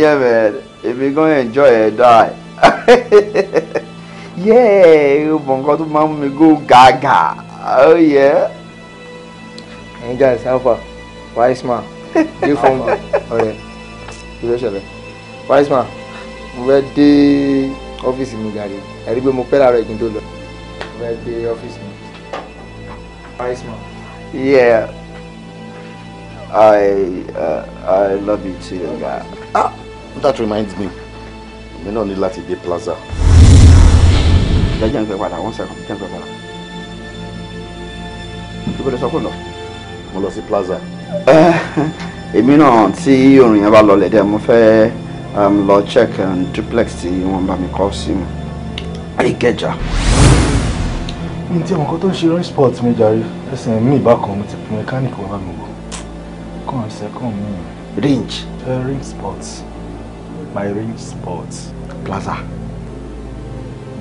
man. If eh, èmi gonna enjoy ẹ̀ die. Yeah, o mọ̀ nǹkan tó máa go Gaga. oh yeah. Hey guys how far wise man from? Oh yeah. ìrẹsẹ̀lẹ̀ wise man mo fẹ́ dé ọ́fíìsì mi gàrí ẹ̀rí pé mo pẹ́ láàárọ̀ ìgbín tó lọ mo fẹ́ dé ọ́fíìsì mi wise man. yeah. I uh, I love you too, guy that reminds me èmi not ní láti dé plaza. One second. pẹ́ padà wọ́n sẹ́kọ̀ọ́ ìdájọ́ ń pẹ́ padà. ibo lè sọ pé lọ. mo lọ sí plaza. Eh, èmi náà tí orin yẹn bá lọlẹ̀ dẹ́ mo fẹ́ um, lọ check duplex tí wọ́n bá mi kọ́ sí mi. Ìkẹjà. mi ti àwọn kan tó ń ṣe running sport mi jàre ẹsẹ̀ mi ìbákan mo ti mechanic mẹkáníìkì wọn bá mi wò kàn ṣe kàn mí. range. Uh, eh, ring sports my range sports Plaza.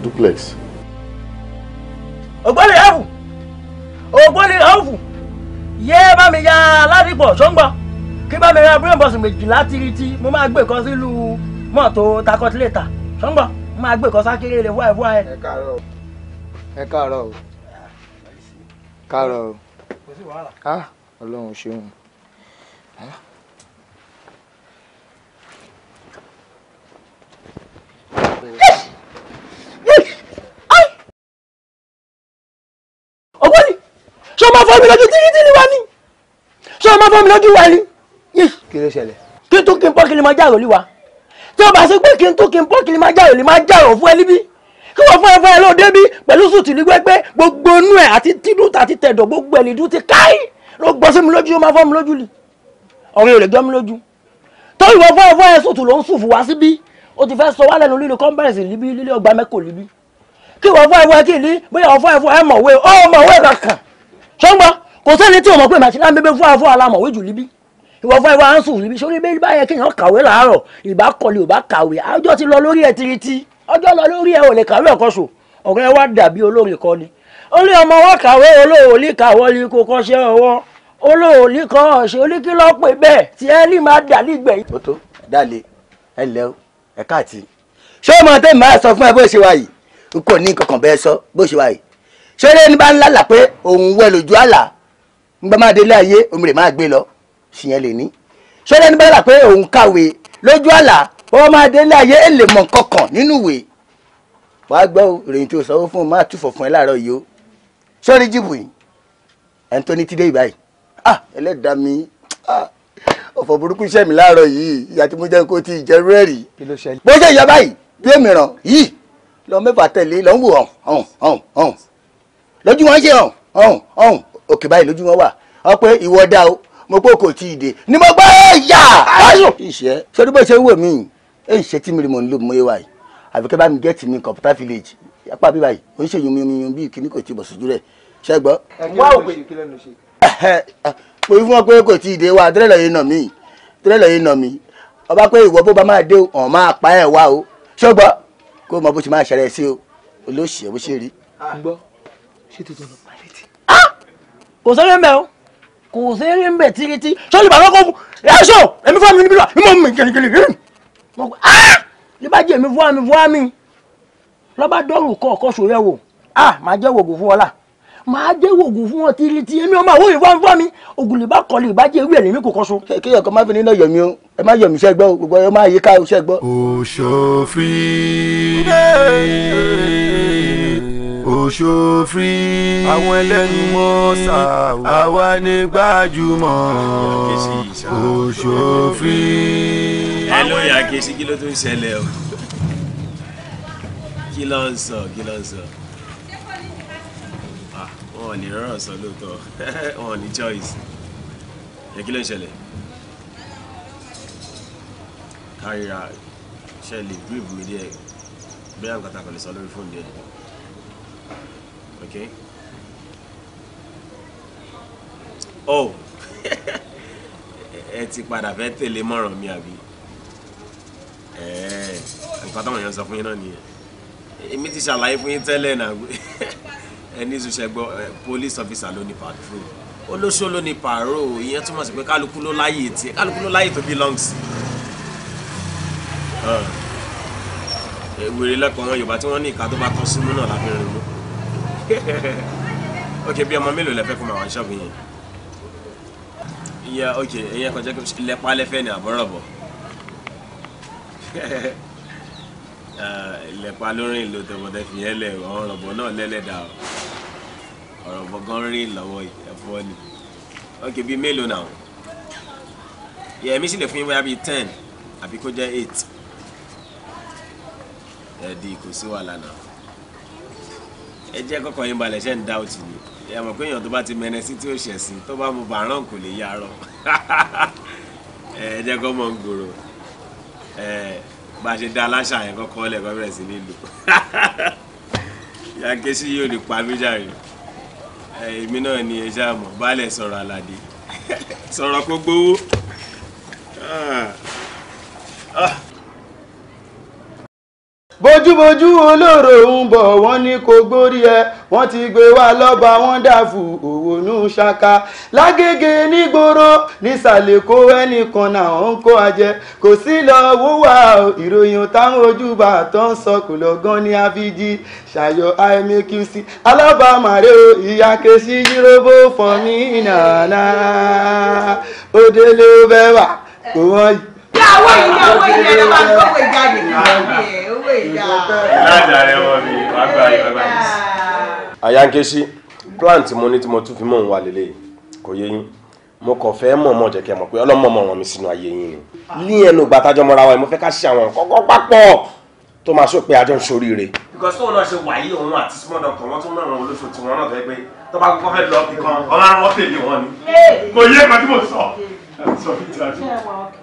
Duplex. Ògbóni ẹ̀fù! Ògbóni ẹ̀fù! Yé bá mi ya aládìpọ̀ ṣọ́ngbọ́. Kí bá mi ra brain box méjìlá tiriti, mo máa gbé kan sílùú mọ́tò takọtíléta. Ṣọ́ngbọ́, mo máa gbé kan sákéré lè wá ẹ̀fọ́ ẹ. Ẹ káàárọ̀ o. Ẹ káàárọ̀ o. Káàárọ̀ o. Kò sí wàhálà. Ah, Ọlọ́run ṣeun. Huh? Ah. ọ̀gbọ́n ni ṣé o máa fọ́ mi lójú tìrìtìrì wa ni ṣé o máa fọ́ mi lójú wa ni. kí ló ṣẹlẹ̀. kí n tún kí n pọ́ kí n máa jàrò lé wa tí o bá ṣe pé kí n tún kí n pọ́ kí n máa jàrò lé máa jàrò fún ẹ níbí kí wọ́n fún ẹ fún ẹ lóò débi pẹ̀lú sùtì ní gbẹgbẹ́ gbogbo inú ẹ̀ àti tìdú àti tẹ̀dọ̀ gbogbo ẹ̀ nìdú ti káyì ló gbọ́ sí mi lójú ó máa fọ́ mi lójú lì ọ̀rẹ́ ò gbọ́ mi lójú tó ìwọ fún ẹ ẹ sùtù ló ń sùn fún síbí o ti fẹ́ sọ wálẹ̀ nù lílo kọ́ńbẹ̀rẹ̀sì líbí lílé ọgbà mẹ́kò líbí kí wọ́n fọ́ ẹ̀fọ́ kí ní bóyá wọ́n fọ́ ẹ̀fọ́ ẹ̀ mọ̀wé ó mọ̀wé kankan ṣọ́ngbọ́n kò sẹ́ni tí o mọ̀ pé màṣílá bébé fún ẹ̀fọ́ alámọ̀wé jù líbí ìwọ fún ẹ̀fọ́ ánsù líbí sórí bẹ́ẹ̀ bá yẹ kí èèyàn kàwé làárọ̀ ìbá kọlé ò bá kàwé ọjọ́ ti lọ lórí ẹ̀ tiriti ọjọ́ lọ lórí ẹ̀ ò lè kàwé ọ̀kọ́ sò ọ̀rẹ́ wa dàbí olórin kan ni olè ọmọ wa kàwé olóòlì kàwọ́ ni kò kọ́ṣẹ́ ọwọ́ olóòlì kan ọ̀ṣẹ́ oníkìlọ́pẹ̀ bẹ́ẹ̀ tí ẹ ní máa dà nígbẹ̀yìn. tó tó dálé ẹ lẹ́ o ẹ káàtì ṣé ọmọ tẹ́ máa sọ fún ẹ bó ṣe wà yìí n kò ní kankan bẹ́ẹ̀ sọ bó ṣe wà yìí ṣé eré ní bá ń lálà pé òun wẹ̀ lójú àlà ń bá máa délé ayé omi rè máa gbé lọ ṣìyẹn lè ní ṣé eré ní bá lálà pé òun kàwé lójú àlà ó máa délé ayé èlè e mọ̀ kankan nínú ìwé wàá gbọ́ ìròyìn tó sanwó fún un máa túfọ̀ fún ẹ láàárọ̀ yìí o ṣé orí jìbù yìí ẹni tó ní tídé ìbáyìí ah ẹlẹ́dàá mi ah ọ̀fọ̀ burúkú iṣẹ́ mi láàárọ̀ yìí ìyá tí mo jẹ́ kó ti ìjẹ́rú ẹ̀ rí. bó ṣe ìyá báyìí bí èmìràn yìí lọ mẹ́fà tẹ̀lé lọ ń wò ọ̀hún ọ̀hún ọ̀hún lójú wọn ṣe ọ̀hún ọ̀hún ọ̀hún òkè báyìí lójú wọn wà ọ pé ìwọ dá o mo pé kò tí ì dé ni mo gbọ́ ẹ̀yà. ìṣe sọdún bó ṣe ń wò mí èyí ṣe tí mi rí mo ń lò mọ́ ẹwà yìí àbíkẹ́ bá mi gẹ́ẹ̀tì mi village apá bíbá yìí ó ń ṣèyún mi yun bí kíní kò tí ì ẹ mo fún wọn pé kò tí ì dé wa tẹ́lẹ̀ yìí nà mí tẹ́lẹ̀ yìí nà mí ọba pé ìwọ bó bá máa dé ọ̀n máa pa ẹ̀ wá o ṣọ́gbọ́ kó mọ bó ṣe máa ṣẹlẹ̀ sí o olóṣèlú bó ṣe rí. Ah. gbọ́ ṣé tó tó pa létí. Ah! kò sẹ́yìn mẹ́ o kò sẹ́yìn mẹ́ tiriti sọ́ọ́lù bàbá kò fún ẹ̀ṣọ́ ẹ̀mí fún mi níbí wa mímọ́ mi gẹ̀rẹ́gẹ̀rẹ́ rẹ̀ mọ́ pé ah ìbàjẹ́ mi fún mi fún mi lọ́ba dọ́rù kọ̀ọ̀kọ̀ sòrẹ́ wò ah màá jẹ́ wògùn fún ọlá màá dé wògùn fún wọn tìrì tí èmi ọmọ àwọn ìwà ń fọ́ mi ògùn lè bá kọ́ lè bá jẹ́ ewé ẹ̀lẹ́mí kò kọ́sọ. kéèyàn kan má fi nínú yọ̀mí o ẹ má yọ̀mí iṣẹ́ gbọ́ gbogbo ẹ má yí ká iṣẹ́ gbọ́. òṣòfin òṣòfin àwọn ẹlẹ́nu wọn sà àwa ní gbajúmọ̀ òṣòfin. ẹ ló yà kí esi kí ló tó ń ṣẹlẹ̀ o kí ló ń sọ kí ló ń sọ wọn ò ní rọrùn sọ lóòótọ́ wọn ò ní choice yẹ kí ló ń ṣẹlẹ̀ káríra ṣe lè brief mi díẹ̀ bí àwọn kàtàkùn lè sọ lórí fóònù díẹ̀ ok oh ẹ ti padà fẹ́ tẹ̀lé mọ̀ràn mi àbí nǹkan táwọn èèyàn sọ fún yín náà nìyẹn èmi ti ṣàlàyé fún yín tẹ́lẹ̀ náà ẹni ṣiṣẹ́ gbọ́ police officer ló ní patrol olóṣó ló ní pààrọ̀ ìyẹn túmọ̀ sí pé kálukú ló láyè tiẹ̀ kálukú ló láyè tó belong sí. wèrè lẹ́kọ̀ọ́ yorùbá tí wọ́n ní ìka tó bá tọ́ sínú náà lábẹ́rẹ́ mú. ok bí ọmọ mélòó lẹ́fẹ́ kó máa wá ṣọ́ọ̀bù yẹn. ìyẹn ok ìyẹn kan jẹ́ kí lẹ́pàá lẹ́fẹ́ ní àbọ̀rọ̀ ìlẹ̀pa ló rìn lò tẹ̀mọ̀tẹ̀ fi yẹn lẹ̀ ọ̀rọ̀bọ̀ náà lẹ́lẹ́dà ọ̀rọ̀bọ̀ gan rìn lọ́wọ́ ẹ̀fọ́ ni ok bíi mélòó náà èmi sì lè fún yín wáyà bíi ten àbí kó jẹ́ eight ẹ̀ẹ́dì kò sí wàhálà náà ẹ jẹ́ kọ́kọ́ yín balẹ̀ ṣe ń dá òtì ni ẹ mọ̀ pé èèyàn tó bá ti mẹ́rin sí tí ó ṣẹ̀ sí tó bá mu bàrán kò lè yá arọ ẹ jẹ́ kọ́ mọ̀ ń gbòòrò ẹ bá a ṣe dá aláṣà yẹn kọ́kọ́ lẹ̀ kọ́ bẹ̀rẹ̀ sí ní lò ìyá kẹ́sí yóò lè pa méjà rẹ̀ èmi náà ni ẹ ṣáà mọ̀ baálẹ̀ sọ̀rọ̀ àlàdé sọ̀rọ̀ kó gbowó. Ah. Ah bójúbójú olóró ń bọ̀ wọ́n ní kò gbórí ẹ wọ́n ti gbé wá lọ́ba wọ́n dàfù òwònú ṣaka lágége nígboro nísàlẹ̀ kó ẹnìkan náà ń kó ajẹ kò sí lọ wúwà ìròyìn táwọn ojúbà tó ń sọ kò lọ́gán ní àfijì ṣàyọ̀ imqc alábàámàrè o ìyá kejì yíróbó fún mi nàánà òdèlè bẹ́ẹ̀ wà kò wọ́n yìí. ìyá àwọn ìyá àwọn ìyá ẹ̀ máa ń gbọ́ pé jáde ìlàjà rẹ wọ mi wàá gba ayọ̀ ẹgbàá mi. àyànkesí plan mo ní tí mo tún fi mọ̀ ń wà lélẹ̀ kò yé yín mo kàn fẹ́ mọ̀ mọ̀ jẹ́ kí ẹ mọ̀ pé ọlọ́mọ mọ̀ ràn mí sínú ayé yín ni ní ẹnu ìgbà tájọ́ mọ́ra wa mo fẹ́ ká ṣe àwọn nǹkan kan papọ̀ tó máa sọ pé àjọ ń ṣoríire. because tóun náà ṣe wàyí òun àti small doctor wọn tún mọ àwọn olóṣù tiwọn náà tó yẹ pé tó bá kọ́kọ́ fẹ́ lọ bí kan ọlọ́run wọn pè mí wọn ni kò yé ẹ̀ka tí mo sọ sorry, Tati.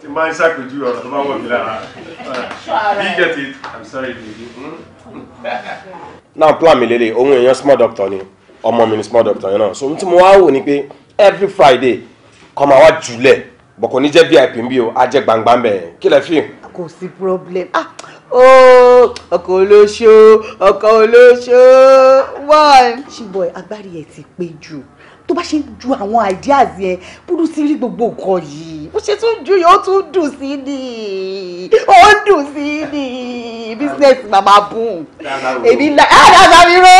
Ti máa ń ṣàpèjúwe ọ̀rọ̀ tó bá wọ̀ mí lára. Do you get it? I'm sorry, baby. Hmm? Now plan mi lele, ohun èèyàn small doctor ni, Omo, mi ni small doctor you know. So ohun tí mo wá wò ni pé every Friday kọ́ máa wá jùlẹ̀ bọ̀kọ̀ ní jẹ́ VIP bí o, a jẹ́ gbangba mbẹ̀. Kí lẹ fi? Kò sí problem. Ah, oh, ọkọ olóṣó ọkọ olóṣó one. Ṣùgbọ́n agbárí ẹ̀ ti pé jù tó bá ṣe ń ju àwọn ideas yẹn búrú sí rí gbogbo nǹkan yìí ó ṣe tún ju yẹn ó tún dùn sí ni ó dùn sí ni business mama boom èmi ńlá ah dada mi ro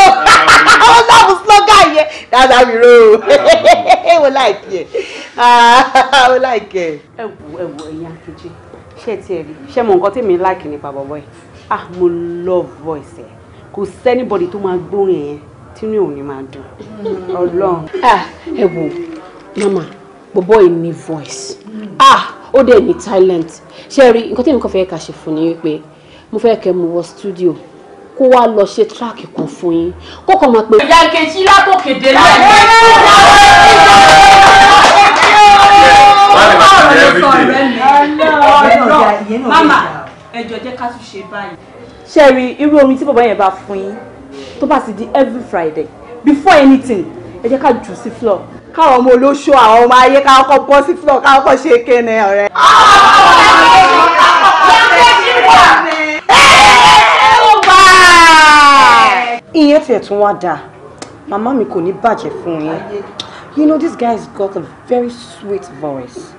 àwọn sáàmù slogan yẹn dada mi ro ó láìkí ah, ẹ ó láìkí ẹ. ẹ wo ẹ wo ẹ̀yin akeji ṣé tiẹ̀ rí ṣé mo nǹkan tèmi láìkì nípa bọ̀bọ̀ yìí ah mo love voice ẹ kò sẹ́nibọ̀dì tó máa gbórin yẹn tínú ò ní máa dùn mm-hmm. Ọlọ́run. Ah, ẹ wo mama bọ̀bọ̀ yìí ní voice mm. ah ó dẹ̀ ní talent ṣe rí nǹkan tẹ́mi kan fẹ́ ká ṣe fún ni wípé mo fẹ́ kẹ́ mu wọ studio kó wá lọ ṣe tíráàkì kan fún yín kókò máa pe. ìyá kejì látòkè délẹ̀. mama ẹjọ jẹ́ ká tún ṣe báyìí. ṣe rí irú orin tí bàbá yẹn bá fún yín tó bá sì di every friday before anything ẹ jẹ́ ká jù sí floor káwọn ọmọ olóṣó àwọn ọmọ ayé káwọn kọ bọ́ sí floor káwọn kọ ṣe kéne ọ̀rẹ́. ìyẹn tiẹ̀ tún wá dáa màmá mi kò ní bàjẹ́ fún yín you know this guy's got a very sweet voice.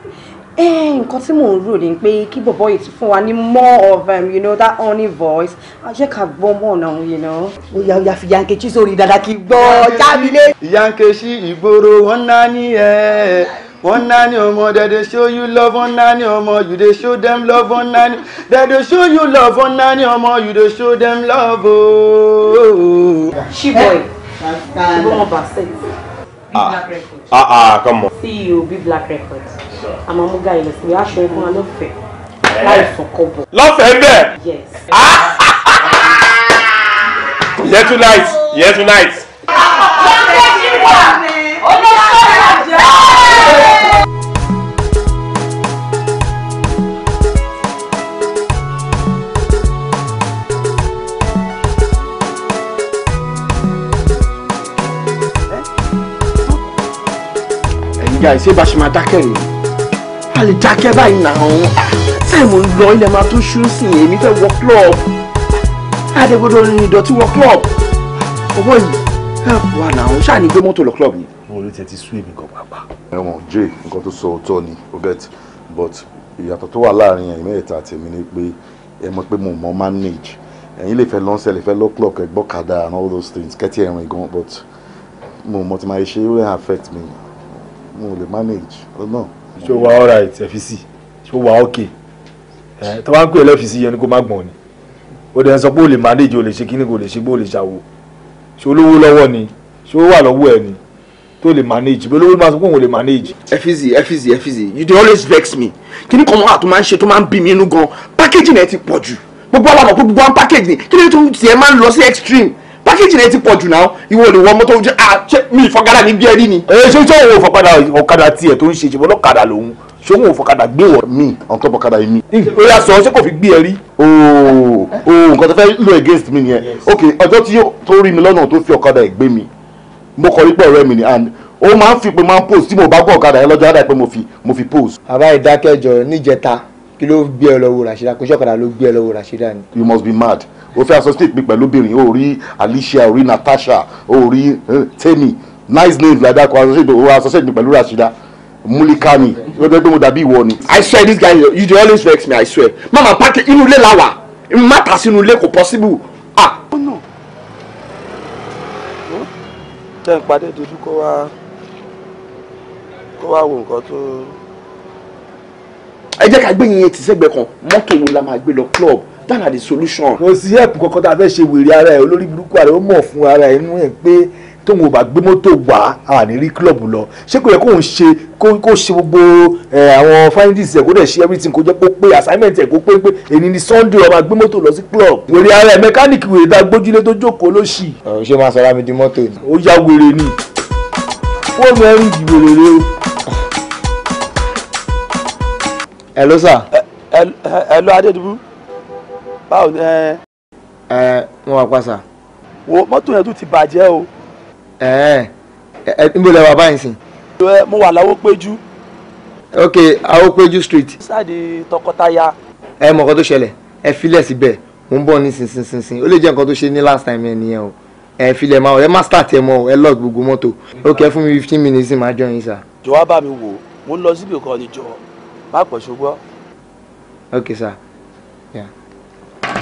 Eh, nǹkan tí mò ń rò ni pé kí bọ̀bọ̀ yìí ti fún wa ní more of um, you know, that honey voice ajẹ́ ká gbọ́ mọ̀ náà you know. ó yà ó yà fi yankechi sórí dada kí gbọ́ jáde lé. yankechi ìgboro wọn náà ní ẹ one nanny omo dem dey show you love one nanny omo you dey show dem love one nanny dem dey show you love one nanny omo you dey show dem love ooo. Oh. Sheboy Sheboy Mobasset ah, ah ah come on. CEO Be Black record àmọ́ mú gáyìí lọ sí pé aṣọ ẹ̀kún wa lọ́fẹ̀ẹ́ eh. lọ́fẹ̀ẹ́ bẹ́ẹ̀. yes. Ah! yẹ too light yẹ too light. guys ṣé bá ṣe máa dákẹ́ rèé a lè dákẹ́ báyìí nà ọ̀hún táìmù ń lọ ilẹ̀ máa tó ṣú sí èmi fẹ́ wọ club adégbodò rìn ìdọ̀tí wọ club ọwọ́ yìí help wa nà ọ̀hún ṣáà ní gbé mọ́tò lọ club ni. mo rí tẹ ti sú èmi gan pàápàá. ẹ̀wọ̀n jay nǹkan tó sọ ọ̀tọ̀ ni o get but ìyàtọ̀ tó wà láàrin ẹ̀yin mẹ́ta tèmi ni pé ẹ mọ̀ pé mo mọ̀ manage ẹ̀yin lè fẹ́ lọ́nsẹ̀ lè fẹ́ lọ́ club kẹ́ gbọ́kadà and all those things kẹ́tì ẹ̀rìn gan but mo mọ̀ tí máa ṣe ó lè affect me mo lè manage i don't know ṣó wà all right ẹ ṣó wà okay ẹ tó bá ń pè ẹ lẹ́fìsí yẹn ni kó má gbọ̀n ni ó dẹ̀ ń sọ pé ó lè manage ó lè ṣe kíní kò lè ṣe bó lè ṣàwò ṣó olówó lọ́wọ́ ni ṣó wà lọ́wọ́ ẹ ni tó lè manage bí olówó máa sọ pé òun ò lè manage. efizi efizi efizi you dey always vex me kíní kan wà tó máa ń ṣe tó máa ń bí mi inú gan packaging ẹ ti pọ̀ jù gbogbo àwọn àpò gbogbo àwọn package ni kíní tó tiẹ̀ máa ń lọ sí extreme pákéjì rẹ ti pọ̀ jù náà ìwọ ni wọ́n mọ́tò jẹ́ à ṣé mi ìfọ̀kadà ní bí ẹni ni. ẹ ṣé ṣé òun òfọ̀kadà ọ̀kadà tiẹ̀ tó ń ṣe ṣùgbọ́n ọ̀kadà lòun ṣé òun òfọ̀kadà gbé wọ̀ mí on top ọ̀kadà yìí mí. ó yà sọ ṣé kò fi gbé ẹ rí. ooo nǹkan tó fẹ́ lò against mi nìyẹn ok ọjọ́ tí tó rí mi lọ́nà tó fi ọ̀kadà ẹ̀ gbé mi mo kọ rí pé ọ̀rẹ́ mi ni and ó máa ń fi pé máa ń pose tí mo bá gbọ́ ọ̀kadà yẹn lọ́jọ́ àdá pé mo fi mo fi pose. àbá ìdákẹ́jọ níjẹta kí ló gbé ẹ lọ́wọ́ Rashida kò ṣọ́kadà ló gbé ẹ lọ́wọ́ Rashida ni. you must be mad o fẹ́ associate mi pẹ̀lú obìnrin o rí Alicia o rí Natasha o rí eh, Temi nice names like that o associate mi pẹ̀lú Rashida Mulikani. ni o jẹ́ pé mo dàbí ìwọ ni. I swear this guy you dey always vex me I swear mama pàkì inú ilé la wà mata sínú ilé kò possible ah. tẹ́ ń padé dojú kó wá kó wá wo nǹkan tó ẹ jẹ́ ká gbé yẹn ti sẹ́gbẹ̀ kan mọ́tò wo la máa gbé lọ club that na the solution. kò sí ẹ̀pù kankan tá a fẹ́ ṣe wèrè ara ẹ̀ olórí burúkú ara ẹ̀ ó mọ̀ fún ara ẹ̀ inú ẹ̀ pé tóun ò bá gbé mọ́tò wá àní rí club lọ ṣé kò yẹ kóun ṣe kó ṣe gbogbo àwọn findings ẹ̀ kó dẹ̀ ṣe everything kó jẹ́ kó pé assignment ẹ̀ kó pé pé èyí ni sunday ó máa gbé mọ́tò lọ sí club. wèrè ara ẹ̀ mẹkáníìkì wèrè dá gbójúlé tó jókòó lóṣì. ọ̀rọ̀ ṣé máa sọ ara mi di mọ́tò ni. ó ya wèrè ni fóònù ẹ̀rù ìdìbò rèé o. hello sir. hello adédìbú báwo ni. ẹ ẹ wọn wà pa sà. wo mọ́tò yẹn tún ti bàjẹ́ o. ẹ ẹ níbo lẹ wà báyìí sìn. mo wà láwọ́ péjú. ok àwọ̀ péjú street. sáàdì tọkọtaya. ẹ mọ̀ nǹkan tó ṣẹlẹ̀ ẹ filẹ̀ síbẹ̀ mo ń bọ̀ ní sinsinsinsin ó lè jẹ́ nǹkan tó ṣe ní last time yẹn nìyẹn o ẹ filẹ̀ máa ẹ má start ẹ mọ́ ẹ lọ́ọ̀ gbogbo mọ́tò ok fún mi fifteen minutes máa jọ yín sà. jọ̀wọ́ bá mi wò mo ń lọ síbi kan jọ̀ọ́ má pọ̀ ṣùgbọ́. ok sir yeah.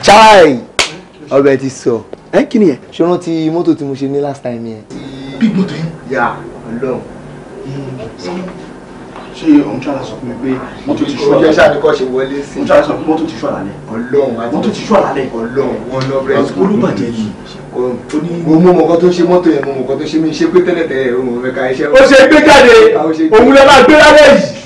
chai ọbẹ̀ ti sọ ẹ kí ni yẹn. ṣòro ti mọ́tò tí mo ṣe ní last time yẹn. big motor yẹn. yà ọlọ́run. ṣé òun ṣáà sọ fún mi pé mọ́tò ti ṣú àlàyé. ojú ṣáà ni kò ṣe wọlé sí. òun ṣáà sọ fún mọ́tò ti ṣú àlàyé. ọlọ́run àti mọ́tò ti ṣú àlàyé. ọlọ́run wọn lọ bẹ̀rẹ̀ sí. olùbàjẹ́ yìí mo mú mọ̀kọ́ tó ṣe mọ́tò yẹn mo mọ̀kọ́ tó ṣe mí ṣe pé tẹ́lẹ̀tẹ́lẹ̀ òun mẹ́ka iṣẹ́. ó ṣe gbé jáde òun lè máa gbé lálẹ́ yìí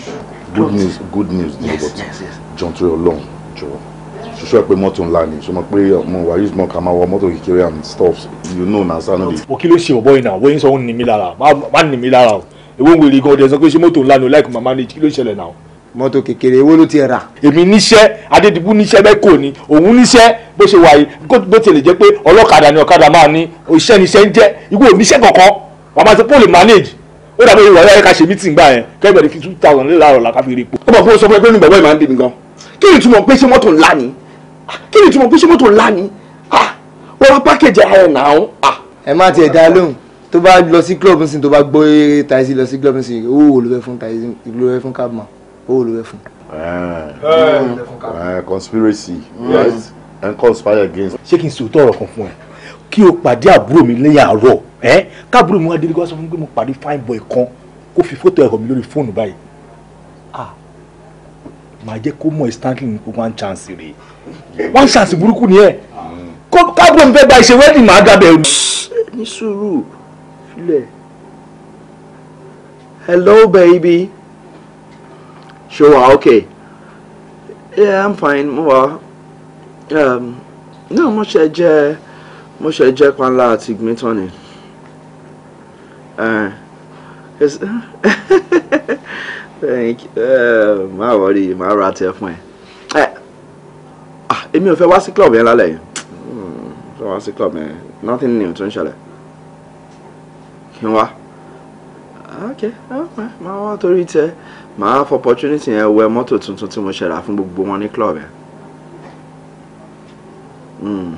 good news good news ni yes, but yes, yes. John torí Ọlọ́run jọ̀wọ́ ṣoṣo ẹ pé mọ́tò ńlá ni ṣọmọ pé ọmọ wa use more camera. wọ mọ́tò kékeré and stuff you know na sanu de. o kí ló ṣe ọ̀bọ iná wọ́n yín sọ òun ní mi lára má ní mi lára o èwo ń wèrè gan ọdẹ sọ pé ṣé mọ́tò ńlá ni o láìpẹ́ màmá ni kí ló ṣẹlẹ̀ náà. mọ́tò kékeré èwo ló ti rà. èmi níṣẹ́ Adédìbú níṣẹ́ ni òun níṣẹ́ bó ṣe wà yìí bó tilẹ̀ jẹ́ pé ọlọ́kadà ni ọ̀kadà máa ní iṣẹ́ níṣẹ́ ń jẹ́ ìwọ níṣẹ́ kankan wàá máa ti pọ́ọ̀lì manage ó dàbí ìwà ayé ká ṣe mítìn gbà yẹn kẹ́gbẹ́ ní fi two thousand lé láàrọ̀ làkà fi rí po. ó bọ̀ fún sọ fún ẹ pé inú bàbá yìí máa ń dèmí gan kí ni ìtumọ̀ pé ṣé mọ́tò ńlá ni ah, kí ni ìtumọ̀ pé ṣé mọ́tò ńlá ni ah, wọ́n ra pákẹ́jì ayọ̀ náà. ẹ má tiẹ̀ dá lóhùn tó bá lọ sí club nsìn tó bá gbọ́ eré taxi lọ sí club nsìn owó wo ló fẹ́ fún taxi ló fẹ́ fún cabman owó ló fẹ́ fún. Eh, eh, conspiracy right hmm. and conspire against. ṣé kí n sòótọ́ ọ̀rọ̀ kan fún ẹ kí o pàdé àbúrò mi lẹ́yìn àárọ̀ ẹ káàbúrò mi wá délé wá sọ fún mi pé mo pàdé fine boy kan kó fi fótó ẹ̀rọ mi lórí fóònù báyìí ah màá jẹ́ kó mọ̀ instantly ní pé one chance rèé one chance burúkú ni ẹ káàbúrò mi fẹ́ gba ìṣe wedding màá dábẹ̀ ẹ̀rù. ní sùúrù filẹ̀ hello baby ṣé wàá okay yeah i'm fine mo wà um, náà mo ṣe jẹ́ ẹ mo ṣe jẹ́ panla àti gbìntàn ni eh, eh, má wọrí má ra tiẹ̀ fún ẹ eh, ah, èmi ò fẹ́ wá sí club yẹn lálẹ́ yìí hmm, fẹ́ wá sí club yẹn nothing new tó ń ṣẹlẹ̀ kí n wá ok oh, máa wá torí tiẹ̀ máa fọ opportunity yẹn wẹ mọ́tò tuntun tí mo ṣẹ̀rà fún gbogbo wọn ní club yẹn. Hmm.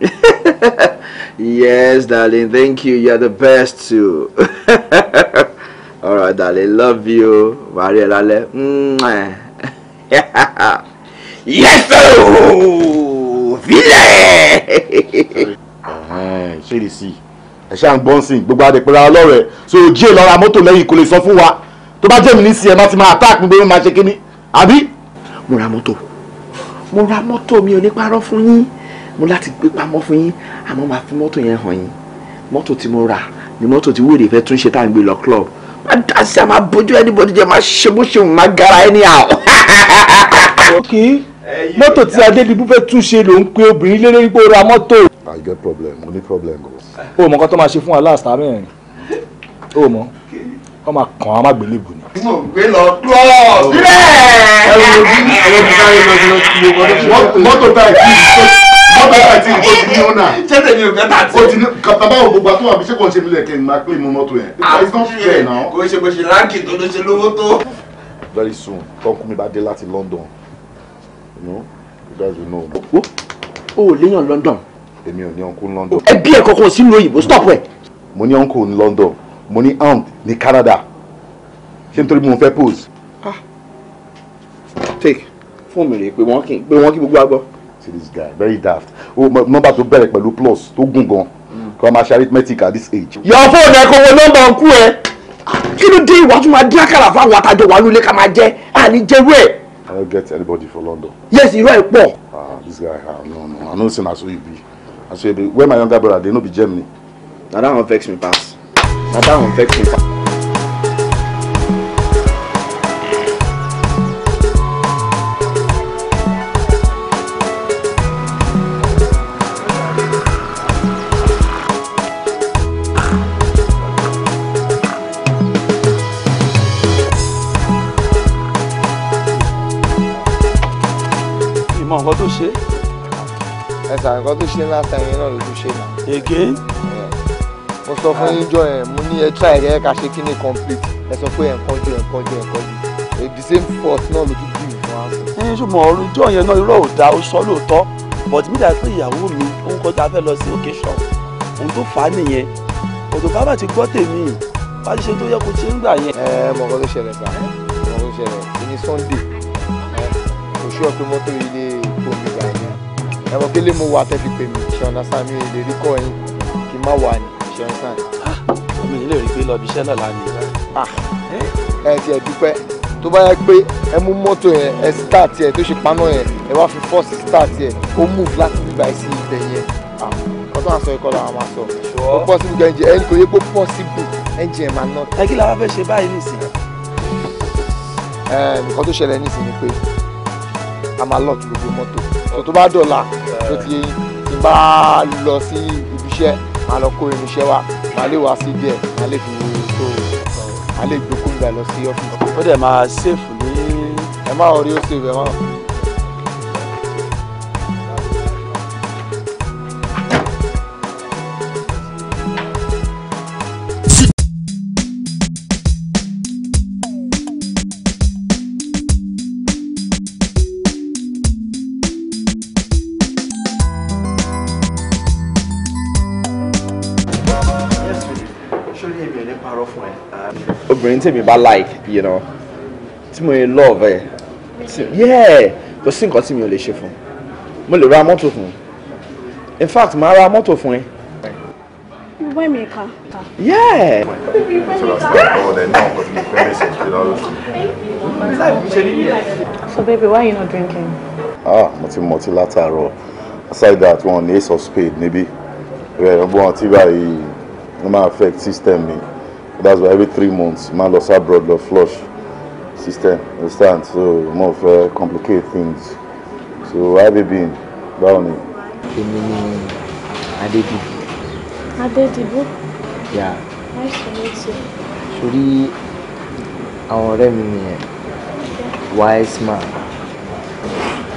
yes, darling. Thank you. You're the best too. All right, darling. Love you. Maria Lale. yes, sir. Vile. Ṣé lè sí? Ẹ ṣáà ń gbọ́n sí gbogbo àdèpẹ̀rẹ̀ ọlọ́rẹ̀. So ojú ẹ̀ lọ́ra mọ́tò lẹ́yìn kò lè sọ fún wa. Tó bá jẹ́ mi ní sí ẹ má ti máa attack bí mo máa ṣe kíní. Àbí? Mo ra mọ́tò. Mo ra mọ́tò mi ò ní parọ́ fún yín mo láti gbé pamọ́ fún yín àmọ́ màá fi mọ́tò yẹn hàn yín mọ́tò tí mo rà ni mọ́tò tí wèrè fẹ́ tún ṣe tá à ń gbé lọ club má dá sí àmà bójú anybody jẹ má ṣe bó ṣe má gara ẹni à. òkè mọ́tò tí adébíbú fẹ́ tún ṣe ló ń pe obìnrin lé pé ó ra mọ́tò. I get problem mo ní problem o. o mọ nǹkan tó máa ṣe fún wa last time ẹ̀ o mọ kọ́ máa kàn án má gbélébùn mo gbé lọ club sílẹ̀. mọ́tò táyì kí n tó very soon tọ́kùn mi bá dé láti London you know you guys will know. o ò léyàn London. èmi ò ní ọkùn London. ẹbí ẹ kọkàn sínú òyìnbó stop ẹ. mo ní uncle ní London mo ní aunt ní Canada ṣé nítorí mo fẹ́ pose. Ah. take fóònù rè é pé wọ́n kí gbogbo àgbọ̀ see this guy very daft oh, o number to bẹ̀rẹ̀ pẹ̀lú plus tó gùn gan kò máa ṣe arithmetic at this age. your phone ẹ kò wo nọ́mbà òkú ẹ kí ló dé ìwà tó máa dín àkàrà fáwọn àtàjọ wà nílé ká máa jẹ àní jẹrú ẹ. I don't get anybody for London. Yes, irọ́ ẹ̀ pọ̀. Ah, this guy, ah, no, no, I know say na so you be. Na so you be. Where my younger brother dey no be Germany. Na that one vex me pass. Na that one vex me pass. nǹkan tó ṣe. ẹ sà nǹkan tó ṣe last náà ló tún ṣe náà. èké. mo sọ fún yín jọ ẹ mo ní ẹ try ẹ ká ṣe kí complete ẹ sọ pé ẹ̀ǹkan jọ ẹ̀ǹkan jọ ẹ̀ǹkan jọ the same force náà ló tún dì fún wa. ẹ ṣùgbọ́n ọ̀run jọ yẹn náà irọ́ ò da ó sọ lóòótọ́ but mi dàgbé ìyàwó mi òun kọ́ ta fẹ́ lọ sí occasion òun tó fà á nìyẹn òtò bàbá ti gbọ́ tèmi wá ṣe tó yẹ kó ti ń gbà yẹn. ẹ mọ̀ nǹkan tó ṣẹlẹ̀ gbà mọ̀ nǹkan tó ṣẹlẹ̀ ìní Sunday oṣù ọ̀pẹ mọ́tò ilé ẹ̀rọ kélé mo wà tẹ́fi pè mí ṣe ọ̀nà sáà mi lè rí kọ́ ẹ̀yìn kí n má wà ní ṣe ọ̀nà sáà. mi ò lè rí pé lọ́ọ́ bí iṣẹ́ náà lánàá. Ah, ẹ tiẹ̀ dúpẹ́ tó bá yẹ pé ẹ mú mọ́tò yẹn ẹ start yẹn tó ṣe paná yẹn ẹ wá fi force start yẹn ó move láti bíbá ẹ sí ibẹ̀ yẹn ah, kọ́ tó máa sọ ikọ́ làwọn máa sọ ó possible gan ẹnjẹ ẹni kò yẹ kó possible ẹnjẹ ẹ máa ná. ẹ kí la wá fẹ́ ṣe báyìí nìsín. ẹ nǹkan tó ṣẹlẹ̀ nìsín ni pé a máa lọ́ọ̀kì gbogbo mọ́tò tó ti yẹn tí bá lọ sí ibi máa lọ kó irinṣẹ́ wa máa lè wá sí díẹ̀ máa lè fi tó máa lè gbókùn gbà lọ sí ọ́fíìsì. ó dẹ̀ máa ṣèfù ní ẹ má rí ó ṣèfù ẹ má. obìnrin tèmi bá like you know tí mo yẹ love ẹ yeah kò sí nǹkan tí mi ò lè ṣe fún mo lè ra mọ́tò fún in fact màá ra mọ́tò fún ẹ. ìwé mi kan. yeah. so baby why you not drinking. ah mo ti mọ̀ tí aside that one ace of spade níbí rẹ̀ ọgbọ́n ọtí báyìí ló máa affect system mi that's why every three months máa lọ sí abroad lọ flush system understand so mo fẹ́ uh, complicate things so how you been báwo ni. èmi ni adédìbò. adédìbò. Yeah. nice to meet you. sórí àwọn ọ̀rẹ́ mi nìyẹn wise man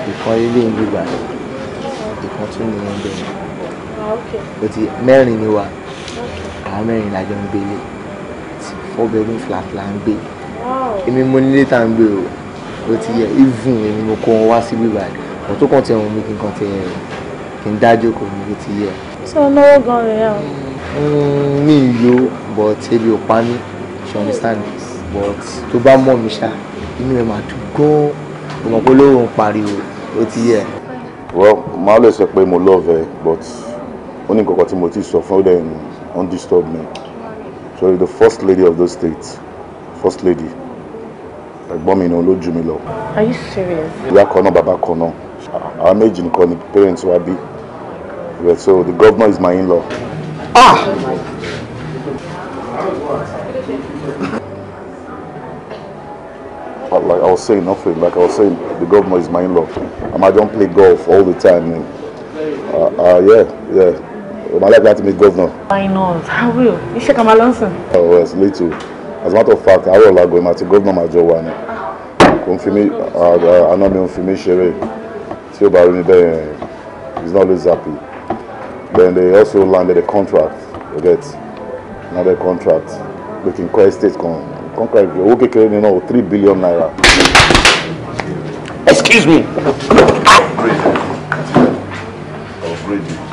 you ilé ìgbìgbà ìkan tún ní you. mi. ó ti mẹ́rin ni wa àwọn I la jọ ń gbélé four bedroom flat la ń gbé èmi mo nílé tá à ń gbé o ó ti yẹ even èmi mo kó wọn wá sí bíbá yìí ọ̀ tó kàn ti ẹ̀wọ̀n mi kí n kàn ti ẹ̀rọ kí n dájú kò ní ó ti yẹ. ṣé o náwó gan rẹ̀ o. Mm, mi yo but ebi ò pa mí she understand but tó bá mọ̀ mi ṣá inú ẹ̀ máa dùn gan-an mo mọ̀ pé olówó pariwo ó ti yẹ. well màá lè sọ pé mo love ẹ but ó ní nǹkan kan tí mo ti sọ fún ọ dẹ́yìn undisturb me sorry the first lady of those states first lady ẹ̀gbọ́n mi ni òun ló are you serious. ìyá kan náà bàbá kan náà àwọn parents wa bí yeah, so the governor is my in-law. ah. But like I was saying nothing like I was saying the governor is my in-law and I don't play golf all the time. Uh, uh, yeah, yeah o like láti meet governor. why not i will iṣẹ́ kan máa lọ oh yes me too as a matter of fact I will ìmọ̀ àti governor máa jọ wà ní kò ń fi mí àná mi ò ń fi he's not always happy then they also landed a contract you get another contract pé kí n kọ́ estate kan contract owó kékeré ni náà three billion naira. excuse me. upgrade upgrade.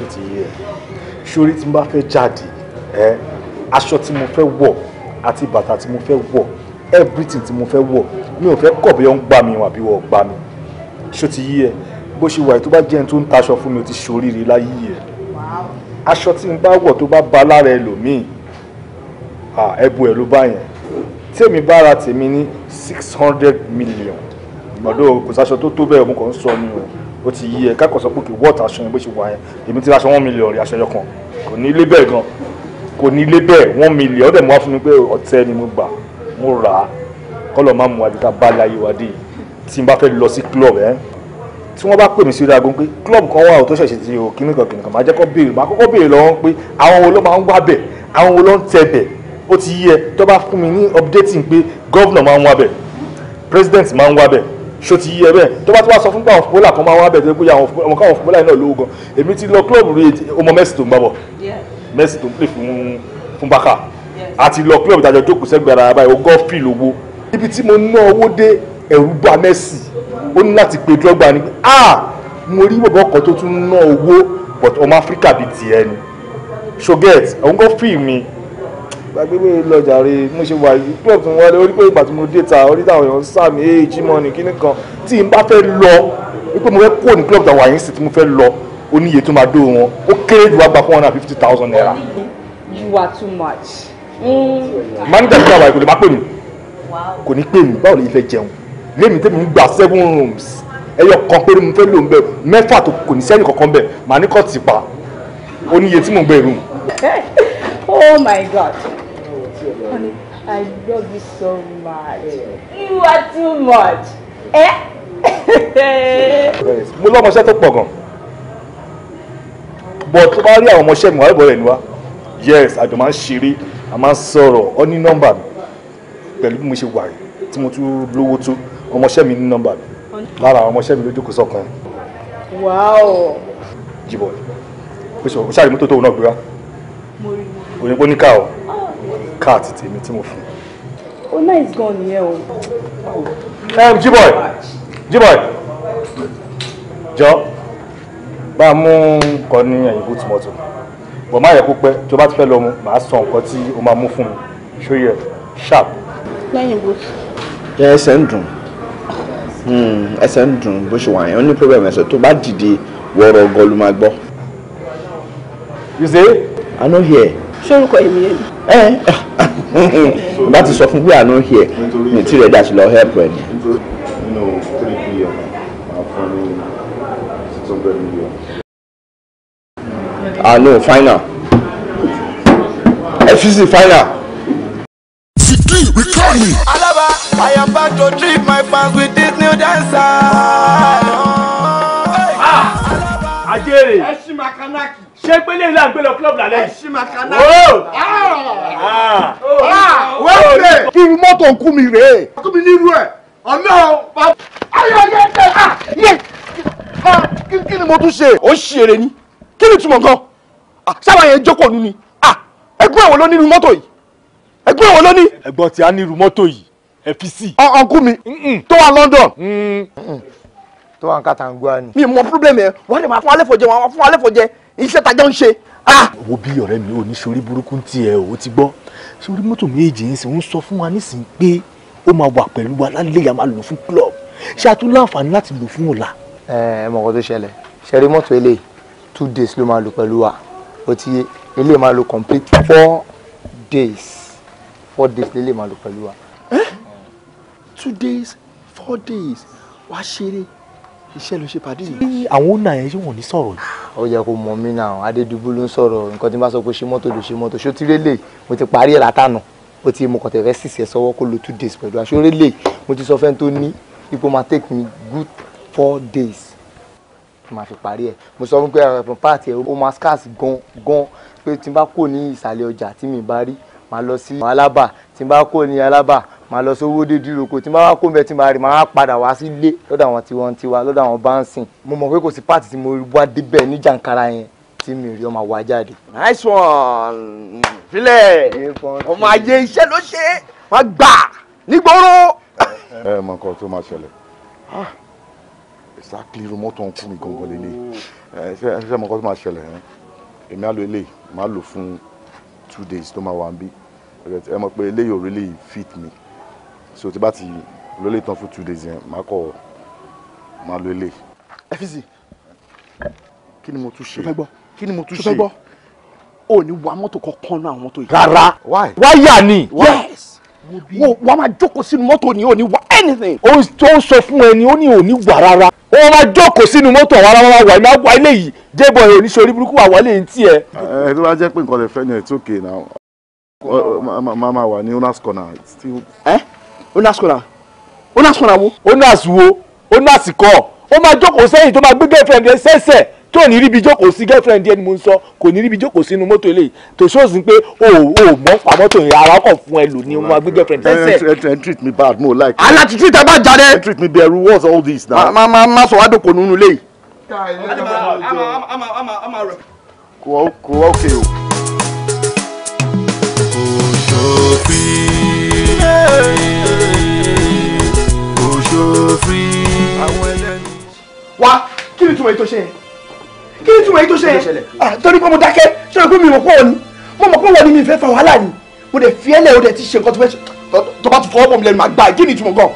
ṣó ti yé ẹ ṣorí tí n bá fẹ́ jáde ẹ aṣọ tí mo fẹ́ wọ̀ àti bàtà tí mo fẹ́ wọ̀ everything tí mo fẹ́ wọ̀ mi ò fẹ́ kọ̀ bí wọ́n gbà mí àbí wọ́n gbà mí ṣó ti yé ẹ bó ṣe wà tó bá jẹ́ ẹni tó ń taṣọ fún mi ó ti ṣoríire láyé ẹ aṣọ tí n bá wọ̀ tó bá ba lára ẹlòmíì ẹbu ẹ̀ ló bá yẹn tèmi bá tèmi ní six hundred million gbọ́dọ̀ kò sáṣọ tó tó bẹ́ẹ̀ mo kàn ń sọ ni o ó ti yí ẹ kákọ̀ sọ pé kì í wọ́ọ̀tà aṣọ yẹn bó ṣe wà yẹn èmi ti ra aṣọ one million rí aṣọ yọ kan kò ní ilé bẹ́ẹ̀ gan kò ní ilé bẹ́ẹ̀ one million ó dẹ̀ mú wá pé ọ̀tẹ́ ni mo gbà mo rà á kọ́lọ̀ má mu àbíká bá láyé wa dé tí n bá fẹ́ lọ sí club ẹ̀ tí wọ́n bá pè mí sí orí aago pé club kan wà tó ṣẹ̀ṣẹ̀ ti o kíní kan kíní kan máa jẹ́ kó béèrè máa kọ́kọ́ béèrè lọ́wọ́ pé àwọn wo ló máa ń wá bẹ̀ president máa ṣó ti yí ẹ bẹ́ẹ̀ tó bá tó bá sọ fún pé àwọn fúnpọ́là kan máa wá bẹ̀rẹ̀ pé àwọn káwọn fúnpọ́là yìí náà lówó gan èmi ti lọ club rí ọmọ Messi tó ń gbàbọ̀ Messi tó ń pè fún fún Barca àti lọ club ìdájọ́ tó kù sẹ́gbẹ̀ẹ́ ara báyìí o golf pì lówó ibi tí mo ná owó dé ẹ̀rù bà Messi ó ní láti pe Drogba ni ah mo rí bọ̀bọ̀ kan tó tún ná owó but ọmọ Áfíríkà bíi tiẹ̀ ni ṣoget òun golf pì mi gbàgbé lọ́jà rè mo ṣe wà yìí club tó wọlé orí pé ìgbà tí mo dé ta orí táwọn èèyàn ń sàmì èyí jímọ̀ ní kíní kan tí n bá fẹ́ lọ wípé mo fẹ́ kó ní club tàwa yìí sì tí mo fẹ́ lọ oníye tó máa dó wọn ó kéré jù wá gba four hundred and fifty thousand naira. you are too much. Hmm. manager ti àwọn ìkòlè máa pè mí kò ní pè mí báwo ni ìfẹ́ jẹun lémi tẹ́mi ń gba seven rooms ẹyọ kan péré mo fẹ́ lò ń bẹ mẹ́fà tó kò ní sẹ́ni kankan bẹ̀ Oh my God. Honey, I love you so much. You are too much. Eh? Mo lọ́mọṣẹ́ tó pọ̀ gan. Bọ̀ tó bá rí àwọn ọmọṣẹ́ mi wà lọ́bọ̀ ni wá. Yes, àjọ máa ń ṣeré, a máa ń sọ̀rọ̀, ọ ní nọ́mbà mi. Pẹ̀lú bí mo ṣe wà rí tí mo tún lówó tó ọmọṣẹ́ mi ní nọ́mbà mi. Lára àwọn ọmọṣẹ́ mi lójú kò sọ̀kan. Wow. Jìbọ̀, o ṣàrí mọ́tò tó o náà gbéra onípo ní ká o ká ti mi ti mo fún. o náà is gone nìyẹn o. boy, Jíbọ̀ì ba mu a mú nǹkan ní ẹ̀yìnkù tòmọ́tò bọ̀ má yẹ kó pẹ́ tó bá ti fẹ́ lọ mu màá sọ nǹkan tí o máa mú fún mi ṣó yẹ sharp. lẹ́yìn bó. ẹsẹ̀ ń dùn hmm, ẹsẹ̀ ń dùn bó ṣe wà yẹn ó ní problem ẹsẹ̀ tó bá dìde wọ̀rọ̀ gan ló máa you see. I no hear sórúkọ èmi yẹn ni. bá ti sọ fún pé àánú hìẹ ní tí rẹ dà sí lọ help ẹ ni. nínú three billion máa Sidi Rikani. Alaba, I am back to treat my pants with this new dancer. Ah, Ajere. Ẹ ṣí Makanaki ṣé pé lè là ń gbé lọ club lálẹ́. ẹ ṣì máa kaná. wọ́n ṣe ah! ah! ah! kí mọ́tò ń kú mi rèé. kú mi nírú ẹ̀ ọ̀nà bá. ayọ̀yẹ̀ tẹ̀ ká. kí ni mo tún ṣe. ó ṣì èrè ni kí ni túmọ̀ gan sábà yẹn jókòó nu ni ẹgbẹ́ wo ló ní irú mọ́tò yìí ẹgbẹ́ wo ló ní. ẹ̀gbọ́n tí a ní irú mọ́tò yìí ẹ fi sí. ọ̀nkú mi tó wà London tó wà ń ká tàǹgùà ni. mi mọ problem yẹn wà á lè máa fún alẹ́fọ̀jẹ wọn fún alẹ́fọ̀jẹ iṣẹ́ tajọ́ ń ṣe. Ah! wo bí ọ̀rẹ́ mi ò ní sori burúkú ti ẹ̀ o ti gbọ́ sori mọ́tò méjì ń sìn ń sọ fún wa nísìnyí pé ó máa wà pẹ̀lú wa lálẹ́ yà máa lò fún club ṣé a tún láǹfààní láti lò fún ọ̀la. ẹ ẹ mọ̀ kó tó ṣẹlẹ̀ ṣẹ̀rí mọ́tò eléyìí two days ló máa lò pẹ̀lú wa ó ti yé máa lò complete four days four days eléyìí máa lò pẹ̀lú wa. two days four days wàá ṣeré iṣẹ́ ló ṣe pàdé yìí. àwọn ọ̀nà yẹn wọ́n ní sọ̀rọ̀ yìí. ó yẹ kó mọ̀ mí náà adédùbú ló ń sọ̀rọ̀ nǹkan tí n bá sọ pé ṣe mọ́tò ló ṣe mọ́tò ṣó ti rélè mo ti parí ẹ̀ látànà ó ti mọ kọ̀tẹ̀ rẹ́ sísẹ̀ sọ́wọ́ kó lo two days pẹ̀lú aṣọ rélè mo ti sọ fẹ́ tó ní ipò máa take me good four days máa fi parí ẹ̀ mo sọ fún pé ẹ̀rọ eh, pàtì ẹ̀ ó máa scarce gan gan pé tí n bá kò ní ìsàlẹ̀ ọjà tí mi bá rí máa lọ sí alábà tí n bá kò ní alábà máa lọ sówó dé dúró tí máa wá kó mẹ tí máa rí máa padà wá sílé lọ́dọ̀ àwọn tiwọn tiwa lọ́dọ̀ àwọn báńsìn mo mọ̀ pé kò sí páàtì tí mo wá débẹ̀ ní jàǹkàrà yẹn tí mi rí ọmọ wa jáde. nice one filẹ ọmọ ayé iṣẹ́ ló ṣe wọn gbà nígboro. ẹ mọ nǹkan tó máa ṣẹlẹ̀ ah, exactly irú mọ́tò ń kú mi gangan lélẹ̀ ẹ ṣe mọ nǹkan tó máa ṣẹlẹ̀ èmi á lo eléyìí máa lò fún two days tó máa wà ń bí ẹ mọ̀ pé eléyìí ò really fit me so tí bá ti lólè tán fún two days yẹn màá kọ̀ máa lo ilé. ẹ fi si kí ni mo tún ṣe kí ni mo tún ṣe o ní wa mọ́tò kankan náà àwọn mọ́tò yìí. rárá wáyà ni. yes wo wa máa jókòó sínú mọ́tò ni o ni wa anything. ó ń sọ fún ni o ni ò ní wà rárá wọ́n máa jókòó sínú mọ́tò àwọn ará wa ìlú àgbà ilé yìí jébọ̀ ẹ̀ oníṣòrí burúkú wà wọlé ní tiẹ̀. ẹ tó bá jẹ́ pé nǹkan lè fẹ́ ni ẹ̀ tó kéè náà máa wà ní owners corner. ẹ ó nọ́ọ̀sì wo. ó wo ó nọ́ọ̀sì kọ́ ó jókòó sẹ́yìn tó máa gbé girlfriend rẹ sẹ́sẹ̀ tó ní ríbi jókòó sí girlfriend yẹn ni mo ń sọ kò ní ríbi jókòó sínú mọ́tò eléyìí tó ṣóòsì pé o ò mọ́ pa mọ́tò yẹn ara ọkọ̀ fún ẹ lò ní wọn gbé girlfriend sẹ́sẹ̀. ẹ ẹ treat me bad mo like. ala ti treat ẹ bá jáde. ẹ treat me bad what's all this now. ma ma ma sọ wá dòkò nínú ilé yìí. kò kò ókè o. kò sófin òfin. wá kí ni túmọ̀ èyí tó ṣe yẹn kí ni túmọ̀ èyí tó ṣe yẹn ah, torí pé mo dákẹ́ ṣé o pé mi ò pọ̀ ni mo mọ̀ pé wọ́n ni mi fẹ́ fa wàhálà ni mo dẹ̀ fi ẹlẹ́ o dẹ̀ ti ṣe nǹkan tó fẹ́ ṣe tó bá tún fọwọ́ bọ̀ mi lẹ́nu máa gbà kí ni ìtumọ̀ gan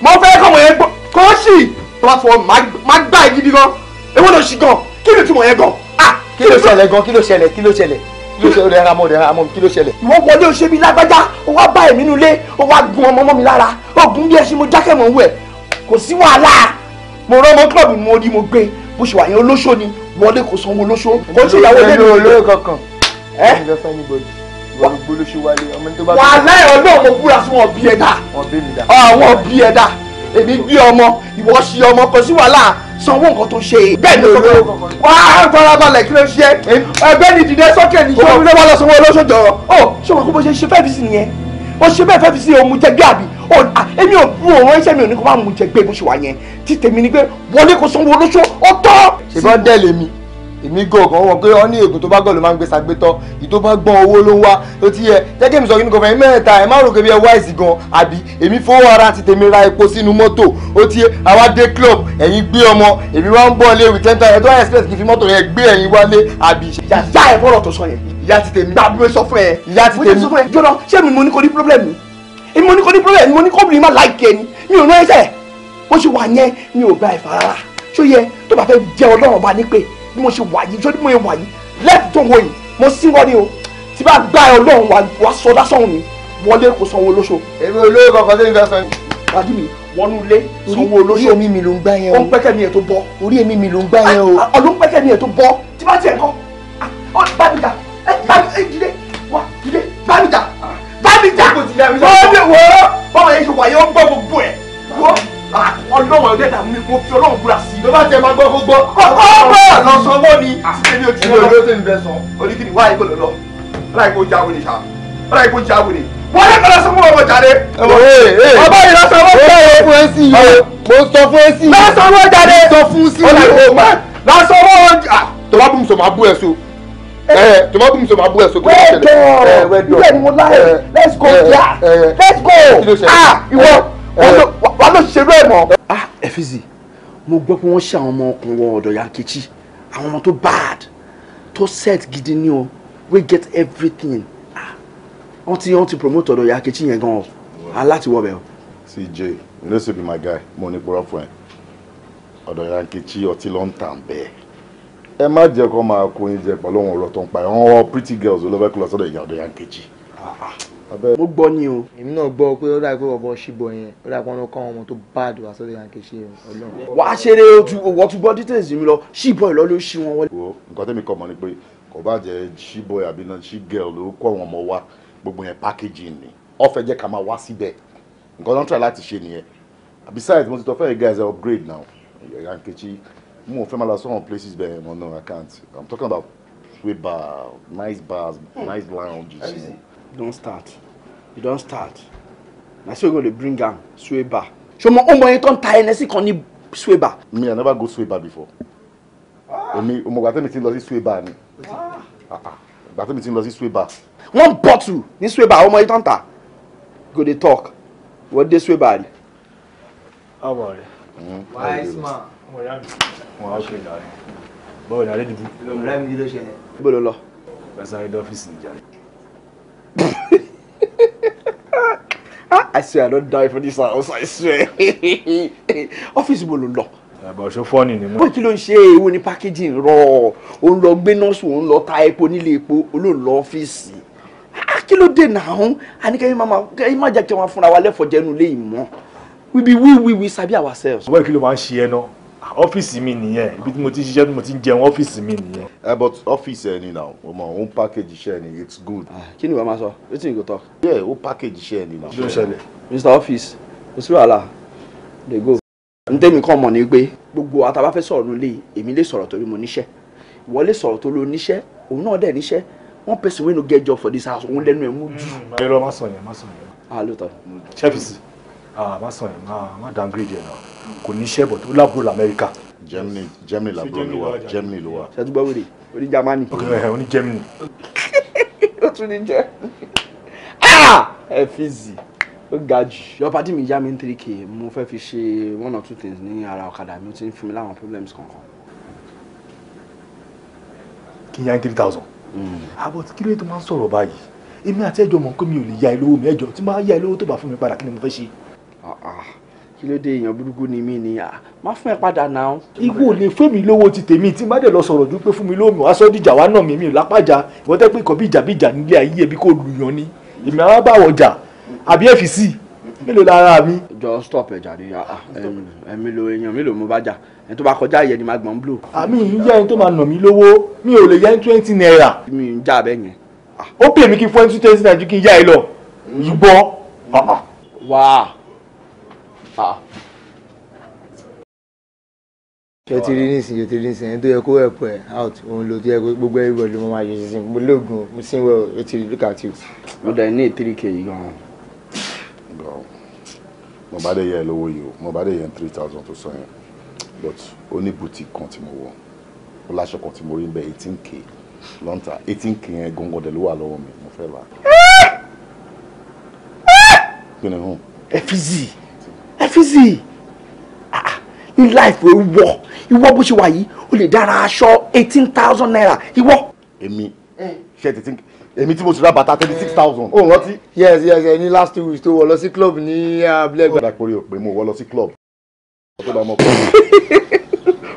mo fẹ́ kọ́ mọ̀ yẹn kó sì tó bá fọwọ́ máa gbà gidi gan èwo ló ṣì gan kí ni ìtumọ̀ yẹn gan. Ah, kí ló ṣẹlẹ̀ gan kí ló ṣẹlẹ̀ kí ló ṣẹlẹ̀ kí ló ṣẹlẹ̀ ẹran mọ́ ẹran mọ́ kí ló ṣẹlẹ̀. ìwọ wọlé o ṣe bí lágbájá o wá bá èmi nulẹ̀ o wá gun ọmọ mọ́ mi lára o gun bí ẹṣin mo jákè mọ̀ ń wẹ̀ kò sí wàhálà mo rán ọmọ kílọ̀bù mo rí mo gbé bó ṣe wà yẹn olóṣó ni wọlé kò sanwó olóṣó kò sí ìyàwó lẹ́nu olóyè kankan. ẹ ẹ wàhálà ẹ̀ ọlọ́ọ̀ mo búra fún ọ bí ẹ̀ dá. ọ̀ bí ẹ̀ dá èmi bí ọmọ ìwọ ṣe ọmọ kò sí wàhálà sanwó nǹkan tó ṣe. bẹ́ẹ̀ ni olówó kankan. wá á farabalẹ̀ kí ló ṣe ẹgbẹ́ ni dìde sókè ní sọ́wọ́n ló wà lọ sanwó olóṣòjọ́. ó oh, ṣé wọn kó bó ṣe ṣe fẹ́ẹ́ fi sí nìyẹn ó ṣe bẹ́ẹ̀ fẹ́ẹ́ fi sí òun jẹgbẹ́ àbí oh, ah, èmi ò mú òun iṣẹ́ mi ò ní kó má mú jẹgbẹ́ bó ṣe wà yẹn títẹ̀mí ni pé wọlé kó sanwó olóṣò ó tọ́. ṣèbọn dẹ́ lèmi èmi gọ̀ọ̀gàn wọn pé ọ ní ègùn tó bá gọ̀ ló máa ń gbé sagbétọ́ èyí bá gbọ́n owó ló ń wá tó ti yẹ jẹ́kẹ́ mi sọ kí ni kò fẹ́ mẹ́ta ẹ̀ má rò kébi ẹ̀ wáìsì gan àbí èmi fowó ara ti tèmi ra epo sínú mọ́tò ó ti yẹ àwa dé club ẹ̀yin gbé ọmọ èmi wá ń bọ̀ lé weekend time ẹ̀ tó express kì í fi mọ́tò yẹn gbé ẹ̀yin wálé àbí. ìyá ẹ̀ fọ́rọ̀ tó sọ yẹn ìyá ti tèmi gbàgbé mo sọ fún ẹ mi mo ní mi èmi mo ní mi ò ní ẹsẹ̀ bó ṣe mi ò gba ẹ̀fà rárá ṣó yẹ tó bá fẹ́ jẹ́ ọlọ́run bá bí mo ṣe wà yìí sórí bí mo ṣe wà yìí lẹ́ẹ̀dì tó ń wo yìí mo síwọ́ ni o tí bá gbá ẹ ọlọ́run wàá sọ lásán mi wọlé kò sanwó olóṣò. èmi olóyè kankan tó ń fẹ́ sọ ni. pàdé mi wọnú ilé sanwó olóṣò. orí èmi mi ló ń gbá yẹn o. ó ń pẹ́kẹ́ mi ẹ̀ tó bọ́. orí èmi mi ló ń gbá yẹn o. ọlọ́ ń pẹ́kẹ́ mi ẹ̀ tó bọ́ tí bá tiẹ̀ kọ́ bábìjà jíde wá jíde bábìjà bábìjà wọ́n wọ́n bọ́ọ̀ yẹn ṣe wáyé ó ń gbọ́ gbogbo ẹ̀ wọ́n ọlọ́wọ̀n ọdẹ tàbí mo fi ọlọ́wọ̀n búra sí i. ló bá tẹ máa gbọ́ gbogbo. ọgbà lọ sanwó ni. síbi ojú ẹ̀rọ ló ti ń bẹ sàn. oníkìní wáyé kò lọ lọ ọláyé kò jáwé ni sa ọláyé kò jáwé ni. wọ́n yẹ kọ́lá sanwó ọmọ jáde. ọba yìí lọ sanwó fún ẹ. mo sọ fún ẹ sí i o. mo sọ fún ẹ sí i. lọ sanwó jáde. mo sọ fún sí i. ọláyé kò má lọ sanwó. tọ́lá bùn sọ máa bú ẹ so tó bá bùn sọ máa bú ẹ sókè ibẹ̀ ni mo láyé eh, let's go there eh, eh, let's go ah ìwọ ló ṣe bẹ́ẹ̀ mọ́. ah efizi mo gbọ́ pé wọ́n ṣe àwọn ọmọ ọkùnrin wọn ọ̀dọ̀ yankechi àwọn ọmọ tó bad tó set gidi ni o we get everything ah wọ́n ti wọ́n ti promote ọ̀dọ̀ yankechi yẹn gan o aláti wọ̀ o. cj you know say be my guy mo ní pọ́rọ́ fún ẹ ọ̀dọ̀ yankechi ọtí ló ń tàn bẹ́ẹ̀ ẹ má jẹ́ kó máa kó oúnjẹ pẹ̀lú àwọn ọ̀rọ̀ tó ń pa ẹ̀ wọ́n pretty girls olóbẹ́kùlọ́sọ́dọ̀ ìyá ọ̀dọ̀ yankechi. Ah, ah mo gbọ́ ni o. èmi náà gbọ́ pé ó dà pé ọ̀bọ ṣìbọ̀ yẹn ó dà pé wọ́n kọ́ ọmọ tó bad wá sọ́dọ̀ yàn kì í ṣe ọlọ́run. wà á ṣeré wọ́n tún gbọ́ details mi lọ ṣìbọ̀ ìlọ́ ló ṣí wọn wọlé. nǹkan tẹ́mi kọ̀ mọ́ ni pé kò bá jẹ́ ṣìbọ̀ àbí náà ṣì ló kọ́ ọmọ wa gbogbo yẹn packaging ni ó fẹ́ jẹ́ ká máa wá síbẹ̀ nǹkan tó ń tà láti ṣe besides mo ti tọ́ fẹ́ẹ́ guys upgrade now yankechi mo fẹ́ I'm talking about sweet bar nice bars nice lounges don start you don start na so you go dey bring am sweba ṣọmọ ọmọ yẹn tó ń ta ẹnẹsì kan ní sweba. me i never go sweba before ah. èmi ọmọgbà tẹ́mi ti lọ sí sweba ni ah. Ah, ìgbà tẹ́mi ti lọ sí sweba. one bottle ní sweba ọmọ yẹn tó ń ta go dey talk wọ́n dé sweba ni. about it? Hmm? wise man ọmọ rẹ mi wọn á ṣe ìdarí bọ́ọ̀lù àdédìbò. ìbò ló lọ. pẹ̀sẹ̀ àìdọ́fíìsì nìjà rẹ̀. Ah, i swear i don't die for this house i swear Office wo ló lọ. àbọ̀ ṣó fọ́ọ̀nì ni mo. bó kí ló ń ṣe ewu ní packaging rọ òun lọ gbé nọ́ọ̀sì òun lọ ta epo nílé epo olóòn lọ ọ́fíìsì ah, kí ló dé náà àníkẹ́yìn má jẹ́ kí wọ́n fúnra wa lẹ́fọ̀ọ́ jẹ́nu lé ìmọ̀ we be we we we sabi ourselves. wọ́n kí ló máa ń ṣe ẹ náà ọ́fíìsì mi nìyẹn ibi tí mo ti ṣiṣẹ́ tí mo ti ń jẹun ọ́fíìsì mi nìyẹn. ẹ eh, but ọ́fíìsì ẹ ni now ọmọ òun package iṣẹ́ ẹ ni it's good. Ah, kí ni ìwà máa sọ wetin you go talk. yeah ó package iṣẹ́ ẹ ni now. ló ń ṣẹlẹ̀. mr office kò sí wàhálà dey go. n tẹ́mi kàn mọ̀ ni pé gbogbo àtàbá fẹ́ sọ̀rọ̀ nílé èmi lè sọ̀rọ̀ torí mo níṣẹ́ ìwọ lè sọ̀rọ̀ torí o níṣẹ́ òun náà dẹ̀ níṣẹ́ one person wey no get job for this house òun lẹ́nu ẹ̀ mú jù. ayọ̀rọ̀ mm, má sọ yẹn má sọ yẹn. ah lóòótọ́. chefisi. Ah, má sọ yẹn má ah, má downgrade yẹn náà kò ní iṣẹ́ bọ̀tò ó lábúrò lamẹ́ríkà. Germany Germany làbúrò mi wá Germany ló wá. ṣètò gbọ́ wèrè oní Germany. ok ẹ oní Germany. ó tún ní jẹ ah! ẹ fi zì ó ga jù. your party mi yá mi three k mo fẹ́ fi ṣe one or two things ní ara ọ̀kadà mi ó ti ń fún mi láwọn problems kankan. kí n yá three thousand. àbọ̀ hmm. ah, kí ló yẹ tó máa ń sọ̀rọ̀ báyìí èmi àti ẹjọ́ mọ̀ pé mi ò lè ya ìlówó mi ẹjọ́ tí n bá ya ìlówó tó bá fún mi padà kí ni mo fẹ́ ṣe. Ah, ah, kí ló dé èèyàn burúkú ni mí ni ah, má fún ẹ padà náà. igbó lè fún mi lówó ti tèmi tí má dé lọ sọ̀rọ̀ ju pé fún mi lómi wàá sọ dìjà wàá nà mí mi lápájà ìwọ́n tẹ́ pé nǹkan bí ìjà bí ìjà nílé ayé ẹbí kò lùyàn ni èmi àwọn bá wọ̀ àbí ẹ̀ fi sí mélòó lára mi. jọ stop ẹ jàre ẹmi lo èèyàn mélòó mo bá jà ẹni tó bá kọjá ìyẹn ni má gbọ́n blò. àmì ń yá ẹni tó máa nà mí lówó mi ò lè yá ẹni twenty naira. mi ń já bẹ́ẹ̀ yẹn. ó pè mí kí fún ẹni twenty naira ju kí n yá ẹ lọ yìí bọ́. wàá ṣe ti rí nísìnyí ti rí nísìnyí tó yẹ kó ẹ̀pọ̀ ẹ̀ out òun ló ti yẹ kó gbogbo ẹ̀rọ ló máa yẹ sísìn mo lóògùn mo sì ń wẹ̀ ó ti rí look at you. mo dẹ̀ ní three k gan-an. mo bá dé yẹ ẹ lówó yìí o mo bá dé yẹ three thousand tó sọ yẹn but ó ní boutique kan tí mo wọ̀ ó láṣọ kan tí mo rí bẹ́ẹ̀ eighteen k lọ́ńtà eighteen k yẹn gangan dẹ̀ ló wà lọ́wọ́ mi mo fẹ́ rà. Eh! Eh! kí ẹ fi zi ẹ́fíìsì ah, ah. ní láìpẹ́ ìwọ ìwọ bó ṣe wà yìí o lè dára aṣọ eighteen thousand naira ìwọ. èmi ṣe tètè èmi tí mo ti ra bàtà twenty six thousand. o rántí. yes yes ẹni last two weeks tó wọ lọ sí club ní uh, abúlé. ó dà pé o pé mo wọ lọ sí club.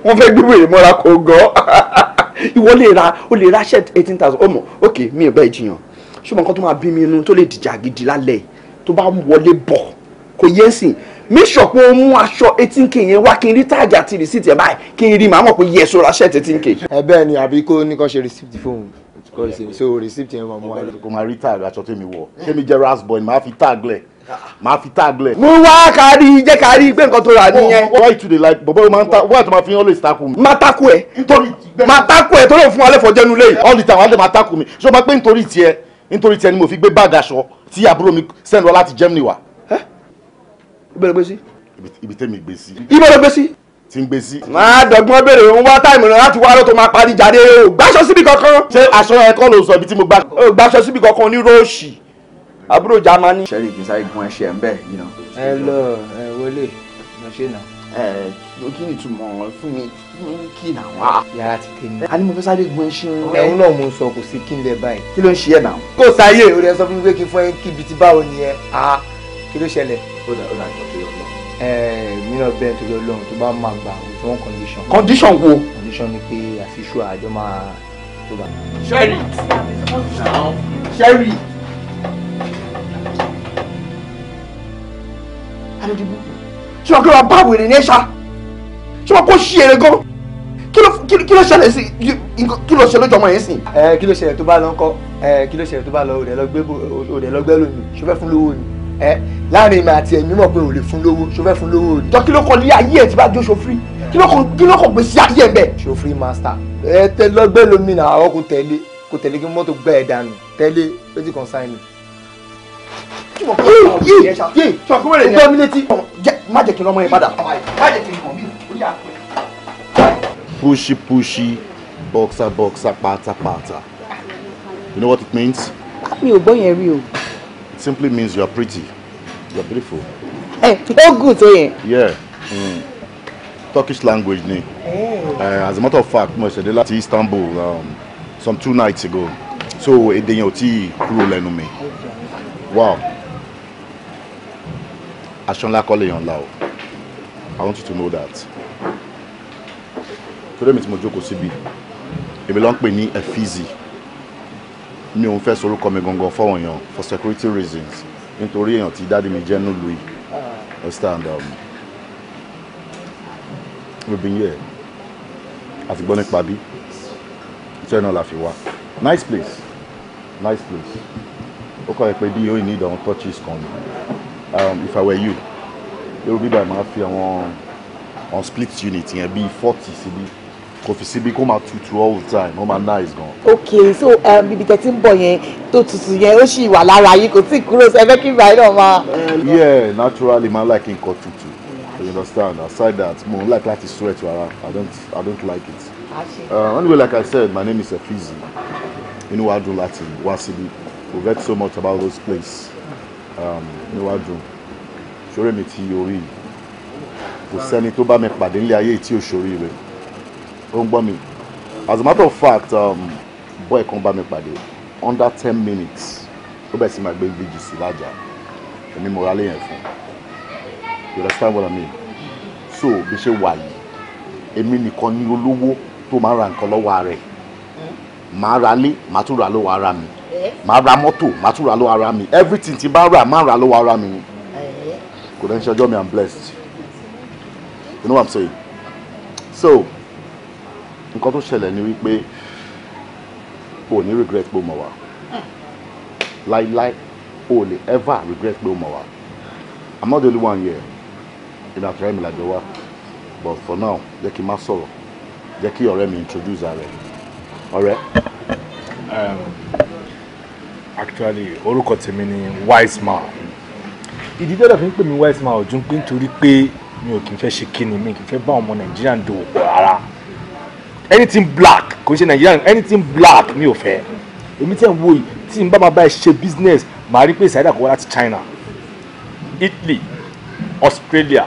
wọ́n fẹ́ gbé wèrè mọ́ra kó gọ́. ìwọ lè ra o lè ra shirt eighteen thousand ọmọ ok mi ò bá ẹ jiyàn ṣùgbọ́n nǹkan tó máa bí mi inú tó lè dìjà gidi lálẹ́ tó bá wọlé bọ̀ kò yẹ sìn make sure pé o mú aṣọ eighteen k yẹn wá kí n rí táàgì àti receipt ẹ̀ báyìí kí n rí màá mọ̀ pé yẹ sọ́ra ṣẹ́ẹ̀tì eighteen k. ẹ bẹ́ẹ̀ ni àbí kó ní kó ṣe receipt fóun kó ṣe so receipt yẹn máa mú wa. kò máa rí táàgì aṣọ tèmi wọ̀ ṣé mi jẹ́ ras boy máa fi táàgì lẹ̀ máa fi táàgì lẹ̀. mo wá kárí jẹ́ kárí pé nǹkan tó rà oh, nìyẹn. why you dey like bọ̀bọ̀ máa ń ta why you máa fi always taku mi. máa taku ẹ máa taku ẹ tó lè fún wa lẹ́fọ̀ọ́ jẹ́nu lé. all the time wàá lè máa taku mi ṣé o máa pé nítorí tiẹ̀ nítorí mo fi gbé báàgì aṣọ mi send wá láti Germany ibo ló gbé sí. ibi tẹ́mi gbé sí. ibo ló gbé sí. ti ń gbé sí. máa dọ̀gbọ́n béèrè òun wá táìmù náà láti wá ló tó máa parí jáde o gbàṣọ síbi kankan. ṣé aṣọ ẹ ló sọ ibi tí mo gbà. o gbàṣọ síbi kankan ní róòṣì àbúrò jamani. sẹ́rí kì í sáré gun ẹṣẹ́ ń bẹ̀ yìí nà. ẹ lọ ẹ wọlé lọ ṣe nà. ẹ kí ni ìtumọ̀ fún mi kí nà wá. yàrá ti ké ní. a ní mo fẹ́ sáré gun ẹṣin. ẹ̀hún náà mo sọ kò sí kí n lẹ báyìí. kí ló ń ṣe ẹ̀ nà. kò sáyé o rẹ sọ fún mi pé kí fún ẹ kí ló ṣẹlẹ̀. ó dà ó dà jọ pé ọlọ. ẹ mìíràn bẹ́ẹ̀ torí ọlọ́run tó bá máa gbà with one condition. condition wo. condition ni pé àfiṣù àjọ máa tó bá. sherry sherry. àdìdìbò tí wọn kí wọn bá wèrè ní ẹṣá tí wọn kó ṣí èrè gan kí ló ṣẹlẹ̀ sí kí ló ṣẹlẹ̀ jọmọ yẹn sìn. ẹ kí ló ṣẹlẹ̀ tó bá lọ ń kọ ẹ kí ló ṣẹlẹ̀ tó bá lọ òdẹ lọ gbé lómi ṣọfẹ fún lówó ni ẹ láàrin mi àti ẹ̀mí mọ̀ pé ò lè fún lówó ṣo fẹ́ fún lówó ni. jọ kí ló kọ ní ayé ẹ tí bá jó sofiri kí ló kọ kí ló kọ gbèsè ayé ẹ bẹ. sofiri master ẹ tẹ lọgbẹ lomi àwọn kò tẹ̀lé kò tẹ̀lé kí mọ́tò gbẹ ẹ dànù tẹ̀lé ó ti kàn sáyẹn pushy pushy boxer boxer pátápátá you know what it means. mi ò gbọ́ yẹn rí o. It simply means you are pretty. You are beautiful. Eh, hey, oh good, eh? yeah. Mm. Turkish language ni. Hey. Uh, oh. eh, as a matter of fact, mo ṣẹ̀dé láti Istanbul um, some two nights ago. So èdè yẹn ò tí kúrò lẹ́nu mi. Wow. Aṣọ ńlá kọ́lé yan la o. I want you to know that. Torí èmi tí mo jókòó síbi, èmi ló ń pè ní Efizi mi ò ń fẹ́ sorúkọ mi gangan fọ́wọ́n èèyàn for security reasons nítorí èèyàn tí dáàdi mi jẹ́ nílùú yìí understand um, been here. àti gbọ́ nípa bí iṣẹ́ náà la fi wá nice place nice place ó kọ́ ẹ pé bí yóò ní ìdáhùn touches kan ni um, if I were you irú bíbá máa fi àwọn on split unit yẹn bíi forty síbí. Si kò fi síbi kó máa tutù all the time ó máa is gan. ok so um, ibi tẹ́tí ń bọ̀ yẹn tó tutù yẹn ó sì wà lára yìí kò tí ì kúrò sí ẹgbẹ́ kí ìgbà náà máa. yeah naturally máa like nǹkan TUTU. you understand aside that mo n like láti sweat rárá i don't i don't like it. Uh, anyway like i said my name is Efizi inú wa dùn láti wá síbi we read so much about those place um, inú wa dùn ṣoré mi ti orí kò sẹ́ni tó bá mi pàdé nílé ayé tí ò ṣorí rẹ̀ ó ń gbọ́ mi as a matter of fact um, boy kan bá mi pàdé under ten minutes ó bẹ̀rẹ̀ sí máa gbé gbèjì sí lájà èmi mo ra léyìn fún you understand what I mean so bí ṣe wà yìí èmi nìkan ni olówó tó máa ra nǹkan lọ́wọ́ rẹ̀ màá ra lé màá tún ra lọ́wọ́ ara mi eh? màá ra mọ́tò màá tún ra lọ́wọ́ ara mi everything tí bá rà màá ra lọ́wọ́ ara mi ni eh? kò dẹ́n ṣe ọjọ́ mi i'm blessed you know what i'm saying so nǹkan tó ṣẹlẹ̀ ni wípé o ní regret pé o mọ̀ wá láíláí o lè ever regret pé o mọ̀ wá i'm not the only one here ìlànà àtúrẹ́ mi làjọ wá but for now jẹ́ kí n má sọ̀rọ̀ jẹ́ kí ọ̀rẹ́ mi introduce ààrẹ ọ̀rẹ́. Um, actually orúkọ tèmi ni wise man ìdí tẹ́lẹ̀ fi ń pè mí wise man ọ̀dún pé nítorí pé mi ò kì í fẹ́ ṣe kíni mi kì í fẹ́ bá ọmọ nàìjíríà dòwò pọ̀ rárá anything black kò ṣe Nigerian anything black mi ò fẹ́ èmi tẹ̀ ń wo yìí tí n bá ma bá ẹ ṣe business màá rí pé ìsáyédà kò láti China Italy Australia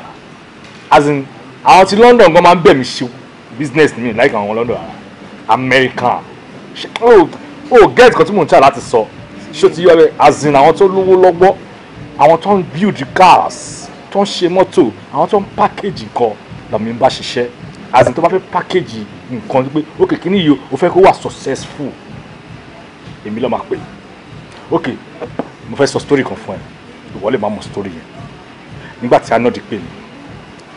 as in àwọn ti London gan máa ń bẹ̀ mí ṣe business mi like àwọn London America oh oh get kan tí mò ń ṣà láti sọ ṣó ti yọ ẹ as in àwọn tó lówó lọ́gbọ́ àwọn tó ń build cars tó ń ṣe mọ́tò àwọn tó ń package nǹkan lọ́mí ń bá ṣiṣẹ́ as in tó bá fẹ́ package nǹkan pé ok kíní yìí o fẹ́ kó wà successful èmi lọ́ọ́ máa pè ok mo fẹ́ sọ story kan fún ẹ ìwọ lè má mọ story yẹn nígbà tí Arnold pè mí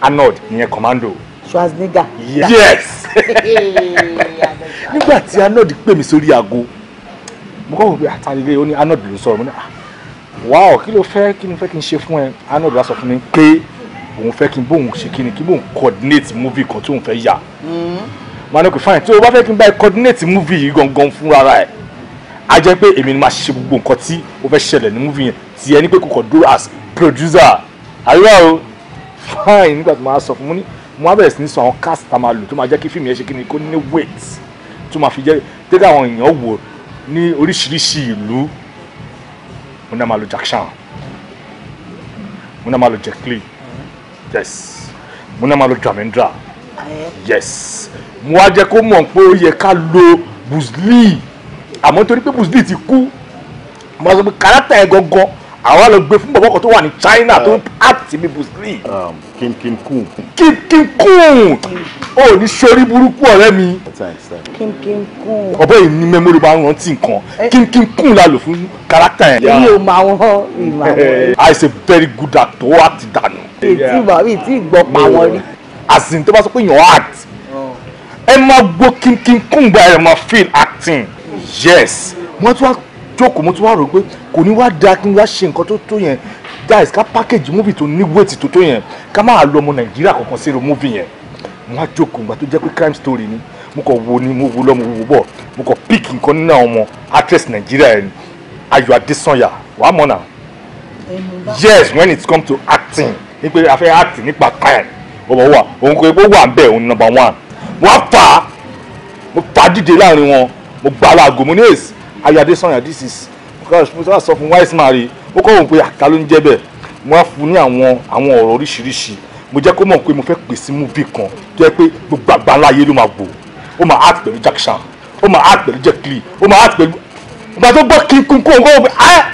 Arnold ìyẹn commando. Schwarzenegger. yes nígbà tí Arnold pè mí sórí aago mo kọ́ wò pé àtàlẹ́ ó ní Arnold ló ń sọ̀rọ̀ mo ní ah, wow kí ló fẹ́ kí ni fẹ́ kí n ṣe fún ẹ Arnold wá sọ fún mi pé òun fẹ́ kí n bóun ṣe kí ni kí bóun coordinate movie kan tóun fẹ́ yà máa ní kò fine tó o bá fẹ́ kí n bá ẹ coordinate movie yìí gangan fúnra ẹ̀ á jẹ́ pé èmi ni máa ṣe gbogbo nǹkan tí o fẹ́ ṣẹlẹ̀ ní movie yẹn ti ẹni pé kò kàn dúró as producer àríwá o fine nígbà tó máa sọ fún mi mo á bẹ̀rẹ̀ sí ní sọ àwọn cast tá máa lò tó máa jẹ́ kí fíìmù yẹn ṣe kí ni kó ní weight tó máa fi jẹ́ tẹ́lẹ̀ àwọn èèyàn wò ní oríṣiríṣi ìlú mo náà máa lo Jack Chan mo náà máa lo Jet Li yes mo náà máa lo dramindra yes mo wá jẹ́ kó mọ̀ pé ó yẹ ká lo buzli àmọ́ torí pé buzli ti kú mo sọ pé kárátà ẹ̀ gangan àwa lọ gbé fún bọ̀bọ̀kọ̀ tó wà ní China tó ah. act bí Bruce Lee. Um, Kim Kim Kun. Kim Kim Kun o ní sori burúkú ọ̀rẹ́ mi. Kim Kim Kun. ọ̀bọ yìí ní mẹ́mórì bá ń rántí nǹkan eh. Kim Kim Kun la lò fún kárátà yẹn. èyí ò máa wọ́n ìmọ̀ àwọn. I is very good at ó act dànù. ètí ìmọ̀ àbí ètí ìgbọ́ pa wọn rí. àsìn tó bá sọ pé yàn act oh. ẹ máa gbọ́ Kim Kim Kun gba ẹ máa feel acting mm. yes wọ́n tún wá jókòó mo tún wá rò pé kò ní wá da kí n wá ṣe nǹkan tó tó yẹn guys ká package movie tó ní wéètì tó tó yẹn ká máa lọ ọmọ nàìjíríà kankan sí irú movie yẹn mo wá jókòó ìgbà tó jẹ́ pé crime story ni mo kàn wo ni mo wo lọ́mọ wo bọ̀ mo kàn pick nǹkan nínú àwọn ọmọ actress nàìjíríà yẹn ayọ̀ adésànyà wàá mọ̀ náà yes when it come to acting ní pé a fẹ́ act nípa crime ọmọ wa òun kò ó wà bẹ́ẹ̀ òun number one wọ́n fà á mo fà á dìde láàrin wọn mo gbà á láago mo ní èsì ayọ̀dé sọ̀yà this is because mo sọ fún wise man rí ó kọ́ òun pé àká ló ń jẹ́ bẹ́ẹ̀ mo á fún ní àwọn àwọn ọ̀rọ̀ oríṣiríṣi mo jẹ́ kó mọ̀ pé mo fẹ́ pè sí múvì kan tó yẹ pé gbogbo àgbáláyé ló máa gbò ó máa act pẹ̀lú Jackson ó máa act pẹ̀lú Jet Li ó máa act pẹ̀lú ìgbà tó gbọ́ kíkún kó nǹkan ọ̀gbìn ah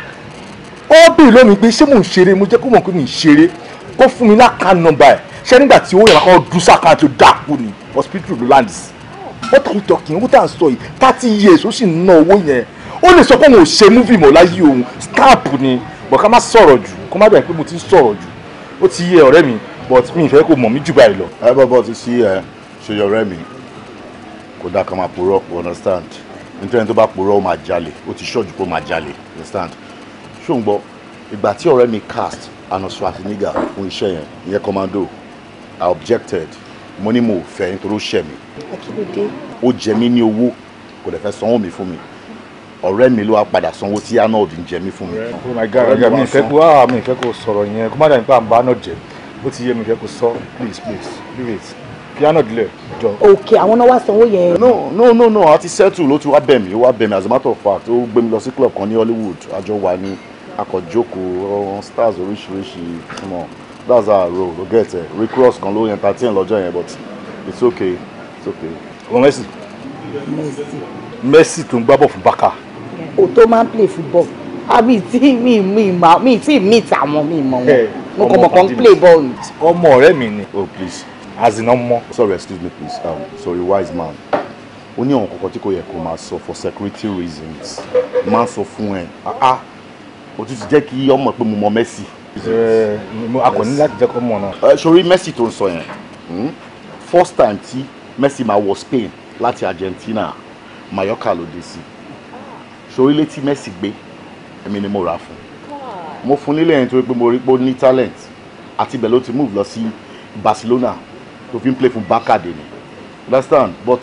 ó bèrè lómi pé ṣé mò ń ṣeré mo jẹ́ kó mọ̀ pé mi ń ṣeré kó mi láka nọ́mbà ẹ̀ ṣé nígbà tí owó yẹn kọ́ dùn sáka tó dà kú ni hospital ló láǹdì what are you talking what are you saying thirty years ó sì ń ná owó ó lè sọ pé òun ò ṣe múvì mọ́ láyé òun stamp ni but ká má sọ̀rọ̀ jù kó má dà pé mo ti ń sọ̀rọ̀ jù ó ti yé ọ̀rẹ́ mi but mi ìfẹ́ kò mọ̀ mí jù báyìí lọ. ẹ bọ́ bọ́ ti sí ẹ ṣe ọ̀rẹ́ mi kò dáa ká máa purọ́ you understand nítorí tó bá purọ́ ó máa jalè ó ti ṣọ́ọ̀jù kó máa jalè understand ṣó ń gbọ́ ìgbà tí ọ̀rẹ́ mi cast Arnold Schwarzenegger fún iṣẹ́ yẹn ìyẹn commando I objected mo ní mo fẹ́ nítorí ó ṣẹ̀ mí. akílódé. ó jẹ mí ní owó kò lè fẹ́ sanwó mi fún mi ọ̀rẹ́ mi ló wá padà sanwó tí Arnold ń jẹ mí fún mi. Oh ọ̀rẹ́ mi ìfẹ́ kó ah mi ìfẹ́ kó sọ̀rọ̀ yẹn kó má dà nípa àǹbá náà jẹ bó ti yé mi ìfẹ́ kó sọ please please leave it kí Arnold lẹ̀ jọ. òkè àwọn náà wá sanwó yẹn. no no no no àti settle ló ti wá bẹ̀ mí ó wá bẹ̀ mí as a matter of fact ó gbé mi lọ sí club kan ní Hollywood àjọ wa ní akọ̀jókòó stars oríṣiríṣi mọ̀ that's our role we get it Rick Ross kan ló entertain lọ́jọ́ yẹn but it's okay it's okay. ọmọ Messi Messi tó ń gbábọ̀ fún Barca kò tó máa ń play football àbí tí mi mi ma mi tí mi ta wọn mi mọ wọn mo kàn mọ kàn ń play ball ni. ọmọ ọ̀rẹ́ mi ni oh please as in ọmọ sorry excuse me please um, sorry wise man ó ní àwọn kọ̀ọ̀kan tí kò yẹ kó máa sọ for security reasons máa sọ fún ẹ ah o ah. tún ti jẹ́ kí ọmọ pé mo mọ Messi. Eh, a kò ní láti jẹ́ kó mọ̀ náà. Eh, sori Messi tó ń sọ yẹn hmm? first time tí Messi máa wọ Spain láti Argentina Mallorca ló dé sí i sórí létí Messi gbé èmi ni mo rà fún mo fún nílé yẹn torí pé mo rí pé ó ní talent àti ibẹ̀ ló ti move lọ sí Barcelona tó fi ń play fún bákàdé ni understand but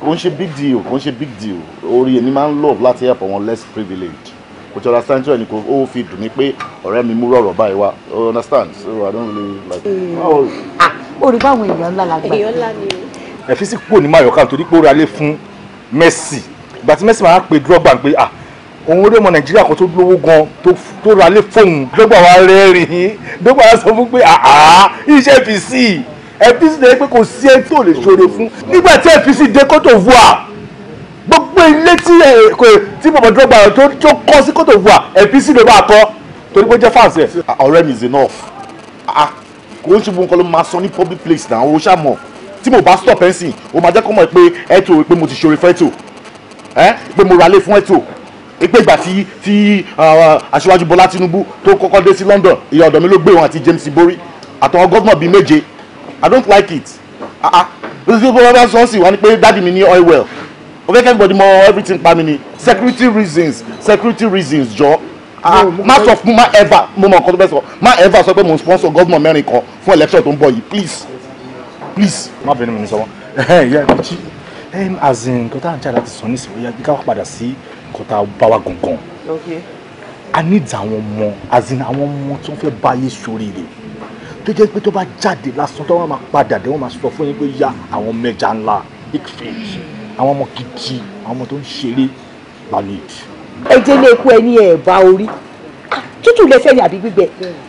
kò ń ṣe big deal kò ń ṣe big deal orí èmi máa ń love láti help àwọn less privileged kò tí understand tí ẹni kò ó fi dùn mí pé ọ̀rẹ́ mi mú rọ̀rọ̀ báyìí wá you understand so I don't really like. Hmm. Oh. Ah, ó rí báwọn èèyàn ńlá la gbà. èèyàn ńlá ni. ẹ̀físì kúrò ní mayoka torí pé ó ra lé fún Messi ìgbà tí Messi máa ń pe drogba pé ah òun rí ọmọ nàìjíríà kan tó lówó gan tó ra lé fóun drogba wa rẹ́rìn-ín drogba wa sọ fún pé ah ah iṣẹ́ fi sí i APC lè pé kò sí ẹni tí ò lè ṣoore fún nígbà tí APC dé Cote d'Ivoire gbogbo ilé tí tí bàbá drogba tó kọ́ sí Cote d'Ivoire APC ló bá kọ́ torí pé jẹ́ fans ẹ̀ ọ̀rẹ́ mi is enough kò ń ṣubú nǹkan ló máa sọ ní public place náà o ṣàmọ̀ tí mo bá stop ẹ̀ sìn o máa jẹ́ kọ́ mọ̀ pé ẹ̀ tó pé mo ti ṣoore fẹ́ tó pé mo ralé fún ètò pé ìgbà tí tí aṣíwájú Bọ́lá Tinubu tó kọ́kọ́ dé sí London ìyá ọ̀dọ̀ mi ló gbé wọn àti James Borí àtàwọn gọ́vnà bíi méje I don't like it lóṣù tó bá sọ sí wọn ni pé dáàdi mi ní oil well o fẹ́ kẹ́ everybody mọ everything pa mi ni security reasons security reasons jọ má sọ fún má ever mo mọ nǹkan tó fẹ́ sọ má ever sọ pé mo sponsor gọ́vnà mẹ́rin kan fún election tó ń bọ̀ yìí please please. má bẹ̀rẹ̀ mi ní sọ wọn. as in nǹkan tá à ń jáde láti sọ nísìnyí ó yá bí ká wá padà sí nǹkan tá a bá wa gangan. a ní ìdá àwọn ọmọ as in àwọn ọmọ tí wọ́n fẹ́ bá yé sóríire tó jẹ́ pé tó bá jáde lásán tó wọ́n máa padà dé wọ́n máa sọ fún yín pé yá àwọn mẹ́ja ńlá big fish àwọn ọmọ gidi àwọn ọmọ tó ń ṣeré balùwẹ̀. ẹ jẹ́ ilé ikú ẹni ẹ̀ bá orí ah, tútù lẹsẹ ní àbí gbígbẹ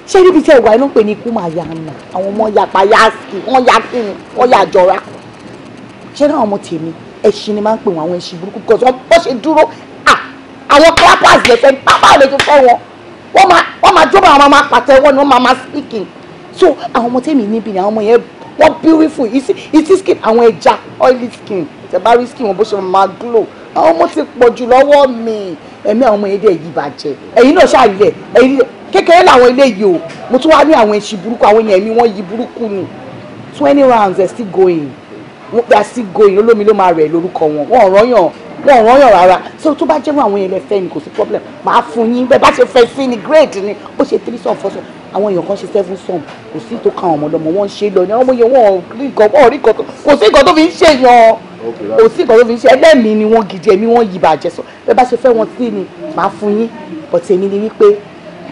ṣé níbi tí ẹ inú pè ní ikú máa yà ń nà àwọn ọmọ yapa yá sí wọn yá sí wọn yà jọra ṣé náà ọmọ tèmi ẹṣin ni máa ń pè wọn àwọn ẹṣin burúkú because wọn bó ṣe dúró àwọn clappers lẹsẹ pápá ò lè tó fẹ́ wọn wọn máa jóbọ àwọn máa pàtẹ́wọ́ ni wọn máa máa speaking so àwọn ọmọ tèmi níbi ni àwọn ọmọ yẹn wọn beautiful ìtí skin àwọn ẹja oily skin tẹbárí skin wọn bó ṣe máa glow àwọn ọmọ ti pọ̀ jù lọ́wọ́ mi ẹ̀mí àwọn ọmọ yẹn dẹ̀ yìí bàjẹ́ ẹ̀yin náà ṣàlẹ̀ ẹ̀yin kékeré làwọn eléyìí o mo tún wá ní àwọn ẹṣin burúkú àwọn yẹn mi wọ́n yí burúkú ni twenty rounds they still going wọn gba sí goyin olómi ló máa rẹ̀ lórúkọ wọn wọn ò wọn ò rárá so tó bá jẹ́rú àwọn yẹn fẹ́ ni kò sí problem màá fún yín bẹ́ẹ̀ bá ṣe fẹ́ sí ni great ni ó ṣe three sum four sum àwọn èèyàn kan ṣe seven sum kò sí tó kan ọmọ wọn ṣe lọ ni ọmọ yẹn wọn rí nǹkan wọn rí nǹkan kò sí nǹkan tó fi ń ṣe yan kò sí nǹkan tó fi ń ṣe ẹlẹ́mìí ni wọ́n gidi ẹ̀mí wọ́n yí bàjẹ́ sọ bẹ́ẹ̀ bá ṣe fẹ́ wọn sí ni màá fún yín bọ̀tẹ̀ mi ni wípé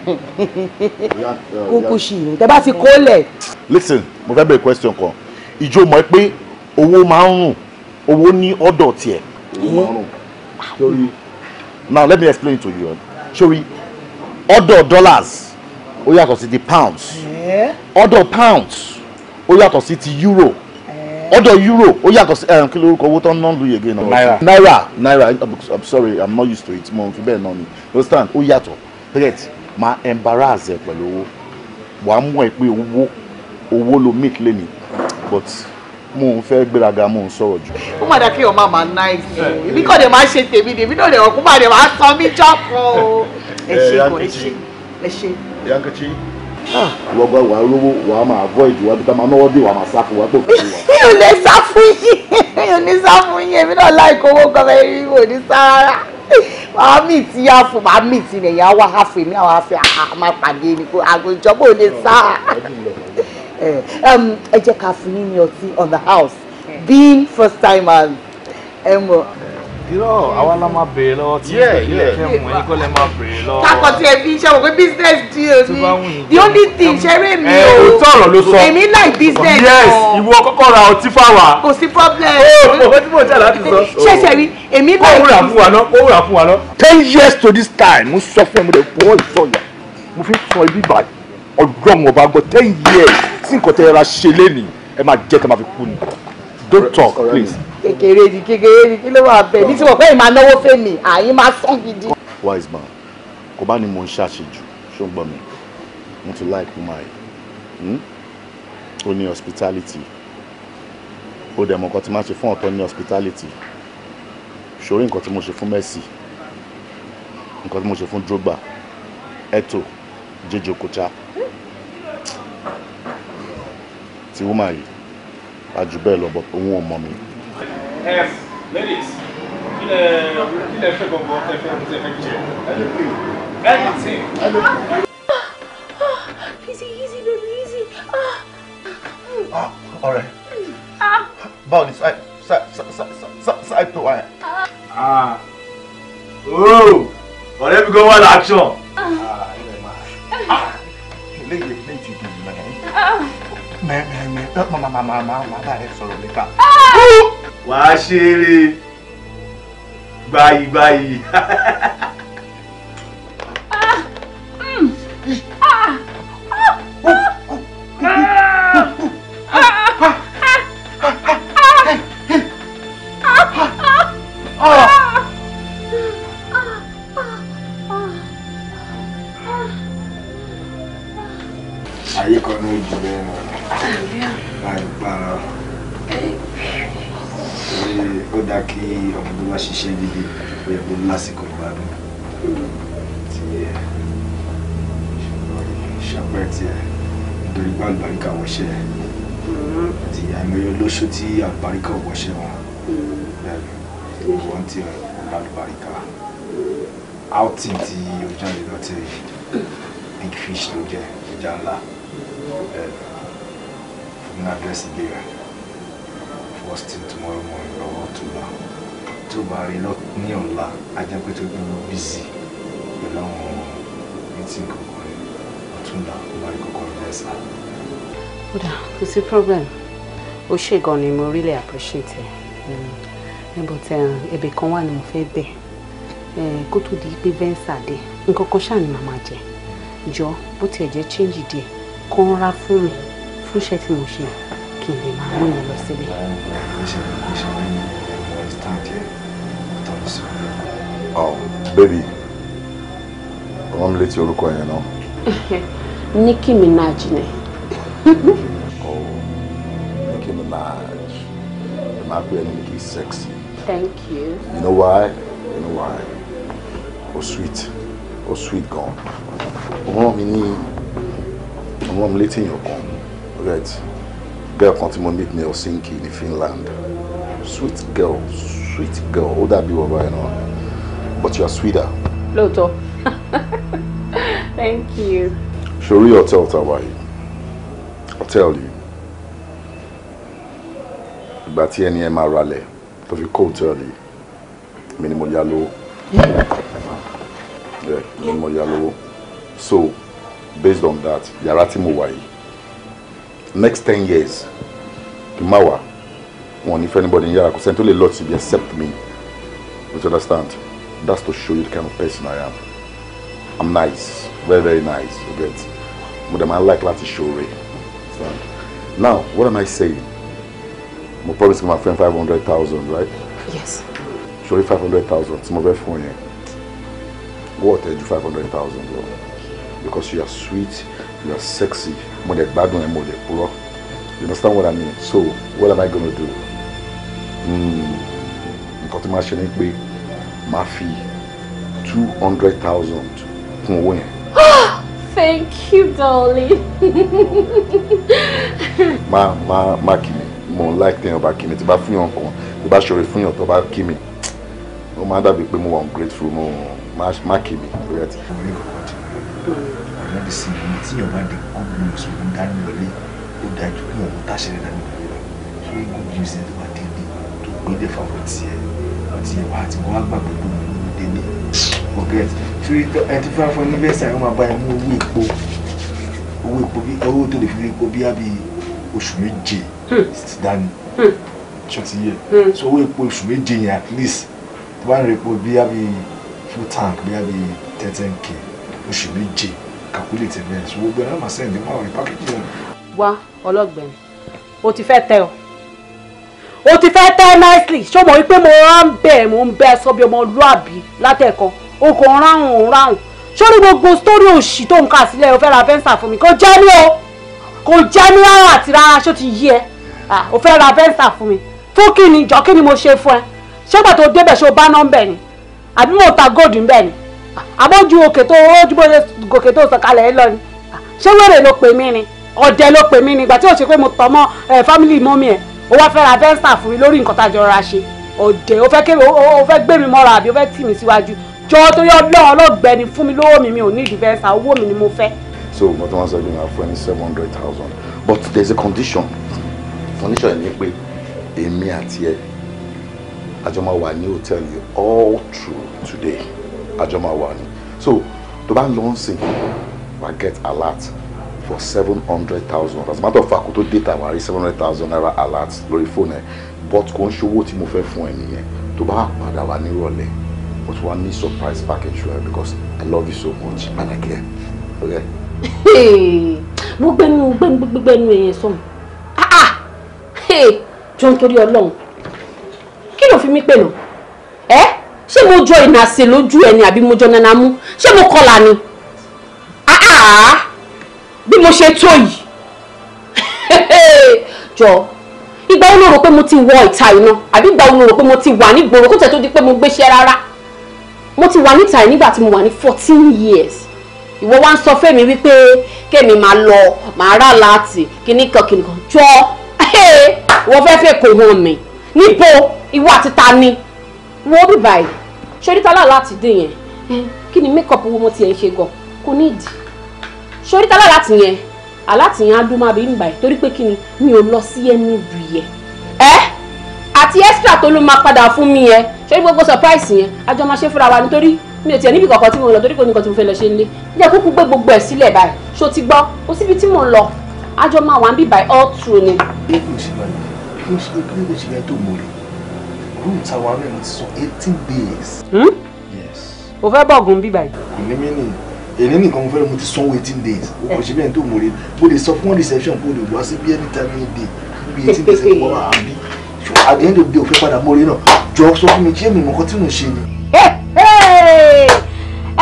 uh, kúkú ṣì yín tẹ bá ti kólẹ̀. listen mo fẹ́ bẹ̀rẹ̀ question kan ìjọ mọ̀ pé owó máa ń rùn owó ní ọ̀dọ̀ tiẹ̀ now let me explain to you sori ọ̀dọ̀ dollars ó yàtọ̀ sí ti pounds ọ̀dọ̀ pounds ó yàtọ̀ sí ti euro ọ̀dọ̀ euro ó yàtọ̀ sí ẹ̀rùn kí lórúkọ owó tó ń lu yege náà naira naira naira i'm sorry i'm not used to it mo n fi bẹ́ẹ̀ náà ni understand ó yàtọ̀ threat máa embarrass ẹ pẹ̀lú owó wàá mú ẹ pé owó owó ló make lẹ́ni but mo ń fẹ́ gbéraga mo ń sọ̀rọ̀ jù. ó mà dáa kí ọmọ àmà náìsì ni èmi kò dé máa ṣe tèmi ni èmi náà lè ọkùnrin máa lè máa san mí jọ́pọ̀. ẹ ṣe kò ẹ ṣe ẹ ṣe. yankechi ah. ìwọ gba wàá rówó wàá máa avoid wàá bí táwọn náwó dé wàá máa sá fún wàá pò fún wa. mi ò lè sá fún yín mi ò ní sá fún yín èmi náà láì kówó kan ẹ rí mi ò ní sá rárá màá mì tí yá fún màá mì tí nìyá wá hàfẹ́ mi àwọn afẹ́ àmàpàdé ni kò àgùjọ bò lè sá. Eh, um, ẹ jẹ́ ká fún yín ní ọtí on the house eh. being first timers ẹ mọ̀. irọ́ àwa la máa béèrè lọ́wọ́ tí ilé ẹ̀kẹ́ mú ẹni kọ́ lẹ́ máa béèrè lọ́wọ́. kákọ̀tì ẹ̀bí iṣẹ́ wò pé business deal ni the only thing ṣeré mi eh, o òótọ́ ọ̀rọ̀ ló sọ èmi like business o. yes ìwọ kọ́kọ́ ra ọtí fáwa. kò sí problem. ó oh, mọ̀ fẹ́ tí mo jà láti sọ. ṣẹ̀ṣẹ̀ rí èmi like. kó wúrà fún wa náà kó wúrà fún wa náà. ten years to this time mo sọ fún ẹ mo lè bọ́ ìsọyà mo fi sọ ibi ìbàdàn ọlọ́run ọba gbọ́ ten years sí nǹkan tẹ́ ra ṣe lẹ́nu ẹ máa jẹ́ tẹ́ fi kú ni don't talk please. kékeré ni kékeré ni kí ló wà bẹ́ẹ̀ ní tí wọ́n fẹ́ máa náwó fẹ́ mi àyín máa sán gidi. wise man kò bá ní mo ń ṣàṣejù ṣùgbọ́n mi mo ti láì kú máa yìí ó ní hospitality O dẹ̀ mọ̀ nǹkan tí máa ṣe fún ọ̀tọ̀ ní hospitality ṣòrí nǹkan tí mo ṣe fún Messi nǹkan tí mo ṣe fún Drogba Eto jẹjọ kọta tí wọ́n máa yìí àjù bẹ́ẹ̀ lọ bọ̀ òun ò mọ̀ mi. ẹ ladies kí lẹ kí lẹ fẹ́ gbọ̀ngàn tẹ fẹ́ tẹ fẹ́ jẹ ẹ lè pè é ẹ lè tì í. easy easy baby easy. ọ̀rẹ́ ah, báwo ni sáì sáì tó wáyà. ọ̀rẹ́ mi gan wà láàṣọ eléyìí eléyìí ti dùn mẹ mẹ mẹ mẹ ayé kan ní ojú bẹ́ẹ̀ nù láìpara torí ó dá kí ọmọ tó bá ṣiṣẹ́ gidi ó yẹ kó lásìkò ìgbádùn ti ẹ̀ ṣàpẹ́ ti ẹ̀ nítorí pé àlùbáríkà wọṣẹ́ ẹ̀ àti àìmọye olóṣù tí àlùbáríkà wọṣẹ́ wọn bẹ́ẹ̀ wọ́n ti ẹ̀ àlùbáríkà outing ti ojú àlè lọ́tẹ̀ big fish ló jẹ́ ìjà ńlá fún address ìbéèrè first thing tomorrow morning lọ́wọ́ tó bá tó bá rí ní ọ̀la ajẹ́pẹ́ tó to be busy pẹ̀lú àwọn meeting kankan rẹ̀ ọ̀túnla ó máa rí kankan rẹ̀ lẹ́sà. kódà kò sí problem ó ṣe gan ni mo really appreciate it ẹ mm. but eh, ẹbẹ I wà ni mo fẹ́ bẹ̀ eh, kó tó di pé venza dé nǹkan kan ṣáà ni màmá jẹ jọ bó tiẹ̀ jẹ́ change díẹ̀ kan rárá fún mi fún iṣẹ́ tí mo ṣe kí n lè máa mú ìyẹn lọ sílẹ̀. Oh, baby wọ́n mi létí orúkọ yẹn náà. Nicki Minaj ni. oh Nicki Minaj ẹ máa pè é ní Nicki sexy. thank you. you know why you know why o oh, sweet o oh, sweet gan o ràn mí ní. I'm rán mi létí èèyàn right girl kan tí mo meet ní Helsinki ní Finland sweet girl sweet girl that be? What I know? but you are sweeter. Loto. thank you. sori hotel tàwa yìí hotel you. ìgbà tí ẹni ẹ máa ralẹ̀ tó fi kó hotel yìí mi ni Yeah. yá lówó so based on that yàrá tí mo wà next ten years kì má if wọn ní fẹ́ anybody ní yàrá kò sẹ́ni tó lè lọ síbi except me you understand that's to show you the kind of person I am I'm nice very very nice you get mo dẹ̀ máa like láti show now what am I saying I'm mo promise my friend five hundred thousand right. yes. sori five hundred thousand tí mo phone here. What wọ́ọ̀tẹ̀ ju five hundred thousand because you are sweet you are sexy mo dẹ̀ bad, ẹ mo poor. you understand what I mean so what am I gonna do Hmm. tí màá ṣe ni pé màá fi two hundred thousand kún owó thank you darling. Ma, ma, ma, Kimi. mí mo ń láì tẹ̀yàn Kimi. kì mí tí bá fún yàn kan tí bá ṣòro fún yàn tó bá kì mí ó máa dàbí pé mo ungrateful mo máa kì mí ọ̀nà ti sìn yìí tí ọba di good news dání lọlé ó dájú pé ọ̀run táṣẹ̀lẹ̀ dání lọlé wa so good news ni tó bá délé tó gbé dé fáwọn tiẹ̀ ọtí ẹ̀ wá àti wọ́n á gbàgbé pé mo ní délé forget ẹ ti fẹ́ fún níbẹ̀sà ẹ̀ máa bá ẹ mú owó epo owó epo bí owó tó lè fi epo bí á bí oṣù méje hmm. dání hmm. ṣọtí yẹ hmm. so owó epo oṣù méje yẹn at least tó bá ń repo bí á bí full tank bí á bí thirteen k oṣù méje calculate ẹ̀ so gbogbo ẹ̀ náà máa sẹ́yìn nípa ọ̀rẹ́ wá ọlọ́gbẹ̀ni o ti fẹ́ tẹ o o ti fẹ́ tẹ́ nicely ṣó mọ̀ wípé mo rán bẹ́ẹ̀ mo ń bẹ́ sọ bí ọmọ lúàbí látẹ̀kọ́ o kò ráhùn ò ráhùn sórí gbogbo sórí òṣì tó ń kà sílẹ̀ o fẹ́ ra fẹ́ǹsà fún mi kò jẹ́ ní o kò jẹ́ ní rárá àti rárá ṣó ti yí ẹ o fẹ́ ra fẹ́ǹsà fún mi fún kí ni ìjọ kí ni mo ṣe fún ẹ ṣé pàtó débẹ̀ ṣó bá nọ́mbẹ̀ ni àbí mo ta góòdù ń ni àbójú òkè tó ojúbọ gòkè tó sọ̀kalẹ̀ ẹ lọ ṣé wèrè ló pè mí ni ọ̀dẹ̀ ló pè mí ni ìgbà tí ò ṣe pé mo tọ̀ mọ́ fámìlì mọ́mì ẹ̀ ó wá fẹ́ ra vẹ́ńsà fún mi lórí nǹkan tá a jọ ṣe ọ̀dẹ̀ ó fẹ́ gbé mi mọ́ra àbí ó fẹ́ tì mí síwájú jọ torí ọlọ́run ọlọ́gbẹ́ ni fún mi lówó mi mi ò ní ìdífẹ́ǹsà owó mi ni mo fẹ́. so mo tún wá sọ pé màá fún ní seven hundred thousand but there is a condition condition ni pé èmi àti ẹ àjọ máa wà ní hòtẹ́ẹ̀lì all through today àjọ máa wà so to bá ń lọ sí wà get alert for seven hundred thousand as a matter of fact kò tó data wà seven hundred thousand naira alert lórí fóònù ẹ but kò ń ṣòwò tí mo fẹ́ fún ẹ nìyẹn tó bá padà wà nírọ̀lẹ́ but wà ní surprise package rẹ because I love you so much and I care okay. mo gbẹnu gbẹnu gbẹnu èèyàn sọ̀rọ̀ ah ah jọ nítorí ọlọ́run kí ló fi mí pè náà ṣé mo jọ ìnàṣẹ lójú ẹ ni àbí mo jọ nana mú ṣé mo kọlà ni bí mo ṣe tó yìí jọ ìgbà wo ló rò pé mo ti wọ ìta iná àbí ìgbà wo ló rò pé mo ti wà nígboro kó tẹ̀ tó di pé mo gbéṣẹ́ rárá mo ti wà níta nígbà tí mo wà ní fourteen years ìwọ wá ń sọ fẹ́mi wípé kẹ́mi máa lọ máa rà láti kíní kan kíní kan jọ ìwọ fẹ́ fẹ́ kò hàn mí níbo ìwọ àti ta ni wọ́n bí báyìí ṣoríta láàlá ti dé yẹn kí ni mékọ̀pù owó mo ti ẹ̀ ń ṣe gan kò ní ìdí ṣoríta láàlá ti yẹn aláti yẹn á dún má bí ń báyìí torí pé kí ni mi ò lọ sí ẹni bù yẹ ẹ àti extra tó ló máa padà fún mi yẹn ṣorí gbogbo surprise yẹn àjọ máa ṣe fúnra wa nítorí mi ò tiẹ̀ níbi kankan tí mo lọ torí kò ní kan tí mo fẹ́ lọ ṣe nílé jẹ́ kúkú gbé gbogbo ẹ̀ sílẹ̀ báyìí ṣó room tàwa rẹ̀ ti sọ eighteen days. Hmm? yes. o fẹ́ bọ̀gùn bí báyìí. kò ní mí nì èyí nìkan mo fẹ́ mo ti sanwó eighteen days o kò ṣe bẹ́ẹ̀ tó mo rí mo lè sọ fún reception kó lè wá sí bí any time any day bí eighteen days ẹ̀ wọ́n máa bí at the end of the day o fẹ́ padà mọ́rí náà jọ sọ fún mi kí èmi mọ̀kọ́ tí mo ṣe ni.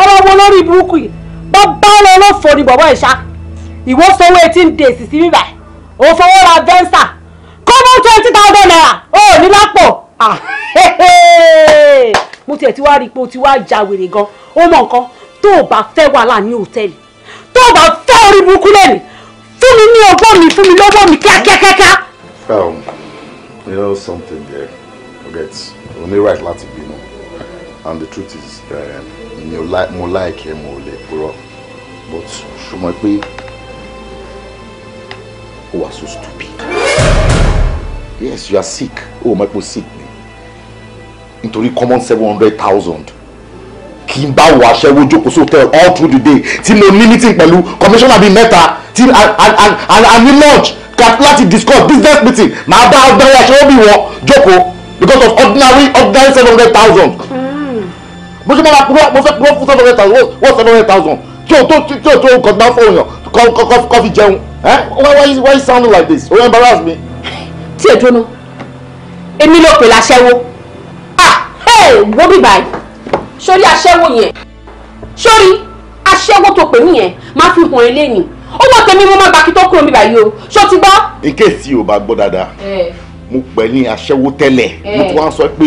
ọ̀rọ̀ wo lórí burúkú yìí bá bá lọ lọ́fọ̀ọ́ ni bọ̀bọ̀ ìṣá ìwọ sanwó eighteen days sí bíbá ò fọwọ́ ra venza kọ́mọ́ twenty thousand naira ó ní lápò. Ah, mo tiẹ̀ ti wá rí i pé o ti wá ja wèrè gan ó mọ nǹkan tó o bá fẹ́ wàhálà ní hòtẹ́ẹ̀lì tó o bá fẹ́ orí burúkú lẹ́nu fún mi ní ọgbọ́n mi fún mi lọ́gbọ́n mi kíákíákíá. Um, you know something there forget o ní right láti bínú and the truth is um, mo like ẹ mo lè purọ́ but ṣùgbọ́n pé o wà so stupid yes you are sick o mọ̀ pé o sick nítorí common seven hundred thousand kì í bá wọ aṣẹ́wó jókòó sóòtẹ́ all through the day tí mo ní meeting pẹ̀lú commissioner bíi mẹ́ta tí a ní lunch láti discuss business meeting màá bá ọgbẹ́rẹ́ aṣẹ́wó bí wọ́n jókòó because of ordinary ordinary seven hundred thousand bó hmm. ṣe máa ma kúrò mo fẹ́ kúrò fún seven hundred thousand wọ́n seven hundred thousand tí o tó tí o tó nǹkan tó bá fọ òyàn kọfí jẹun why why why you sound like this o embarrass me. tí èdè náà èmi ló pè láṣẹ́wó ẹ ah, wo bí báyìí sórí aṣẹ́wó yẹn sórí aṣẹ́wó tó pè mí yẹn máa fi hàn eléyìí owó tèmi mo máa gbà kí tó kúrò mi báyìí o ṣó ti gbọ́. in case o bá gbọ́ dáadáa mo pè ní aṣẹ́wó tẹ́lẹ̀ mo tún wá sọ pé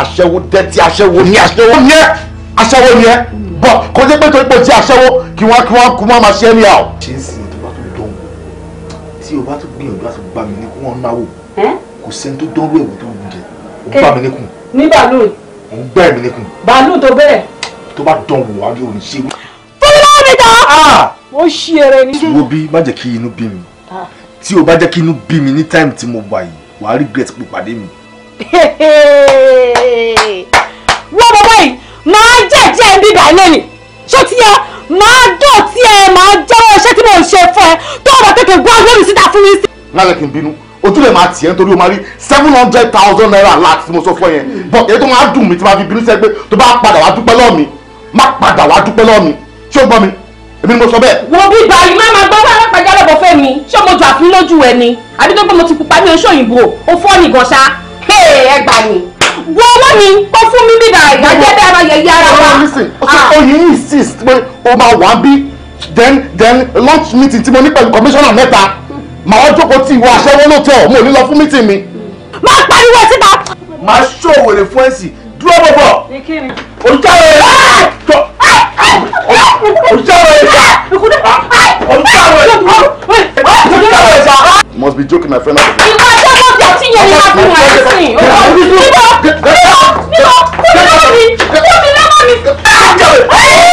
aṣẹ́wó dẹ́tí aṣẹ́wó ní aṣẹ́wó ní ẹ́ aṣẹ́wó ní ẹ́ bọ̀ kò jẹ́ pé torí pé ti aṣẹ́wó kí wọ́n kí wọ́n kú wọ́n máa ṣe é ní àwọ̀. ṣé ń sìn tó bá tún dán wò tí o bá tún gbìyànjú àti gbà mí ní kí wọ́n náwó kò sẹ́ni tó dánwó èwù tó wù jẹ́ ó gbà mí níkùn ní bàálù. ò ń gbẹ́ mi lẹ́kùn. bàálù tó bẹ̀rẹ̀. tó bá dán wò wá ní òní ṣe. fúnra mi ta. ó ṣí ẹrẹ ni. wo bí má jẹ́ kí inú bí mi ah. tí o bá jẹ́ kí inú bí mi ní táìmù tí mo wà yìí wàá regret pé pàdé mi. wọ́n bọ́ báyìí máa jẹ́jẹ́ bíbá ilé ni ṣó ti yẹ máa dọ̀tí ẹ máa jẹ́wọ́ iṣẹ́ tí mo ṣe fún ẹ tó ọ̀rọ̀ kékeré gbọ́ lórí síta fún mi. lálẹ́ kí n bínú lè máa tiẹ̀ nítorí o máa rí seven hundred thousand naira láti tí mo sọ fún yẹn but èyí tó máa dùn mí tí máa fi bínú sẹ́ pé tó bá padà wá dúpẹ́ lọ́ọ̀ mi má padà wá dúpẹ́ lọ́ọ̀ mi ṣé o gbọ́ mi èmi ni mo sọ bẹ́ẹ̀. wo bí gbà yìí má máa gbọ́ wá lápàjá lọ́bọ̀ fẹ́ mi ṣé mo jù àfin lójú ẹ ni àbí tó pé mo ti pupa ní oṣù òyìnbó o fọ́ ni gan ṣá ẹ gbà mí wo owó mi kó fún mi bíbá ìdájẹ́ bẹ́ẹ̀ máa yẹ yára wa. oyin ah. insist pé o máa wà bí then then lunch meeting tí mo ní pẹ̀lú commissioner mẹ́ta màá jókòó tí ìwọ aṣẹ́wó lóòótọ́ mo ò ní lọ fún mítìn mi. má pariwo síta. má ṣòwòrè fún ẹ̀sìn dúró bọ̀bọ̀. olùjáwé tó olùjáwé sá olùjáwé sá. you must be joking my friend. ìwọ aṣẹ́wó bí ọtí yẹn ni wọ́n fi wọ́n ẹ̀sìn. níbo níbo níbo níbo mi níbo mi lọ́wọ́ mi.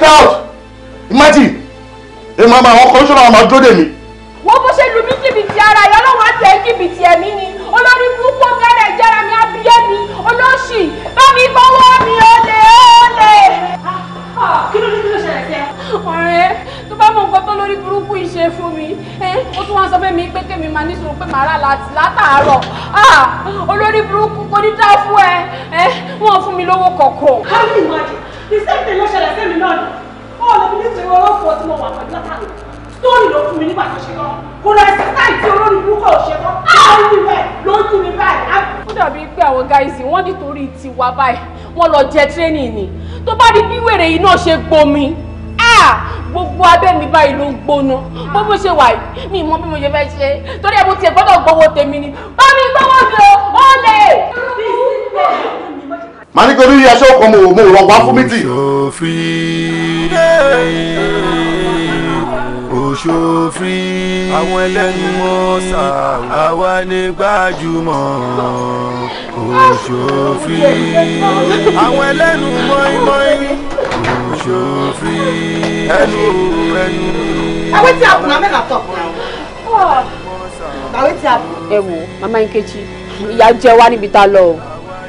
get out imagine èmi àmà àwọn kọ́ńsọ́nà àmà dúró dè mí. wọ́n bó ṣe lu mí jìbìtì ara yọ lọ́wọ́ àti ẹ̀ jìbìtì ẹ̀mí ni olórí púpọ̀ mẹ́rẹ̀ jẹ́ra mi abiyẹ́ mi olóṣì bá mi gbọ́wọ́ mi olè olè. Ah, ah, kí ló dé kí ló ṣẹlẹ̀ sí ẹ. ọ̀rẹ́ tó bá mọ nǹkan tó lórí burúkú yìí ṣe fún mi ó tún wá sọ pé mi pé kémi máa ní sùúrù pé màá rà láti látàárọ̀ ah, olórí burúkú kò ní dá fún ẹ wọn fún mi lówó kọ̀ọ̀kan. ká ìsẹ́ǹtẹ̀ ló ṣẹlẹ̀ sẹ́mi náà ni ó lè fi nítorí ọlọ́pọ̀ tí mo wà pẹ̀lú látàrí sítórì ló fún mi nígbà tó ṣe tán kò lọ ẹsẹ̀ táì tí olórí burúkú ṣe tán àwọn ìlú ló ń yún mi báyìí. ó dàbí pé àwọn gáìsì wọ́n nítorí tiwa báyìí wọ́n lọ jẹ tírénì ni tó bá di bí wèrè yìí náà ṣe gbomi gbogbo abẹ́ mi báyìí ló ń gbóná bó bó ṣe wà yìí mi mọ bí mo ṣe fẹ́ ṣe torí ẹ mo tiẹ̀ gbọ́dọ̀ gbọ́wọ́ tèmi ni bá mi gbọ́wọ́ mi o ó lè màá ní torí aṣọ kan mo mo rọ̀ wá fún mítì. òṣòfin òṣòfin àwọn ẹlẹ́nu wọn sà àwa ní gbajúmọ̀ òṣòfin àwọn ẹlẹ́nu mọ́ínmọ́ín òṣòfin ẹnu ẹnu. ẹwé tí a kùnà mẹ́ta tọ̀ kùnà o. ẹ̀wò mama Nkechi ìyá jẹ wá níbi tá a lọ o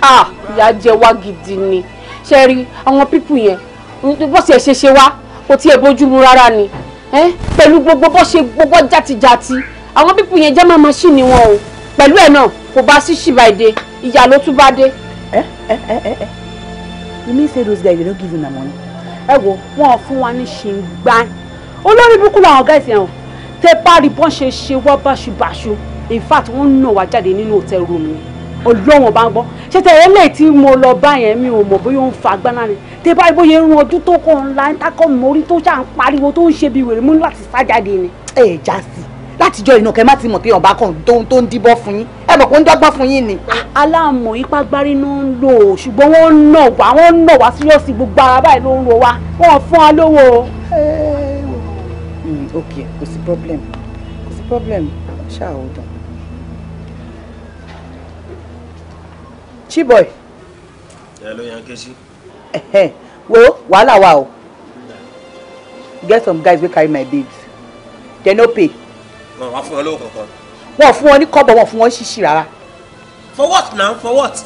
ah ìyá jẹ wá gidi ni ṣe rí àwọn pípù yẹn bọ́sẹ̀ ṣe ṣe wá kò tiẹ̀ bójú mu rárá ni pẹ̀lú gbogbo bó ṣe gbogbo játijàti àwọn pípù yẹn jẹ́ máa maṣíìnì wọn o pẹ̀lú ẹ̀ náà kò bá sí ṣìbàdé ìyá ló tún bá dé. ẹ ẹ ẹ ẹ you mean say those guys dey no give una money. ẹ wo wọn ò fún wa ní ṣe ń gbá olórí burúkú làwọn guys yẹn o tẹ bá rí bọ́n ṣe ṣe wá báṣubàṣu in fact wọ́n ń nà wá jáde nínú hotel room ọlọ́wọ̀n bá ń gbọ́ ṣe tẹ̀lé lè tí mo lọ bá yẹn mi ò mọ̀ bóyá ó ń fa agbára ni tẹ báyìí bóyá irun ọdún tó kọ̀ ńlá ń takọ̀ mórí tó ṣà ń pariwo tó ń ṣe bí wèrè mú láti sá jáde ni. ẹ ẹ já sí látijọ́ iná kẹ́ má ti mọ̀ pé ọba kan tó ń díbọ́ fún yín ẹ mọ̀ pé ń dọ́gbọ́n fún yín ni. aláàmọ̀ ipá gbárí ló ń lò ṣùgbọ́n wọ́n ń nà wá wọ́n ń nà wá síyọ̀sì gbogbo ara báyìí ló ń ro wa wọ́n fún wa lówó. ok kò sí problem kò sí problem ṣáà ó dùn. chiboy. ẹ ló yan kesi. wo wàhálà wa o get some guys wey carry my babes dem no pay. wọn wá fún wọn lówó kankan. wọn fún wọn ní kọ́bọ̀ wọn fún wọn ṣíṣì rárá. for what now for what.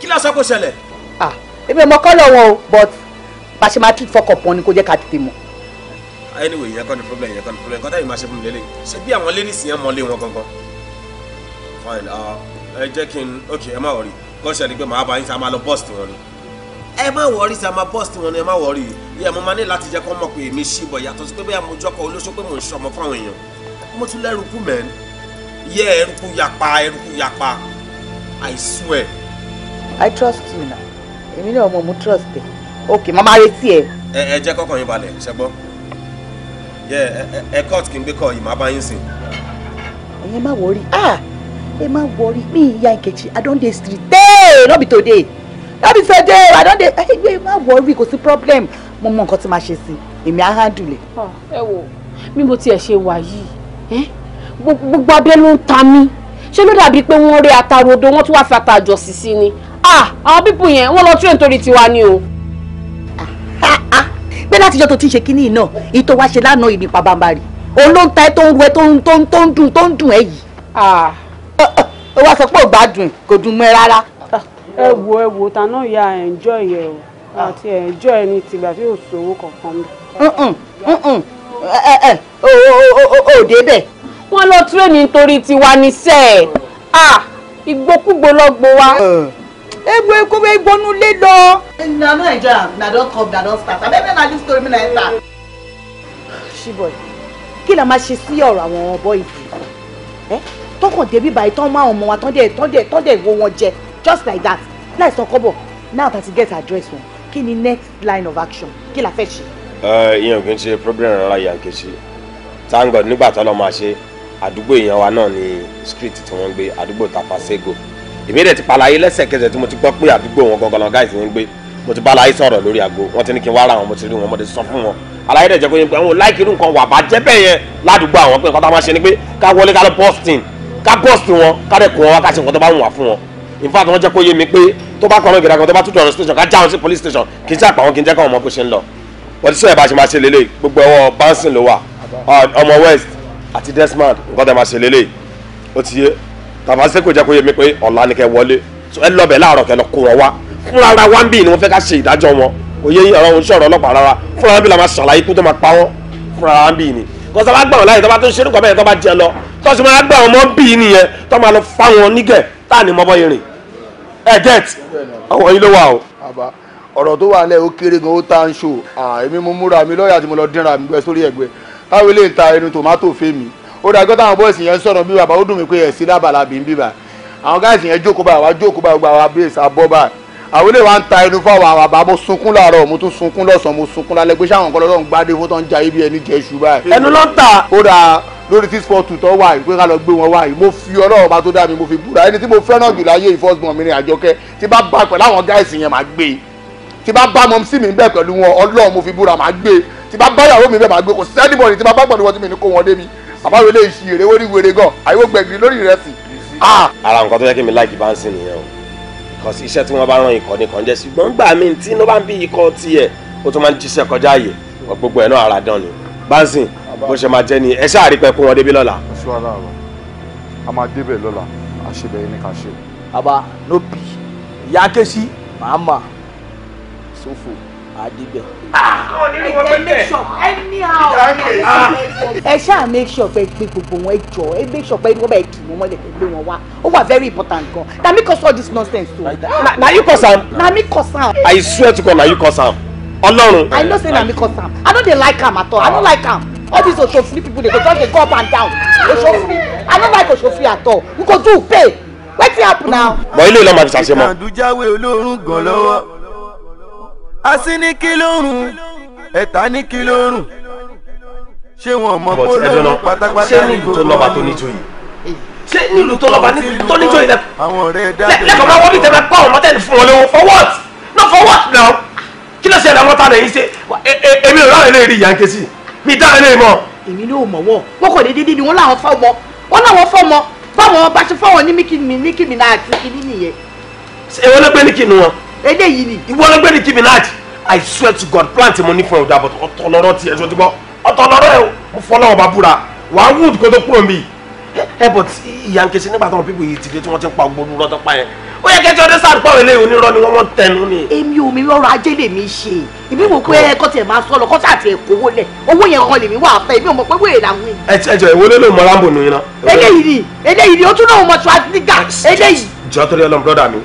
kí ló sọ kó ṣẹlẹ̀. ah èmi ò mọ kọ́lọ̀ wọn o but pàṣẹ máa treat fọkàn pọ̀ ni kò jẹ́ ká tètè mọ̀ anyway yẹn kọ́ ni problem yẹn kọ́ ni problem nǹkan táyì máa ṣe fún mi lélẹ̀ ṣe bí àwọn lé nísìnyẹn mọ́ lé wọn gangan fine. Uh, ẹ jẹ́ kí n ok ẹ má wọrí kọ́ṣẹ́ ni pé màá bá yín sá máa lọ bọ́ọ̀sì tiwọn ni. ẹ má wọrí sá máa bọ́ọ̀sì tiwọn ni ẹ má wọrí yẹ mo máa ní láti jẹ́ kó mọ̀ pé èmi ṣì bọ̀ yàtọ̀ sí pé bẹ́ẹ̀ mo jọkọ̀ olóṣó pé mò ń ṣọmọ fáwọn èèyàn mo tún lẹ́rùkú mẹ́n yẹ ẹrùkú yapa ẹrùkú yapa I swear. I trust you na èmi náà mo mú trust ẹ ok mo máa retí ẹ. ẹ ẹ jẹ́ kọ́kàn yín balẹ̀ ṣẹ́gbọ́n yẹ ẹ ẹ cut kí n gbé kọ́ yìí má sìn. ẹ̀yin má wọrí ah ẹ má wọrí mi ìyá Nkechi i don dey street tey no be today no be today i don dey ẹ ma, worry kò sí problem mo mọ nǹkan tí màá ṣe sí èmi á handle. Ah, ẹ wo bí mo tiẹ̀ ṣe wà yìí eh? gbogbo abẹ́ ló ń ta mí ṣé ló dàbí pé wọ́n rí atarodo wọ́n tún wá fi àtàjọ sí sí ni ah, àwọn pípù yẹn wọ́n lọ tún ètò orí tiwa ni o. pé látijọ́ tó ti ṣe kínní náà èyí tó wá ṣe lánàá yìí nípa bàbá rẹ̀ òun ló ń ta ẹ́ tó ń ru ẹ́ tó ń dùn tó ń dùn ẹ́ yìí. Ah ó wá sọ pé ò gbádùn kò dùn mọ́ ẹ rárá. ẹ wo ẹ wo ta náà ya enjoy yẹ o àti enjoy ẹni tìgbà tí ò sówó kankan mi. ẹ ẹ ò débẹ̀ wọ́n lọ tírèènì nítorí tiwa níṣẹ́ ẹ̀ ìgbókúgbó lọ́gbó wa. Egbo eko be gbonu le lọ. Na no Nigeria, na don come, na don start. Abẹ́bẹ́ na this story mi na enter. Ṣíbọ̀ kí la máa ṣe sí ọ̀rọ̀ àwọn ọ̀bọ ìdìbò? tọkàn débi báyìí tán máa ọmọ wa tán dẹ̀ tán dẹ̀ tán dẹ̀ wo wọn jẹ just like that láì san kọ́bọ̀ now that you gets address wọn oh, kí ni next line of action kí la fẹ́ ṣe. Eh, ìyẹn ò kí n ṣe problem rárá ìyá Nkechi thank God nígbà tó lọ́ máa ṣe àdúgbò èèyàn wa náà ni street tí wọ́n ń gbé àdúgbò Tapasego èmi dẹ̀ ti palaye lẹ́sẹ̀kẹsẹ̀ tí mo ti gbọ́ pé àdúgbò wọn gangan náà guys ń gbé mo ti bá aláyé sọ̀rọ̀ lórí aago wọ́n ti ní kí n wá ra wọn mo ti rí wọn mo ti sọ fún wọn aláyé dẹ̀ jẹ́ pé àwọn láìkí irú nǹkan wà bá jẹ́ bẹ́ẹ̀ yẹn ládùúgbò àwọn pé nǹkan tá a máa ṣe ni pé ká wọlé ká lọ boston ká bọ́ọ̀sì wọn ká dẹ̀ kó wọn wá nǹkan tó bá wù wá fún wọn in fact wọ́n jẹ́ kó yé mi pé tó bá kọ́ ìgbéraga tó bá tútù ọ̀rọ̀ station ká já wọn sí police station kì í ṣe àpàwọn kì í jẹ́ káwọn ọmọ bó ṣe ń lọ wọ́n ti sọ ẹ̀ bá ṣe máa ṣe lélẹ̀ gbogbo ẹ̀wọ̀ bouncing ló wà ọmọ ah, west àti desmond nǹkan tẹ̀ máa ṣe lélẹ̀ ó ti yé tàbá ṣe kò jẹ́ kó yé mi pé ọ̀la ni kẹ́ wọlé ẹ lọ́bẹ̀ láàárọ̀ kẹ́ lọ kó wọn wá fúnra ara wa ń bì wọ́n fẹ́ ká ṣe ìdájọ́ wọn òye ọ̀rọ̀ ọ̀rọ̀ ọlọ́pàá kọ́ sábà gbà wọ́n láyè tó bá tó ṣerú kọ́ bẹ́ẹ̀ tó bá jẹ lọ tó sì máa gbà wọ́n mọ́ bí i nìyẹn tó máa lọ fáwọn nígẹ̀ tá à ní mọ́ bọ́yìí rìn ẹ get ọwọ́ yín ló wà o. ọ̀rọ̀ tó wà lẹ̀ ó kéré gan ó tá ń ṣò èmi mo múra mi lọ́ọ̀yà tí mo lọ dínra mi gbẹ sórí ẹ̀gbẹ́ táwọn ilé ìta ẹnu tòmátò fẹ́ mi ó dàgbọ́ táwọn bọ́ọ̀sì yẹn sọ̀rọ̀ bí bàbá ó dùn mí pé ẹ̀ sí lábàlábì ń bíbà àwọn gáàsì yẹn jókòó báyìí wá jókòó báyìí gbogbo àwọn abẹ́ẹ̀sì abọ́ báyìí àwọn ilé wa ń ta ẹnu fáwọn àwọn àbá mo sunkún láàárọ̀ mo tún sunkún lọ́sàn-án mo sunkún lálẹ́ pé sáwọn nǹkan lọ́dọ̀ ń gbádé fún tó ń ja ibi ẹni jẹ ṣù báyìí. ẹnu ló ń tà. ó dáa lórí tí sport tó wà yìí pé ká lọ gbé wọn wá yìí mo fi ọlọ́run bá tó dá mi mo fi búra ẹni tí mo fẹ́ràn jù láyé ìfọ́sùnmọ̀ mi ní àjọkẹ́ tí bá bá pẹ̀lú àwọn gáàsì yẹn máa gbé tí bá bá mọ́mísì mi bẹ́ẹ̀ pẹ̀lú wọn ọlọ́run mo fi búra máa gbé tí bá bá ìyàwó mi bẹ́ẹ̀ máa gbé kò sẹ́nìbọ̀nì tí bá bá pẹ̀lú wọn tí mi ní kó wọn débi àbáwọlé ìṣiyèrè wọ́n ní wèrè gan àyíwó gbẹ̀gìrì lórí ìrẹsì. Ah! ara nǹkan tó yẹ kí mi láì kí ń sìn nìyẹn o kọsí iṣẹ́ tí wọ́n bá rán ikọ̀ nìkan jẹ́ ṣùgbọ́n gbà mí tí inú bá ń bí ikọ̀ tiẹ̀ ó tún máa ń jíṣẹ́ kọjá àyè gbogbo ẹ̀ náà ara dán ni bánsìn bó ṣe máa jẹ́ ni ẹ ṣáà rí kó wọn débi lọ́la. oṣù aláàbà a máa débẹ̀ lọ́la àṣebẹ̀ yìí ni ká ṣe. àbá nóbì ìyá kẹ́sí màá mà sófò àdìbẹ̀. ẹ ṣáà make sure pé gbé gbogbo wọn jọ ẹ make sure pé wọ́n bẹ̀ dùn wọ́n mọ́lẹ̀ gbé wọn wá ó wà very important gan na me cause all this nonsense o. na you cause am. na me cause am. I swear to God na you cause am. Ọlọ́run. I know say na me cause am I no dey like am at all I no like am all these Osofin people dey go just dey go up and down Osofin I no like Osofin at all we go do pay wetin happen now. bọ̀ ilé ìlọ́mọ àti sàṣẹ mọ́. ìkàndùjáwé olórùn gan lọ́wọ́ asín ní kí lórun ẹ̀ta ní kí lórun ṣé wọn mọ kó lóru pátápátá ní gbogbo ọmọ yìí ṣé nílùú tó lọ́ba tó níjó yìí lẹ́kọ̀ọ́ lẹ́kọ̀ọ́ máa wọ́n bí tẹ̀lé pa ọ̀nà tẹ̀lé fún wọn lówó for what no for what now kí ló ṣẹlẹ̀ àwọn tàdé yìí ṣe e- e- èmi ò ráwọn eléyìí rí ìyá ń ké sí mi dá eléyìí mọ́. èmi ní òmò wọ wọn kò déédéé dídí wọn làwọn fọmọ wọn làwọn fọmọ báwọn bá ṣe fọwọn ní míkìmí náà àti kìnìún nìyẹn. èwo ló gbé ní kìnìún wọn eléyìí ni. ìwọ ló gbé ní Nicki Minaj i swear to God plant mo money for ẹ o dàbọ̀ ọ̀tọ̀ lọ́rọ̀ tiẹ̀ tó ti gbọ́ ọ̀tọ̀ lọ́rọ̀ ẹ o mo fọlọ́ ọba búra wàá wood kó tó kúrò mí. ẹ bọ̀ tí ìyá ń kesi nígbà táwọn pípò yìí ti dé tí wọ́n ti ń pa gbogbo rọ́tọ́ pa yẹn ó yẹ kẹ́tí ọdẹ sáà pàwọn eléyìí onírọ́ ni wọ́n wọ́n tẹnu ni. èmi ò mi rọrọ ajé lèmi ṣe ìbí mo pé ẹkọ tiẹ̀ máa sọ lọ kọ́tà àti ẹ̀kọ́wó lẹ̀ owó yẹn kọ́ lèmi wà fẹ́ èmi ò mọ̀ pé wéèrè làwọn yìí. ẹ ẹ jọ ìwé ló lè mọ rambo yín náà. eléyìí ni eléyìí ni ó tún náà mọ tí wàá nígà eléyìí. jọ Ọlọ́run brọdà mi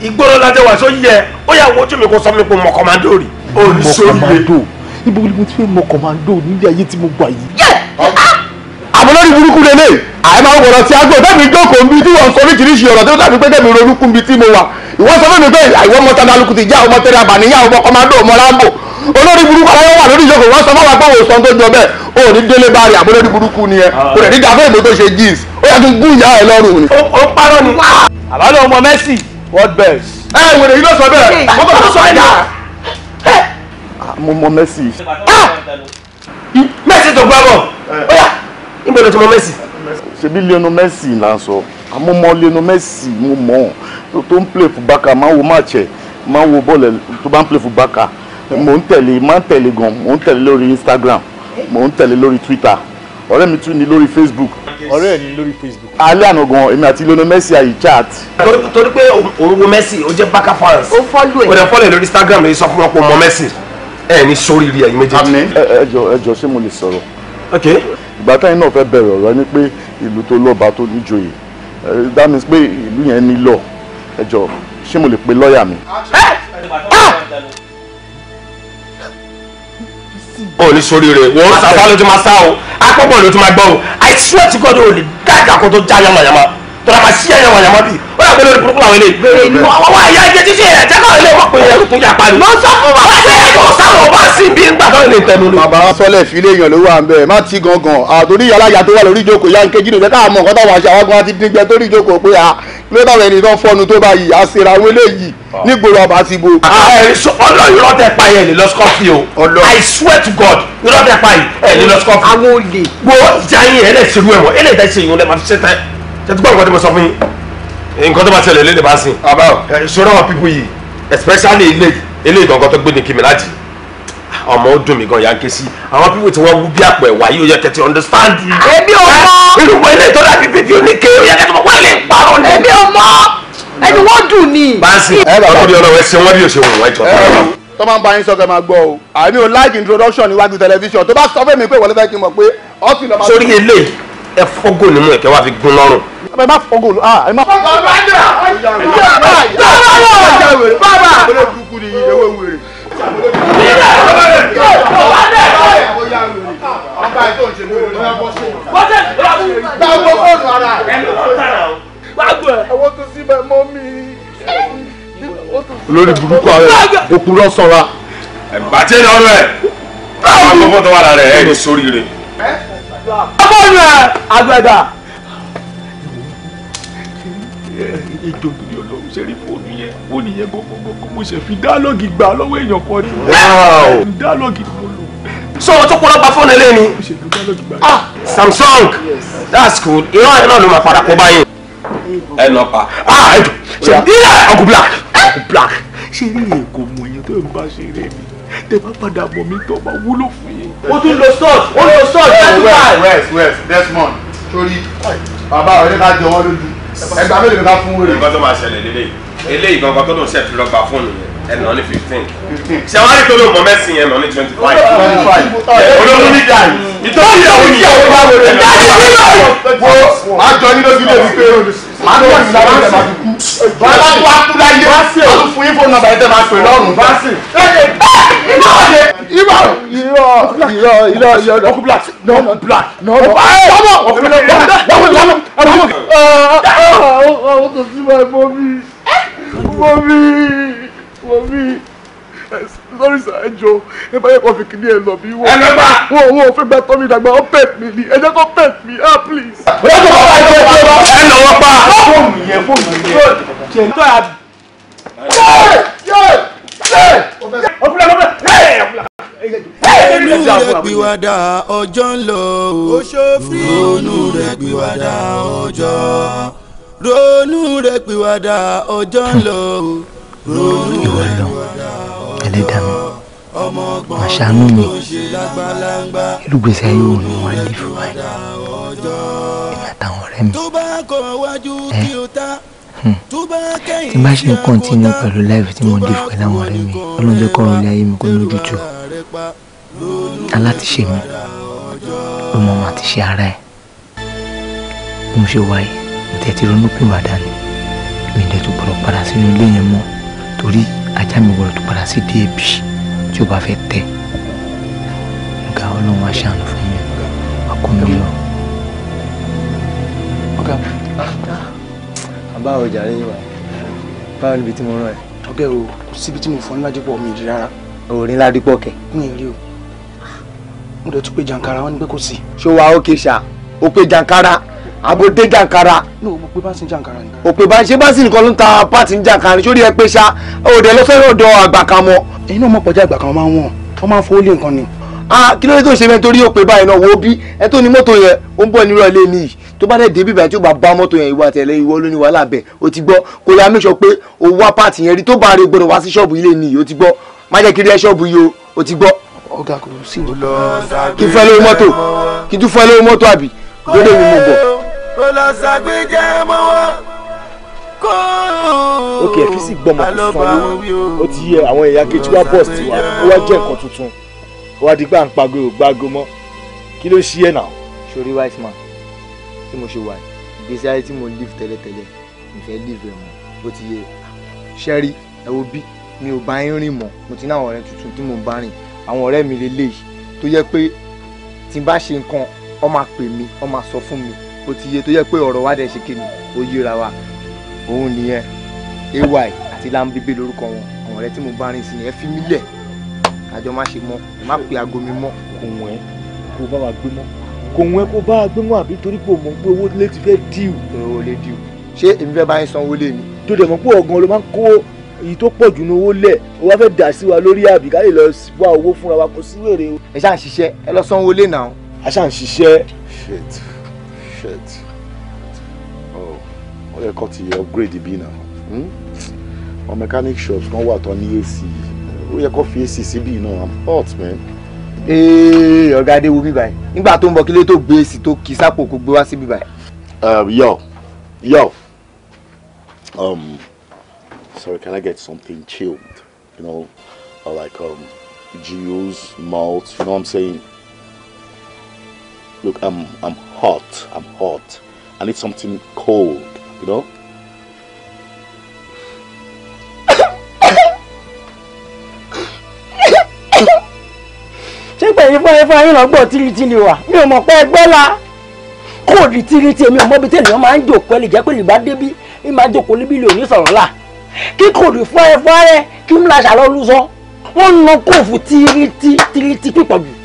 ìgboro lajẹ wà sọ yẹ ó yà wọ ojú mi kó sọ mi pé mo kọmando rí olùsọyè ibo ni mo ti fẹ́ mọ kọmando nílé ayé tí mo gbà yìí. àmọ́ lórí burúkú lélẹ̀ àyè máa ń wọ̀rọ̀ sí agbó tẹ́mi jókòó mi tí wọ́n sọ oríṣiríṣi ọ̀rọ̀ tó dàbí pé tẹ́mi ronúkú mi tí mo wà ìwọ sọ fún mi pé àìwọ́ mọ́ta lálùkù ti já ọmọ tẹ́lẹ̀ àbàníyá ọmọ kọmando ọmọ rambo olórí burúkú aláwọ̀ wà lórí ìjókòó wọ́n sọ fún wa pé òun sọ tó jọ bẹ́ẹ̀ o ò ní délé bá rí àbó lórí burúkú ni ẹ o rẹ̀ ní dàbẹ́ ìbò tó ṣe jíìs ó yà gún ìyá ẹ lọ́rùn ni. ó parọ́ ni àbálò ọmọ Messi what best. ẹ wèrè yìí ló sọ bẹ́ẹ̀ mo kọ́ ló sọ ẹ̀ náà. Ah, mo mọ Messi. Ah! Messi tó gbá bọ̀ ó yá níbo ló ti mọ Messi. ṣebí Lionel Messi là ń sọ àmọ́ mọ Lionel Messi mo mọ̀ ọ́ tó ń play fún Barca máa wo match ẹ̀ máa wo bọ́ọ̀lù tó bá ń play fún Barca mo ń tẹ̀lé máa ń tẹ̀lé gan mo ń tẹ̀lé lórí Instagram mo ń tẹ̀lé lórí Twitter ọ̀rẹ́ mi tún ni lórí Facebook. ọ̀rẹ́ ẹ̀ ni lórí Facebook. alẹ́ àná gan èmi àti Lionel Messi àyè chat. torí pé orúkọ Messi ó jẹ́ baka fans. ó fọ́lù ẹ̀. ó dẹ̀ fọ́lù ẹ̀ lórí Instagram èyí sọ fún wọn pé mo Messi ẹ̀ ní sórí rí ẹ̀yin méjèèjì. àmín ẹ jọ ẹ jọ ṣé mo lè sọ̀rọ̀. ok. ìgbà táyìn náà fẹ́ bẹ̀rẹ̀ ọ̀rọ̀ ni pé ìlú tó lọ́ba tó níjòyè that means pé ìlú yẹn ní lọ ẹ jọ ṣé mo lè pe lọ́ọ̀yà mi ò ní sórí rẹ wọn sábà ló ti máa sá o apọ̀pọ̀ ló ti máa gbọ́ o i swear to God o lè dájà kó tó já yamayama dramasi yẹn wà yàmọ́ bí ó yà gbẹ́lẹ́ burúkú làwọn eléyìí. bẹ́ẹ̀ ni wọ́n wá ìyá ẹ̀jẹ̀ títí ẹ̀ jẹ́kọ̀ ilé wọ́n pè é kún jà pariwo. ló fún wa pé kò sáwọn ọba sí bí ńgbà tó lè tẹnu lò. bàbá sọlẹ̀ fílẹ̀ èèyàn ló wà ń má ti gangan àtòrí yàrá tó wà lórí ìjókòó ya nkeji nìjẹ́ káà mọ̀ nǹkan táwọn àṣà wa gan ti dín gbẹ torí ìjókòó pé a ló dáwọn ẹni tó fọnu tó bá yìí àṣírà àwọn eléyìí nígboro ọba ti bo. ọlọ́run irọ́ tẹ pa yẹn ní lọ́sọ́kọ́fì o I swear to God irọ́ tẹ pa yìí ẹ̀ ní lọ́sọ́kọ́fì. àwọn olè. wo jẹ́ ayé ẹ̀ lẹ́sìn irú ẹ̀wọ̀n ẹ̀ lẹ́sìn irú ẹ̀ máa fi ṣe tán ṣètò gbọ́dọ̀ kọ́ni mo sọ fún yín nǹkan tó bá ṣẹlẹ̀ lé ní bá sìn ṣọ́ra wọn pípọ̀ yìí especially ilé ilé ìgbọ̀ngàn tó gbé ní kìmí láti ọmọ ó dùn mí gan yankee sí àwọn pípọ̀ tí wọ́n wú bí àpò ẹ̀wà yìí ó yẹ kẹ́tì understand. ẹbí ọmọ irúgbọ ilé ìtọ́jú àti bèbí oníke ó yẹ kẹ́tì ọmọ wọ́n lè parọ́ ní. ẹbí ọmọ ẹni wọ́n dùn ni. báńsì ọlọ́dún ọlọ́wọ́ ẹ ṣe wọ́n bí o ṣe wù wọ́n jọ tó máa ń bá yín sọ kẹ́ máa gbọ́ o àmì ò like introduction níwájú tẹlifíṣàn tó bá sọ fún mi pé wọlé fẹ́ kí n mọ̀ pé ọ́fìn lọ́ba. sórí ilé ẹ fọ́gò nímú ẹ̀kẹ́ wá fi gún lọ́rùn. ẹ má fọ́gò lọ ah ẹ má. bàbá bàbá bàbá gbàgbọ́ fóònù ara ẹ̀ gbàgbọ́ ẹ̀ owó tó sí bẹ́ẹ̀ mọ́ mi lórí burúkú ààrẹ òkú lọ sọra. ẹ̀ bàtẹ́ lọ́rọ̀ ẹ̀ àwọn akọ́kọ́ tó wà lára ẹ̀ ẹ̀ ní sóríire ọmọ rẹ àgbẹ̀dà. ìjọ tó ní ọlọ́run ṣe rí fóònù yẹn fóònù yẹn gbogbogbò mo ṣe fi dáálọ́gì gbà lọ́wọ́ èèyàn kan ni dáálọ́gì ni mo lò. sọ wọn tó pọlọpàá fóònù ẹ lẹ́ni. ah Samsung that's cool irọ́ ẹ̀ náà ló máa padà kó báyìí. ẹ lọ pa. ah ẹ jọ ṣe black ọkùn black ṣe rí èkó mọ̀ yẹn tó ń bá ṣe rẹ̀ mi tẹ bá padà bọ̀ mí tó bá wúlò fún yín. ó tún lo sọ́ọ̀sì ó lo sọ́ọ̀sì láti bá a. west west desmond torí bàbá ọ̀rẹ́ ká jọ wọ́n lójú ẹgbàá mélòó ká fún wèrè. nǹkan tó máa ṣẹlẹ̀ lélẹ́yìí eléyìí gangan tó lòún ṣẹ̀ fi lọ́gbà fóònù yẹn ẹnà ní fifteen ṣé wàá rí tó ló mọ mẹ́sìn yẹn nà ní twenty five twenty five ológun ní dàn ìtọ́jú ìyàwó ni ìyàwó bá wọlé ní ìyàwó wo máa jọ ní lójú lè wípé máa jọ ní lábẹ́ ìjọba kú bàbá tó akú láyé wá sí ọ̀ fún yín fóònù nàbà ẹ̀jẹ̀ máa pè lọ́rùn bá sí. Irọ́ irọ́ irọ́ irọ́ irọ́ ọkùn black no no black no no. Ọmọ ọkùn black lọ́wọ́ lọ́wọ́ ọmọ. Ọmọ kò sí ma mọ́ mi mọ́ mi wọ́n mi lórí ṣáájú ẹ bá yẹ kó fi kíní ẹ lọ bí wọ́n. ẹ lọ bá. wọ́n wọ́n fẹ́ gba tọ́mí ìdàgbà ọ pet mi ni ẹ jẹ́ kó pet mi ah please. bóyá kò bá ẹgbẹ́ tó lọ. ẹ nà wọ́n pa. fóònù yẹn fóònù yẹn. jẹ tó a. yé yé yé. ọ̀fúnlẹ̀ ọ̀fúnlẹ̀ ònú rẹ̀ gbìwàdà ọjọ́ ń lọ ònú rẹ̀ gbìwàdà ọjọ́ ronú rẹ̀ gbìwàdà ọjọ́ ń lọ ìwọ dán ẹlẹ́dàá mi máa ṣàánú mi irú gbèsè ayé òun ni wọ́n á lè fún báyìí èmi àtàwọn ọ̀rẹ́ mi ẹ hmm, tí bá ṣe ń kọ́ntínú pẹ̀lú láìfẹ́ tí mo ń dìfọ̀ láwọn ọ̀rẹ́ mi ọlọ́jọ́ kọ́ ọ̀rẹ́ ayé mi kó ní ojútùú aláti ṣe mi ló mọ àti ṣe ara ẹ bí mo ṣe wáyé mo tẹ̀ ti ronú pìwàdà ni mi dẹ̀ tún gbọ́dọ̀ padà sínú ilé yẹn mọ́ torí ajá mi wọ̀rọ̀ tó padà sí dé ebi tí ó bá fẹ́ tẹ̀ ọ̀gá ọlọ́run wá ṣàánú fún mi ọkọ mi lọ. ọ̀gá àbáwọ̀ ìjà rẹ̀ yìí wà báwo níbi tí mo rán ẹ. ọ̀gá o kò síbi tí mo fọ́ níládìpọ̀ mi rí rárá. òrin ládìpọ̀ kẹ̀. mi ò rí o mo dẹ̀ tún pé jàǹkàrà wọn ni pé kò sí. ṣé wàá ó kè ṣá o pé jàǹkàrà àbòdé jàǹkàrà. ní o mo pe báńsì jàǹkàrà ni. o pe báńsì báńsì nìkan ló ń ta pàtì ń jàǹkàrà sórí ẹ pé ṣá òde lọ fẹ́ràn ọ̀dọ̀ àgbà kan mọ́. ẹ̀yin náà mọ̀ pọ̀já àgbà kan máa ń wọ̀n wọ́n máa ń fowó lé nǹkan ni. a kí ló dé tó ṣe bẹ́ẹ̀ torí o pe báyìí náà wo bí ẹ tó ní mọ́tò yẹn ó ń bọ̀ nírọ̀ ilé ni tó bá dẹ̀ débi ìbàdí tó bá bá mọ́tò yẹn ìwà tẹ̀lé ìwọ ló ní wàhálà bẹ̀ o ti gbọ́ kó yá mẹ́sọ̀ pé o wá pàtì yẹn rí tó bá rí gbọ́dọ̀ wá sí ṣọ́ọ̀bù ilé ni o ti gbọ́ má jẹ́ kiri ẹ ṣọ́ọ̀bù yìí o ti gbọ́. ọ̀gá kò sí ìwọ. kí fẹ́ lówó mọ́tò kí tún fẹ́ lówó mọ́tò àbí gbọ́dọ̀ mi mú bọ̀ kó lọ ṣàgbéjẹ́ mọ́wọ́ kó. òkè ẹ̀fí sì gbọ́mọ kò san owó ó ti yẹ àwọn ẹ̀yà kejì wá bọ́ọ̀sì tiwa ó wá jẹ́ nǹkan tuntun ó wá di gbà ń pago ò gbágo mọ́ kí ló ṣí ẹ̀ náà. sori wise man tí mo ṣe wà ìgbésí ayé tí mo live tẹ́lẹ̀tẹ́lẹ̀ ìfẹ́ live ẹ̀ mọ́ bó ti yẹ ṣẹ́rí ẹ wo bí mi ò bá ń rìn mọ́ mo ti ní àwọn ọ̀rẹ́ tuntun tí mo bá rìn àwọn ọ̀rẹ́ mi lélẹ́yìí tó yẹ pé tí n bá ṣe nǹkan ọ máa pè mí ọ máa sọ fún mi ó ti yé tó yẹ pé ọ̀rọ̀ wa dẹ̀ ṣe kíni ó yíra wa òun nìyẹn ay àti lambebe lórúkọ wọn àwọn ọ̀rẹ́ tí mo bá rìn sí yẹn fi mí lẹ̀ àjọ má ṣe mọ́ má pe aago mi mọ́. kò wọ́n ẹ kó bá wa gbé mọ́ kò wọ́n ẹ kó bá wa gbé mọ́ àbí torí pé o mọ̀ pé owó lè ti fẹ́ díù. owó lè díù ṣé èmi fẹ́ bá yín sanwó lé ni. tó dẹ̀ mọ̀ pé ọ̀gán ló máa ń kó èyí tó pọ̀ jù ní owó lẹ̀ o wá fẹ́ dà sí wa lórí àbí ká lè lọ wá owó fúnra wa kó sí wèrè o. ẹ ṣáà ń ṣiṣẹ́ ẹ lọ sanwó lé náà. a ṣáà ń ṣiṣẹ́ shit oh wọ́n yẹ kọ́ ti upgrade bí náà hmm? wọn mechanic shops kan wà tán ní AC ó yẹ kó fi AC síbí náà i'm hot man. ee ọ̀gá adéwumi báyìí nígbà tó ń bọ̀ kílé tó gbé AC tó kì í sápò kó gbé wá síbí báyìí. Um, yo yo um, sorry can I get something chilled you know or like um, juice malt you know what I'm saying. Look, I'm, I'm hot. I'm hot. I need something cold, you know? ṣé pẹ̀lú fún ẹfọ ayé lọ́gbọ̀n tìrìtìrì wà mi ò mọ̀ pé ẹgbẹ́ la kò rí tìrìtì èmi ò mọ̀bi tẹ̀lé wọn máa ń jòkó lè jẹ́ pé lè bá ẹ máa jòkó níbi ilé òní sọ̀rọ̀ là kí kò rí fún ẹfọ ayé kí n la ṣàlọ́ lu sọ wọ́n na kóòfù tìrìtì tìrìtì pípọ̀ jù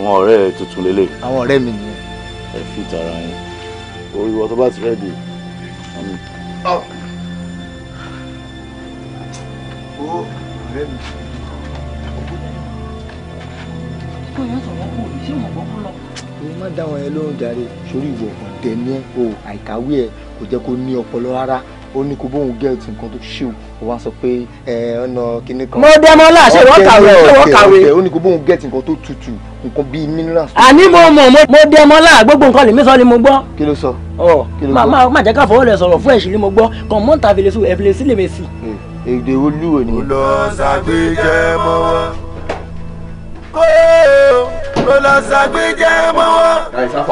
àwọn ọ̀rẹ́ tuntun lélẹ̀. àwọn ọ̀rẹ́ mi nìyẹn. ẹ fi tara yín orí wọn tó bá ti rẹ́dì. ó ọ̀rẹ́ mi. kó yẹn sọ̀rọ̀ kó ṣé wọn kọ́ fún lọ. èmi máa dá wọn yẹn lóhùn jàre sórí ìwọ̀n ọ̀dẹ̀ ni ẹ o àìkàwé ẹ kò jẹ́ kó ní ọpọlọ rárá ó ní kó bóun get nǹkan tó ṣíw ó wá sọ pé ẹ ọ̀nà kinní kan. mo dẹ́ mọ́ láṣẹ wọ́n kàwé ṣé wọ́n kàwé. ó ní kó bóun get nǹkan tó tutù nǹkan bíi minerals. àní mo mọ̀ mo dẹ́ mọ́ láà gbogbo nǹkan lèmi sọ ni mo gbọ́. kí ló sọ. ọ màmá má jẹ́ ká fọwọ́ rẹ̀ sọ̀rọ̀ fún ẹ̀ṣin ni mo gbọ́ kàn mọ́ ta fèlè sùn ẹ̀fẹ̀lẹ̀ sí lèmi sí. èdè olúwo ni. lọ sàgbéjẹ mọ wọn kó o lọ sàgbéjẹ mọ wọn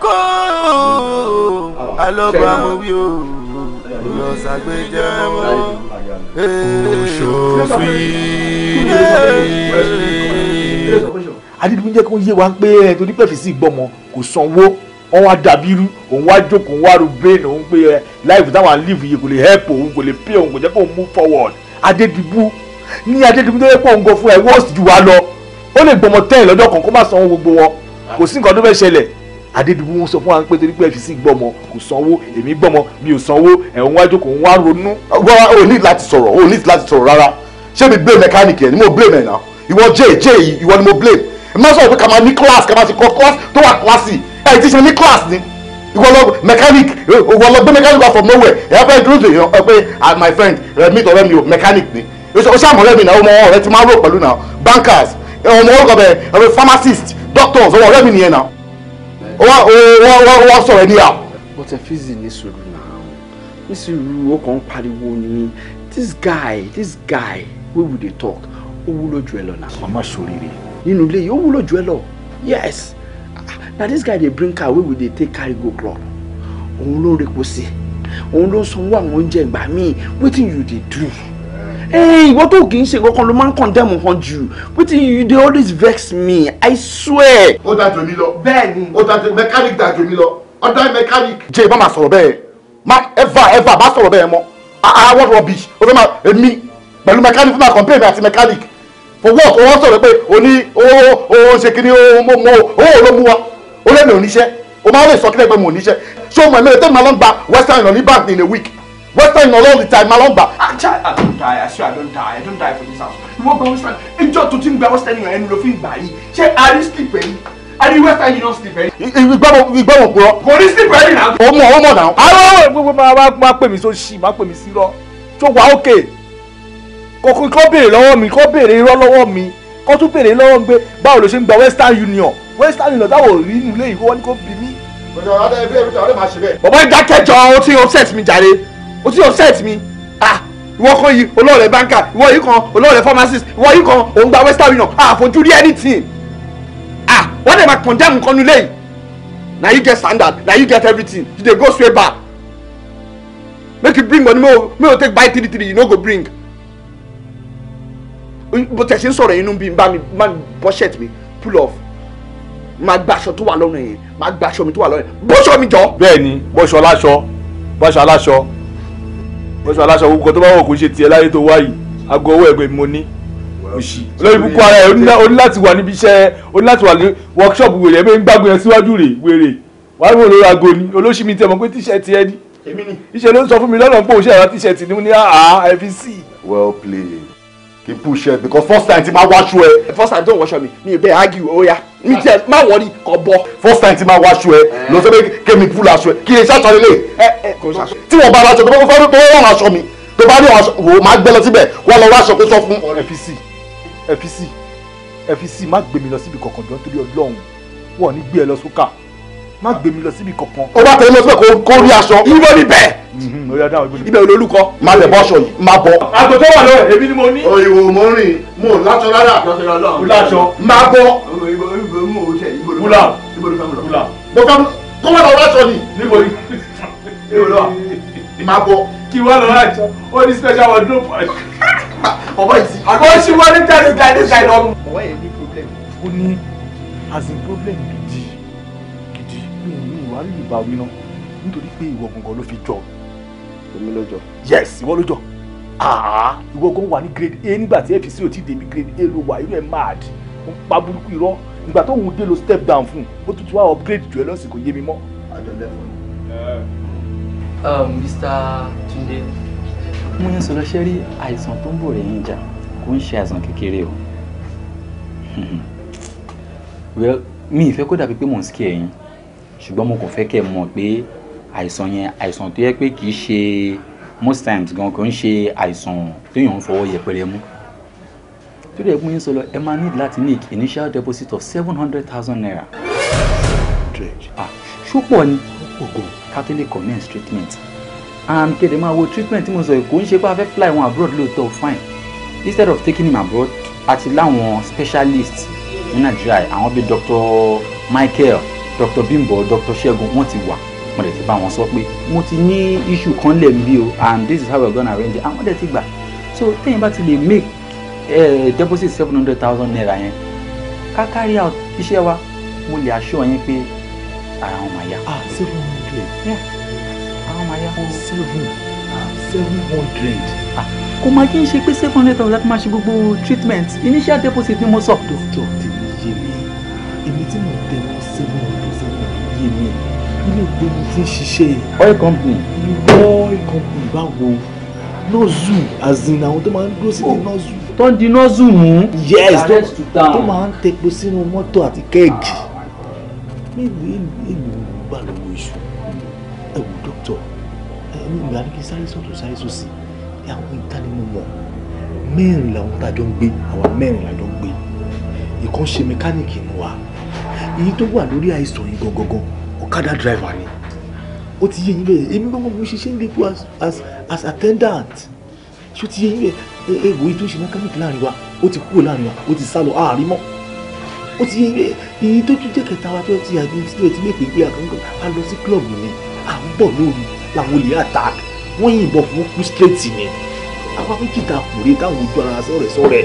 kó o ah, alọ́gbọ́n mo wí o lọ́sàgbéjẹ́ mọ́ òṣòfin. adigun jẹ́ kó yé wa pé ẹ torí pẹ̀fì sí gbọ́mọ kò sanwó wọ́n wá dàbí irú òun wá jókòó òun wá ru brain òun pé ẹ láìpẹ́ táwọn àlìfù yìí kò lè help òun kò lè pay òun kò jẹ́ kó move forward adédìbú ní adédìbú tó yẹ pọ̀ ń gọ fún ẹ worst jù wá lọ ó lè gbọmọ tẹ́yìn lọ́jọ́ kan kó má sanwó gbogbo wọn kò sí nǹkan tó fẹ́ ṣẹlẹ̀ adédìbò wọn sọ fún wa pé torí pé fc gbọmọ kò sanwó èmi gbọmọ mi ò sanwó ẹ̀hún wájú kò ń wá ronú. o ní láti sọ̀rọ̀ o ní láti sọ̀rọ̀ rárá ṣé mi blame mechanic yẹn ni mo blame ẹ̀ náà ìwọ jẹ́ ìjẹ́ yìí ìwọ ni mo blame ẹ̀ máa sọ̀rọ̀ pé ká máa ní class ká máa ti kọ́ class tó wà class yìí ẹ̀ ti ṣe ní class ni ìwọ lọ mechanic ìwọ lọ gbé mechanic wá from nowhere ẹ̀yà fẹ́ dúró dè yàn pé ah, my friend meet ọ̀rẹ́ mi o mechanic ni o ṣàmọ̀rẹ́ mi náà ọmọ ọ̀rẹ́ ti máa rò pẹ̀lú náà bankers ọmọ orúkọ bẹ̀ pharmacist doctors ọmọ ọ̀rẹ́ mi nìyẹn náà wọ́n sọ̀rọ̀ ẹni à. but efizi ní sùúrù náà ní sùúrù ó kàn ń pariwo ni this guy this guy wey we dey talk ó wúlò jù ẹ lọ náà. mama soriri. nínú ilé yìí ó wúlò jù ẹ lọ yes na this guy dey bring car wey we dey take carry go club òun ló ń repo sí òun ló ń sanwó àwọn oúnjẹ ìgbà míì wetin you dey do. Hey, ìwọ tó kì í ṣe kankan ló máa ń condemn hàn jù. Wetin you dey always vex me, I swear. Ó da jòmí lọ. Bẹ́ẹ̀ni. Ó da jòmí mechanic da jòmí lọ. Ọ̀dà mechanic. Jẹ́ ìbá máa sọ̀rọ̀ bẹ́ẹ̀. Má ever ever bá sọ̀rọ̀ bẹ́ẹ̀ mọ́. Ah, ah what rubbish. O fẹ́ máa èmi pẹ̀lú mechanic fún máa complain àti mechanic. For work, o wọ́n sọ̀rọ̀ pé o ní o o ṣe kí ni o mo mo o ò ló mú wa. O lẹ́nu oníṣẹ́. O máa lè sọ kílẹ̀ pé mo oníṣẹ́. Ṣé o mọ̀ ẹ̀mẹ́rẹ̀ tẹ́lẹ̀ máa lọ gba Western Union ní bank in a week? western all the time malongba. Ah, i don't die i swear i don't die i don't die for this house ìwọ gba western ìjọ tuntun gba western yẹn ẹnu ló fi gbà yìí ṣé a rí sleep ẹ̀yìn a rí western yìí náà sleep ẹ̀yìn. ìgbà wo kúrọ. kò ní sleep ẹ̀yìn náà. o mọ o mọ náà. àwọn gbogbo máa wá máa pè mí so ṣì máa pè mí sí rọ tó wà ókè kò kò béèrè lọ́wọ́ mi kò béèrè irọ́ lọ́wọ́ mi kò tún béèrè lọ́wọ́ mi pé báwo ló ṣe ń gba western union western union táwọn ò rí inú ilé ìwọ ni I, bí I, bọ̀dọ̀ I, ẹgbẹ́ I, tàwọn ọ̀rẹ́ máa ṣe bẹ́ẹ̀. bọ̀bọ̀ ìdákẹ́jọ́ ohun tí o set mi jàre o ti upset mi ah ìwọ kan yìí olóòrè banker ìwọ yìí kan olóòrè pharmacist ìwọ yìí kan òun gba western union ah fojú rí anything ah wọ́n dẹ̀ máa condemn nǹkan nílé yìí na you get standard na you get everything you dey go straight back make you bring money make you take buy three three you no go bring bó tẹ̀ ṣe ń sọ̀rọ̀ inú bí n bá mi bá mi bọ́ṣẹ̀t mi pull off máa gba aṣọ tó wà lọ́rùn yẹn máa gba aṣọ mi tó wà lọ́rùn yẹn bọ́ṣọ mi jọ. bẹ́ẹ̀ni bọ́ṣọ aláṣọ bọ́ṣọ aláṣọ wọ́n sọ aláṣọ owó tó bá wọ̀ kó ṣe tiẹ̀ láyé tó wáyìí aago owó ẹ̀gbẹ́ mo ní òṣì lórí ibùkún ara ẹ̀ ó ní láti wà níbi iṣẹ́ ó ní láti wà ní workshop wèrè ẹ̀ bẹ́ẹ̀ ń gbàgbé yẹn síwájú rè wèrè wàá wò lórí aago ni olóṣì mi tẹ̀ mọ́ pé tíṣẹ̀tì ẹ ní iṣẹ́ ló ń sọ fún mi lọ́nà pé òṣèlú tíṣẹ̀tì ni mo ní àá ah, ẹ ah, fi sí. well played kì í push ẹ because first time ti ma wáṣọ ẹ. first time don wọṣọ me. mi bẹ́ẹ̀ argue oya oh mi tiẹ̀ ah. má wọrí kọ bọ. first time ti ma wáṣọ ẹ lọ sẹ́pẹ́ kémi pull aṣọ ẹ kí lè ṣàṣọ lélẹ̀. ẹ ẹ kò ṣàṣọ. tí wọ́n bá aṣọ tó bá fẹ́ tó wọ́n aṣọ mi tó bá rí wọn aṣọ wò ó máa gbẹ lọ síbẹ̀ wọ́n lọ wáṣọ kó sọ fún. fc fc fc má gbé mi lọ síbi kọ̀ọ̀kan jọ nítorí ọlọ́run wọn ò ní gbé ẹ lọ sókà má gbé mi lọ síbi kankan. ó bá tẹ̀lé lọ síbẹ̀ kó rí aṣọ. ibo níbẹ̀. Mhm, ibẹ̀ olórúkọ. má lẹ̀ bọ́ṣọ yìí má bọ̀. àgbò tó wà lọ́wọ́ èmi ni mo ní. òyìnbó mo rìn mo láṣọ rárá. láṣọ má bọ̀. wúlà wúlà. mo ká kó wà lọ láṣọ ni. níbo ni. má bọ̀. kí wà lọ láṣọ ó ní special wardrobe. bàbá yìí ti. ó ṣì wọlé tẹ̀sí guy this guy lọ. bàbá yẹn ní problem. ó ní as in problem bíi wàá rí ìbá omi náà nítorí pé ìwọ gangan ló fi jọ. èmi ló jọ. yes ìwọ ló jọ ìwọ gan wà ní grade a nígbà tí fc ò tí débi grade a ló wà irú ẹ mad ó ń pa burúkú irọ́ nígbà tó ń dé ló step down fún un ó tún wá upgrade jù ẹ lọ́sìn kò yé mi mọ́. àjọ lẹ́fọ̀n. Um, Mr. Túndé mo ń sọ̀rọ̀ ṣe rí àìsàn tó ń bò rẹ̀ yín jà kò ń ṣe àìsàn kékeré o well mi ìfẹ́ kó dàbí pé mò ń sikẹ́ ẹ̀yìn ṣùgbọ́n mo kàn fẹ́ kẹ́ ẹ mọ̀ pé àìsàn yẹn àìsàn tó yẹ pé kì í ṣe most times gan kò ń ṣe àìsàn téèyàn ń fọwọ́ yẹpẹrẹ mú tó dẹ̀ pín in sọ lọ ẹ máa need láti make initial deposit of seven hundred thousand naira. ṣùpọ̀ ni ògùn catholic commence treatment and kéde máa wo treatment tí mo sọ kò ń ṣe pé a fẹ́ fly wọn abroad lóòótọ́ fine instead of taking him abroad àti láwọn specialists ní nàìjíríà àwọn bíi Dr. Michael dr bimbo dr segun wọ́n ti wà mo dẹ̀ ti bá wọn sọ pé mo ti ní issue kan lẹ̀ bí o and this is how we are gonna arrange it àwọn dẹ̀ ti gbà so tẹ́yìn bá ti lè make uh, deposit seven hundred thousand naira yẹn ká carry out iṣẹ́ wa mo lè assure yín pé ara wọn máa yá. ah seven hundred. ara wọn máa yá. seven ah, seven hundred. Ah, kò máa kí n ṣe pé seven hundred thousand láti máa ṣe gbogbo treatment initial deposit ni mo sọ. doctor tèmi yé mi èmi tí mo tẹ̀ mọ́ seven hundred láyé mi ilé ìgbé ti ń ṣiṣẹ́ oil company. irọ́ oil company báwo nọ́ọ̀zù àzìn àwọn tó máa ń dúró sí ti oh. nọ́ọ̀zù. tó ń di nọ́ọ̀zù mú. yes tó máa ń tepo sínú mọ́tò àti kẹ́ẹ̀gì. mélòó èlò gbà lọ́wọ́ iṣu ẹ wò dókítọ̀ ẹ ní ìgbà ní kí sáré sọ́tún sáré sọ́sì ní àwọn ìdánimọ̀ mọ̀ mẹ́rin làwọn tá a jọ ń gbé àwa mẹ́rin la jọ ń gbé ìkànṣe mẹkáníìkì ni wa èyí tó wà lórí àìsàn yìí gangan ọ̀kadà driver ni ó ti yé yín bẹ́ẹ̀ èmi gbọ́ngàn mo ṣiṣẹ́ nílé fún as as attendant ṣó ti yé yín bẹ́ẹ̀ egbò yìí tó ṣe mechanic láàrin wa ó ti kúrò láàrin wa ó ti sá lọ àárín mọ́ ó ti yé yín bẹ́ẹ̀ èyí tó tún jẹ́ kẹta wa tó ti àgbẹ̀ tí lè pè pé àkànkàn á lọ sí club mi à ń bọ̀ lóru làwọn olè attack wọ́n yìnbọn fún kú straight ni àwọn méjì ta kùrẹ́ táwọn ojú ara sọ̀rẹ̀ sọ̀rẹ̀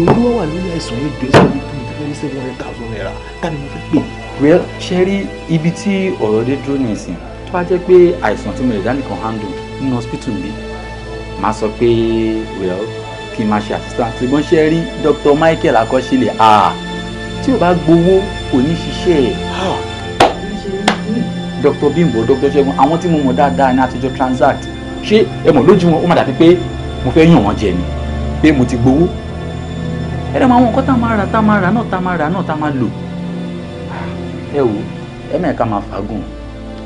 ìwúlọ́wà lórí àìsàn yìí fẹ́ ní seven hundred thousand naira tani mo fẹ́ pè é. well ṣe rí ibi tí ọ̀rọ̀ dé dúró nìsín tó bá jẹ́ pé àìsàn tí mo lè dánìkan handle nínú hospital mi máa sọ pé well kí n máa ṣe assistant ṣùgbọ́n ṣe rí Dr. Michael akọ́ṣílẹ̀ ah tí o bá gbowó kò ní ṣiṣẹ́ ẹ̀ Dr. Bimbo Dr. Ṣẹ́gun àwọn tí mo mọ̀ dáadáa ní àtijọ́ transact ṣé ẹ mọ̀ lójú wọn ó má dàbí pé mo fẹ́ yàn wọ́n jẹ ni pé mo ti gbowó ẹ dẹ̀ mọ àwọn nǹkan tá a máa rà tá a máa rà náà tá a máa rà náà tá a máa lò ẹ wò ẹ mẹ́ẹ̀ká máa fagùn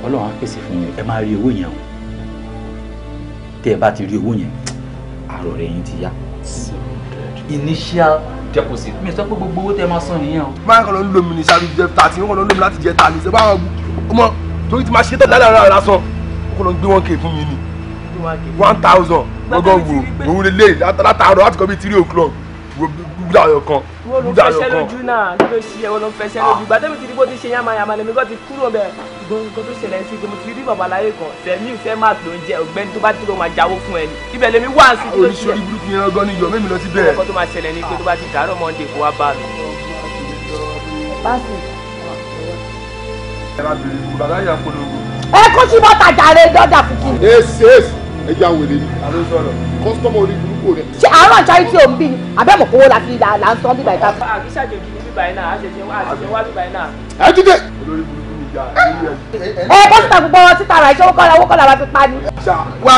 ọlọ́run á pèsè fún yín ẹ máa rí owó yẹn o tí ẹ bá ti rí owó yẹn àrò rẹ yín ti yá. initial deposit mi sọ pé gbogbo owó tẹ máa san nìyẹn o. báyọ̀ kan ló ń lo mi ní sáré jẹ tààtì wọn kan ló ń láti jẹ tààtì ṣe báwọn ọmọ torí ti máa ṣe tẹ̀lé àdára ara san wọn kan ló gbé one k fún mi ni one thousand gbọ́ngàn wò òun lè lè látàárọ̀ láti kọ́ bí three o'clock dayọ̀ kan dayọ̀ kan. wọ́n ló fẹsẹ̀ lójú náà kí ló ṣe wọ́n ló fẹsẹ̀ ah. ti rí bó ti ṣe yamayama lèmi kò ti kúrò bẹ́ẹ̀ gbọ́n tó ṣẹlẹ̀ sí pé mo ti rí babaláyé kan sẹ́mi ìfẹ́ máa tó ń jẹ ọ̀gbẹ́ni tó bá ti rò máa jáwó fún ẹni ibẹ̀ lèmi wá sí kí oríṣiríṣi burúkú yẹn gan ni yọ mẹ́mi lọ sí bẹ́ẹ̀. ẹ kó sí bọ́tà jàre dọ́dà fún kí. èsì èsì ẹja wèrè ni kọ́sítọ́mù orí burúkú rẹ. ṣé àárọ̀ charity ò ń bí abẹ́mọ̀ kówó la fi là ń sọ bíbá ìta. àbí ṣàjèjì ní bíbá iná àṣẹṣẹ wá bíbá iná. ẹ dídé. olórí burúkú ni ìyá ẹ. ẹ gbogbo ọ̀rọ̀ síta rà iṣẹ́ owó owó kọ́ra wa fi pa ni. wá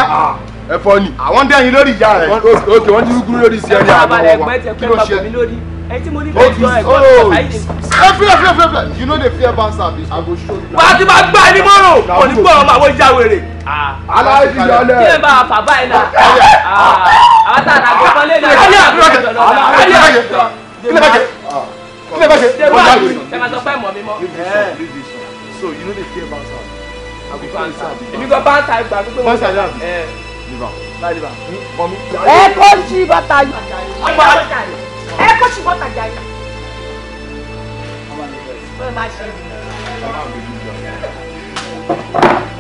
ẹ̀fọ́ ni àwọn dẹ́yìn lórí ìyá rẹ̀ òkè wọ́n ti rúgúrú lórí ìṣẹ́ ní àwọn ọmọ wa kí ló ṣe ẹtí mo ní bẹ́ẹ̀ jọ ẹ̀kọ́ ọ̀tá yìí. ẹ fílẹ̀ fílẹ̀ fílẹ̀ fílẹ̀ you know the fear ban service i go show you. wàá ti máa gbá ẹni mọ́rùn kò ní gbọ́ ọmọ àwọn ìjà wèrè. Ah. aláìsí yọlẹ̀. kí ẹ bá a fà báyìí náà. Ah. àwọn tá a nà gbọ́ lé náà. kálí àbúrò kẹ kálí àbúrò kẹ kílẹ̀ bá kẹ kílẹ̀ bá kẹ. ṣé wàá rí ẹ máa sọ pé mọ̀ mi mọ́. so you know the fear ban service. èmi gan bá ń ta ìgbà pípé wọn. Eh. ẹ kọ́ sí bàtà yìí ẹ kó ṣùgbọ́n tàjà yìí.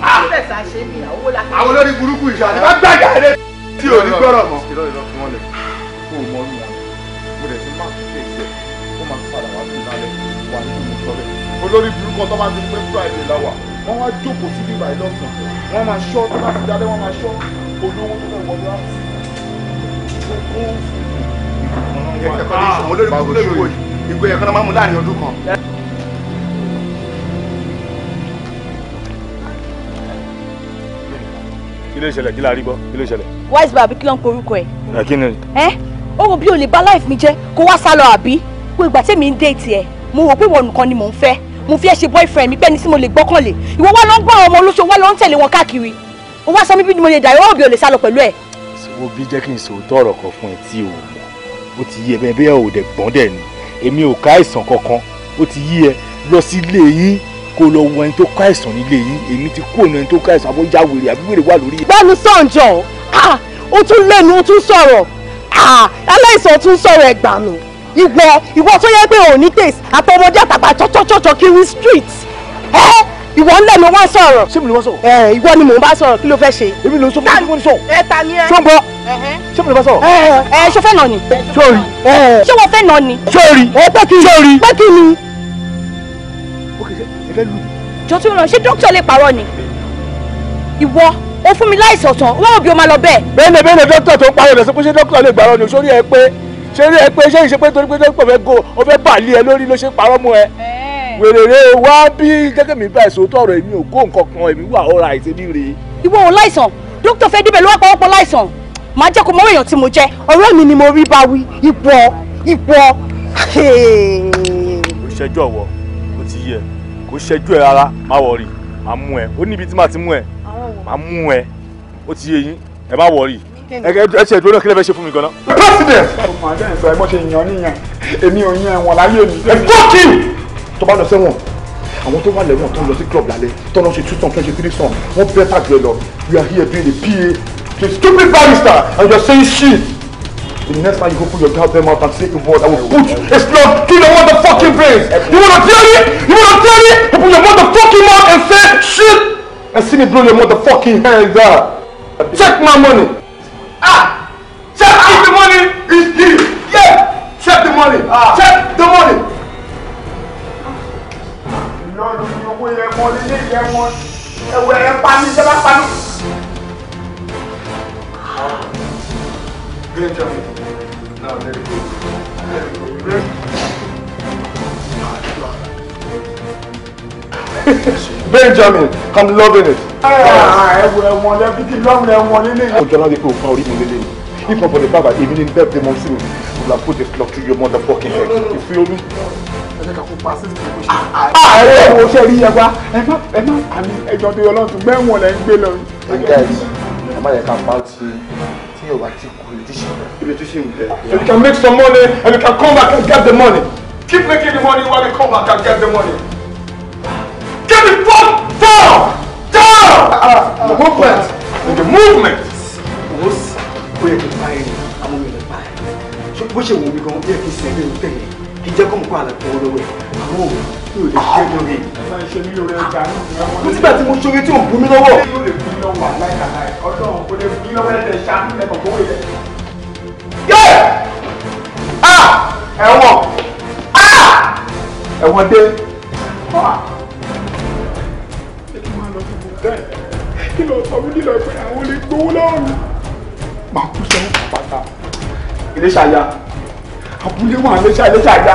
àwọn olórí burúkú ìṣá ni wọ́n gbàgbà rẹ̀ tí ò ní gbọ́rọ̀ mọ́. kó o mọ ọdún wọn mo dẹ̀ ti máa tún fèsì ẹ̀ kó máa padà wá sí ìlànà wà nínú mi sọ́lẹ̀. olórí burúkú ọtọ́ bá ti pẹ́ friday láwà wọ́n wá jókòó sí bíbá ìlọ́sàn wọ́n máa ṣọ́ tó bá ti dalẹ́ wọ́n máa ṣọ́ olówó tó lọ́wọ́ lọ́wọ́ ẹ̀kọ́ ní ìṣòwò lórí kúkú lórí ìwòyí ìgbé ẹ̀kọ́ náà máa mú láàrin ọdún kan. kí ló ṣẹlẹ̀ kí la rí gbọ́ kí ló ṣẹlẹ̀. wise baby kí ló ń korúkọ ẹ. ẹ kí ni. ẹ o lè bà life mi jẹ́ kó wá sá lọ àbí pé ìgbà tèmi ń déètì ẹ mo rò pé ìwọ nìkan ni mò ń fẹ́ mo fi ẹ ṣe boyfriend me bẹ́ẹ̀ ni tí mo lè gbọ́kànlé ìwọ wá lọ ń gbọ́ àwọn ọmọ olóṣù wá lọ ń tẹ̀lé wọn káàkiri ó wá sọ mí bí mo lè dà ìwọ òbí ò lè sá lọ o ó ti yí ẹ bẹ́ẹ̀ bẹ́ẹ̀ ò dẹ̀ gbọ́n dẹ̀ ni èmi ò ká àìsàn kankan ó ti yí ẹ lọ sí ilé yín kó lọ wọ ẹni tó ká àìsàn nílé yín èmi ti kó ẹni tó ká àìsàn àbójá wèrè àbí wèrè wà lórí. báwo sọ̀njọ́ ó tún lẹ́nu ó tún sọ̀rọ̀ ah, aláìsàn tún sọ̀rọ̀ ẹ̀gbàánu ìwọ ìwọ tó yẹ pé òní tèsí àtọmọdé àtàgbà chọ́chọ́chọ́ kiri street ẹ́ ìwọ ń lẹ́nu wọ́n sọ̀rọ̀. ṣé mi ni wọ́n sọ̀rọ̀. ẹ ìwọ ni mò ń bá sọ̀rọ̀ kí ló fẹ́ ṣe. èmi ló ń sọ fún mi wọ́n sọ. ẹ ta ni ẹ. sọ́nbọ ṣé mi ni wọ́n sọ̀rọ̀. ẹ ẹ ṣé fẹ́ nà ni. sórí. ṣé wọ́n fẹ́ nà ni. sórí. ẹ pé kí sórí. pé kí ni. ok ẹ fẹ́ lù. jọ tún ràn ṣé dókítà lè parọ́ ni. ìwọ o fún mi láìsàn tán wọn ò bí o máa lọ bẹ́ẹ̀. bẹ́ẹ̀ni bẹ́ẹ̀ni dókítà tó parọ́ rẹ̀ sọ pé ṣé dókítà lè gbàrọ̀ ni sórí ẹ pé ṣé rí ẹ pé ṣé ìṣe pé torí pé dókítà fẹ́ go o fẹ́ bà lé ẹ lórí ló ṣe parọ́ mọ́ ẹ wèrèrè o wá bí gẹ́gẹ́ mi bá èso tọrọ èmi ò kó nǹkan kan èmi wà ọ̀rọ̀ àìsè mi rèé. ìwọ ò láìsàn dókítà fẹ́ débẹ̀ ló wá pawọ́pọ̀ láìsàn màá jẹ́ kó mọ èèyàn tí mo jẹ́. ọ̀rẹ́ mi ni mo rí bá wí ipò ipò. kò ṣẹjú ọwọ kò ti yẹ kò ṣẹjú ẹ rárá má wọrí má mú ẹ ó níbi tí má ti mú ẹ má mú ẹ ó ti yẹ yín ẹ má wọrí ẹ ṣe ìdúró náà kí lè fẹ́ ṣe fún mi gan-an. president. ọmọ àgbẹ̀ ìgbà ẹ bọ́ ṣe yan níyàn èmi ò yan ẹ̀wọ̀n láyé mi. ẹ fọ́ọ̀kì tó bá lọ sẹ́wọ̀n àwọn tó wà lẹ́wọ̀n tó ń lọ sí club lálẹ́ tó lọ ṣe two song twenty three song wọ́n bẹ́ tàgbẹ́ lọ you are here doing a PA to stupid barrister and you are saying shit the next time you go put your gal dem out and say a word i will put a slug kill your motherfucking brains you wanna tell me? you wanna tell it open your motherfucking mouth and say shit and see me blow your motherfucking head out check my money ah check if the money is due yeah check the money ah check the money lọ́ọ̀lù ní owó yẹn wọn nílé yẹn wọn ẹ̀wẹ̀ ẹ̀ pa ní ìjọba pa ní. Great job. Now, very good. Very good. Great. Benjamin, I'm loving it. Ah, ẹ̀wọ̀n lẹ́bí kí lọ́rùn ẹ̀wọ̀n lílé. Ọjọ́ náà rí pé o fa orí mi lélẹ̀ ni. If not for the barber, èmi ni bẹ́ẹ̀ bí mo sí mi. I will have put the clock to your mother fucking head. If you feel me? ẹ̀jẹ̀ ká kópa sí ìsìn ìkóṣe. Ah, ah, ah, ààrẹ wo ṣe rí yẹn wá ẹ má ẹ má àmì ẹjọ́ tó yọ lọ́tún gbẹ̀wọ̀n lẹ́ ń gbé lọ. ẹ má yẹ ká pa ti tí yóò bá ti kú ojúṣe rẹ. so you can make some money and you can come back and get the money. keep making the money while you come back and get the money. get the fuck down down. the movement the movement. owó sì ó yẹ kí n bá yẹn ni àmọ́ mi ò lè bá yẹn bó ṣe wù mí gan ó yẹ kí n sẹ́yìn lórí ìjẹ́kọ̀mọ̀kọ́ àlàkùn wọn lọ́wọ́ ẹ̀ àwọn òun yóò lè jẹ́ lórí. mo ti gbà tí mo ṣoore tí ò ń bú mi lọ́wọ́. yóò lè fún mi lọ́wọ́ àláìkàláì ọlọ́run kò lè fún mi lọ́wọ́ ẹ̀wọ̀n ah ẹ̀wọ̀n dé. kí ló sọ mí nílò pé àwọn olè gbowó lọ́rùn. màá kú sẹ́wọ̀n pàtàkì. ilé ṣàyà abúlé wọn àlẹ́ ṣáà ló ṣáà dá.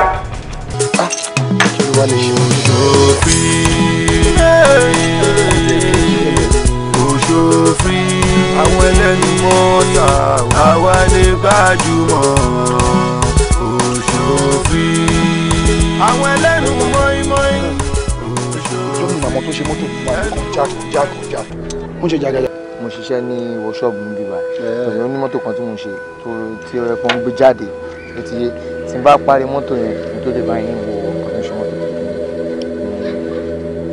òṣòfin àwọn ẹlẹ́nu mọ́ta àwa lè gbájúmọ̀ òṣòfin àwọn ẹlẹ́nu mọ́ínmọ́ín. lónìí àwọn tó ṣe mọ́tò wà ní jákèjá ń ṣe jágajá mo ṣiṣẹ́ ní wọ́ṣọ́ọ̀bù níbí báyìí pẹ̀lú onímọ́tò kan tí mo ṣe tí ọ̀rẹ́ kan gbé jáde ó ti yé tí n bá parí mọ́tò yẹn kí n tó lè bá yín wo connection mọ́tò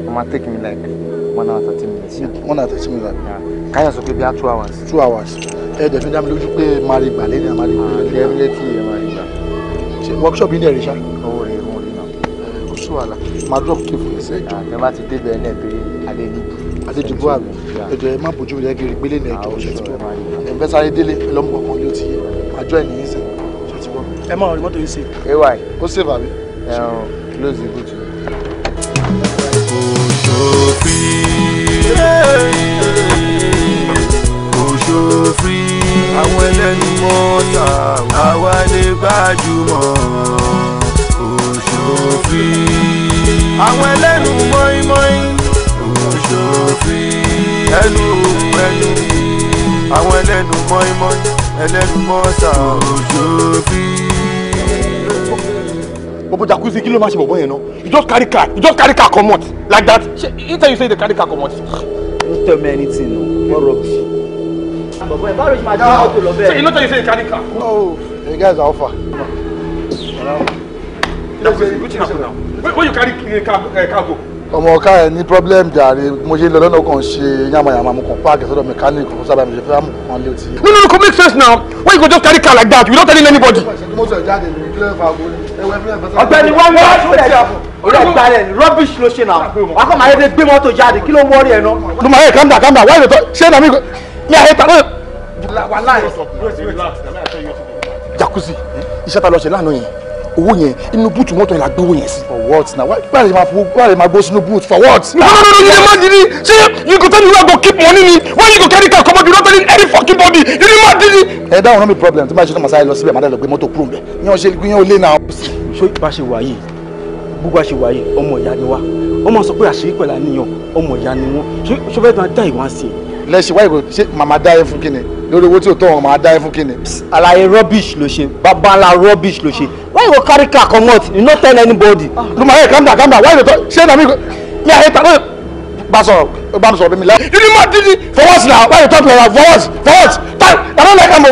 tó máa take me like one hour thirty minutes. one hour thirty minutes. káyọ̀ sọ pé bí i two hours. two hours ẹ dẹ̀ fi dá mi lójú pé ah, máa rí gbà lẹ́yìn àmàlẹ́ ìgbà lẹ́yìn lẹ́tì ẹ̀ máa rí gbà. workshop yìí dẹ̀ rí sá. owó rẹ̀ wọ́n rí náà. kò sí wàhálà máa drop kí fún ẹsẹ̀. àtẹ ah, bá ti débẹ̀ ẹ̀ náà pé adéjú. adéjú bó àgbẹ̀ ẹ̀jọ̀ ẹ̀ má bójú rẹ̀ gírí gbélé ní ẹ̀jọ̀ ọ̀ṣẹ̀ tí kò ẹ̀ fẹ́ délé ẹ̀ lọ́mú yóò ti yẹ àjọ ẹ̀ nìyí sẹ́yìn ẹ máa rí mọ́tò yìí save. ay ó save àbí. ẹ̀rùn close the boot. kò ṣòfin àwọn ẹlẹ́nu mọ́ta àwa lè gbájúmọ́ kò ṣòfin àwọn ẹlẹ́nu mọ́ínmọ́ín kò ṣòfin ẹnu ẹnu àwọn ẹlẹ́nu mọ́ínmọ́ín ẹlẹ́dúnmọ́ta òṣòbí. Bobo Jacuzzi, kí ló máa ṣe bọ̀bọ̀ yẹn náà? You just carry car, you just carry car comot like that. He tell you say you dey carry car comot. No tell me anything o, no rubbish. Bọ̀bọ̀ ẹ̀ báwo ni màá jẹ́ auto lọ bẹ́ẹ̀? So you no tell you say you carry car? Oh, the guys are offer. Jacuzzi, wetin happen now? Where you carry uh, car go? Uh, ọmọ ọ̀ka ẹ̀ ní problem jàre mo ṣe lọ lọ́nà kan ṣe yamayama mo kàn páàkì sọ́dọ̀ mechanic kò sábà mi ṣe fẹ́ àmọ̀ kan lé ti. no no no come make sense now why you go just carry car like that without telling anybody. ọ̀gbẹ́ni wọn wá ṣọlẹ orí ẹgbà rẹ rubbish ló ṣe náà wà á kọ́ máa yẹ gbé mọ́tò jáde kí ló ń wọ́ọ̀rì ẹ̀ náà. ló máa calm down calm down why you dey ṣe na mi mi àyè tàbí. wàhálà yẹn jacuzzi iṣẹ́ ta lọ ṣe lánàá yẹn owó yẹn inú búùtù mọ́tò yẹn la gbé owó yẹn sí. for what na why dey ma fo why dey ma go sínú búùtù for what. no no no no. you dey mad didi ṣé you go tell me where i go keep money ni where you go carry car comot you no tell me any fokin body you dey mad didi. ẹ dáhùn náà mi problem tí bá a ṣe tó màsáyé lọ síbẹ̀ màdá lọ gbé mọ́tò kúrò mbẹ̀ yẹn ò ṣe yẹn ò lé náà. ṣé bá a ṣe wà yìí gbogbo àṣewà yìí ọmọ ìyá ni wá ọmọ sọ pé àṣírí pẹ̀lú àníyàn ọmọ ìyá ni wọ́n ṣé ṣọ́fẹ́ tó máa dá ìwọ̀n sí i lẹ́sìn wáyé kò ṣe màmá dá ẹ fún kíni lórí owó tí ò tọ́ wọn màá dá ẹ fún kíni. àlàyé rubbish ló ṣe babalá rubbish ló ṣe ah. why you go carry car comot you no tell anybody. Ah. luma ẹ calm down calm down why you talk ṣé na mi mi àyè tàbí bá sọ̀rọ̀ bá sọ̀rọ̀ mi la. you dey mad didi for what na why you talk like that for what for what time i don like am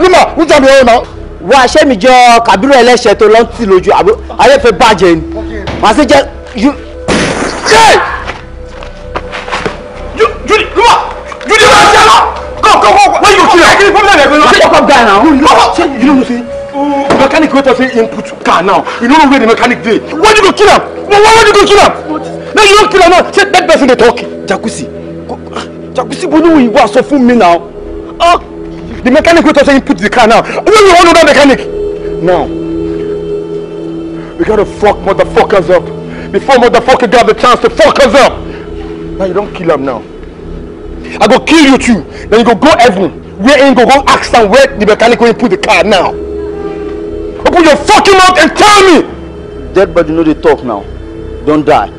o luma who tell me o na. wá ṣé mi jọ kàbírù ẹlẹ́ṣẹ̀ tó lọ́ntì lójú àbí ayé fẹ́ bàjẹ́ ni màá sì jẹ́ you. Why you kill her? Shut up, guy now. You know what I'm saying? Mechanic wait say input car now. You know where the mechanic dey. Why you go kill her? Why why you go kill her? Now you don't kill him now. Say that person they talk. Jacuzzi. Jacuzzi, but no, you go sọ fool me now. Ah, the mechanic wait say input the car now. Where you want that mechanic? Now, we gotta fuck motherfuckers up before motherfucker got the chance to fuck us up. Now you don't kill him now. I go kill you too. Then you go go heaven. Where ain't go go ask them where the mechanic will put the car now. Open your fucking mouth and tell me. Dead body know dey talk now. Don't die.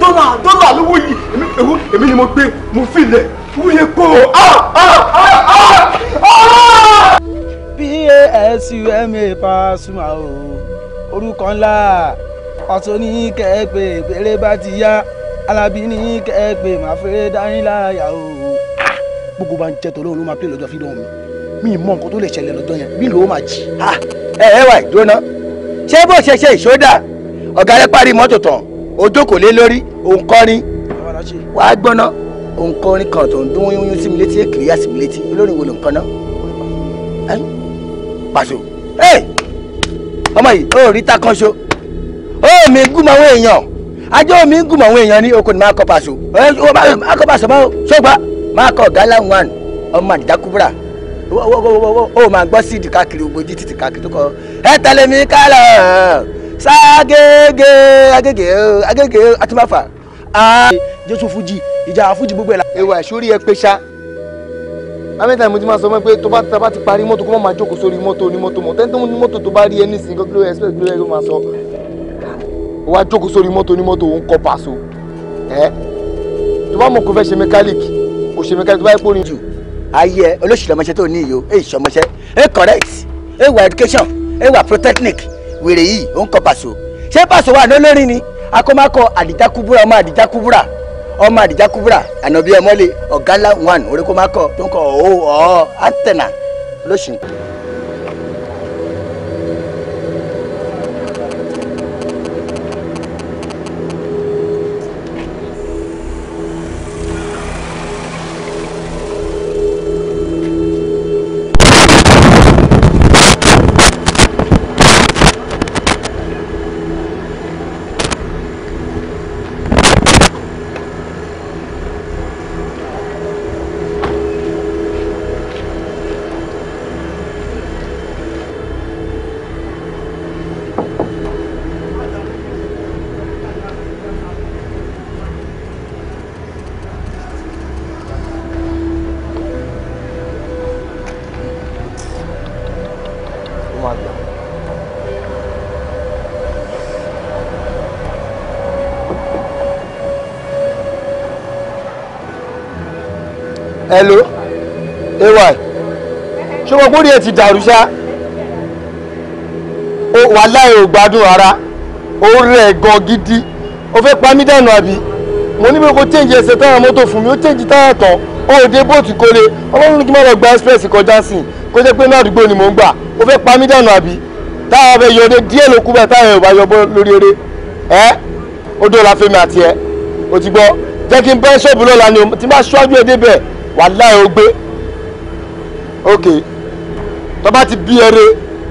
Dọ́là dọ́là ló wúyi èmi èwo èmi ni mo gbé mo filẹ̀ wúye kó o. Ah, PASUMA ah, ah, Pasuma o orúkọ ńlá ọ̀tún ní kẹ́ẹ̀pẹ́ ìpèrè bá ti yá alábí ní kẹ́ẹ̀pẹ́ máa fẹ́ dání láyà o. gbogbo bá ń jẹ́ tó lóhùn ló máa pè lọ́jọ́ fídíò mi mi mọ nǹkan tó lè ṣẹlẹ̀ lọ́jọ́ yẹn bí lòó máa jì. ẹ ẹ wà ìdúróná ṣé bó ṣe ṣe ìṣódà ọ̀gá rẹ parí mọ́tò tán ojó kò lé lórí òun kọrin wàá gbọ́ná òun kọrin kan tó ń dún yún sí mi létí èkìrí àsì mi létí olórin wo ló ń kaná. pàṣọ ọmọ yìí ó rí takanṣo ó mi gún mọ́ èèyàn ajé omi ń gùn mọ́ àwọn èèyàn ní okòó ni máa kọ́ pàṣọ máa kọ́ pàṣọ báwo ṣọgbà máa kọ́ gala one ọmọ àdìdákúbúrà ó máa gbọ́ síìdì káàkiri ògbójì títì káàkiri tó kọ́ ẹ tẹ̀lé mi kálọ̀ ságége agége agége atúmáfà jésù fújì ìjà fújì gbogbo ẹ̀ la. ewa ìṣòrí ẹ pé ṣá amẹ́ta ìmọ̀ tí máa sọ fún ẹ pé tó bá tá bá ti parí mọ́tò kó má máa jókòó sórí mọ́tò onímọ́tò mọ́tò ẹni tó ní mọ́tò tó bá rí ẹ nísìnyí gbogbo ẹ ó wá jókòó sórí mọ́tò onímọ́tò òun kọ́ pàṣọ ẹ tó bá mọ̀ kó fẹ́ ṣe mẹkáníìkì kò ṣe mẹkáníìkì tó bá yẹ kó rìn jù. ayé olóṣèlú ọmọọṣẹ tó ní iyo èyí ṣọmọṣẹ ẹ correct ẹ wa education ẹ wà protechnic wèrè yìí òun kọ́ pàṣọ ṣé pàṣọ wà lólórin ni akọ́mákọ́ àdìjákúbúrà ọmọ àdìjákúbúrà ọmọ àdìjákúbúrà ànàbí ọmọlé ọ̀gá ńlá one orí kọ́mákọ́ tó ń kọ́ ọ̀ ọ̀ antenna lóṣìṣẹ́. hello ay ṣé mo kúrò ẹ ti dàrú ṣá wàláì ò gbádùn ara ó rẹ̀ gan gidi ó fẹ́ pa mí dànù àbí mo ní bí kò change ẹsẹ̀ táyà mọ́tò fún mi ó change táyà tán ó dé bóòtù kọ́lé ọlọ́run kí n má lọ gba express kọjá sí i kó jẹ́ pé ní àdúgbò ni mò ń gbà ó fẹ́ pa mí dànù àbí táyà bẹ yọ ọdẹ díẹ̀ ló kú bẹ́ẹ̀ táyà ò bá yọ bọ́ lórí eré ẹ́ ó dóòlà fẹ́mi àti ẹ ó ti gbọ́ jẹ́ kí n bẹ́ ṣọ́ọ̀bù lọ́la ni tí n bá ṣọ́ọ́jú ẹ wàláhì ó gbé ok tó ti bí eré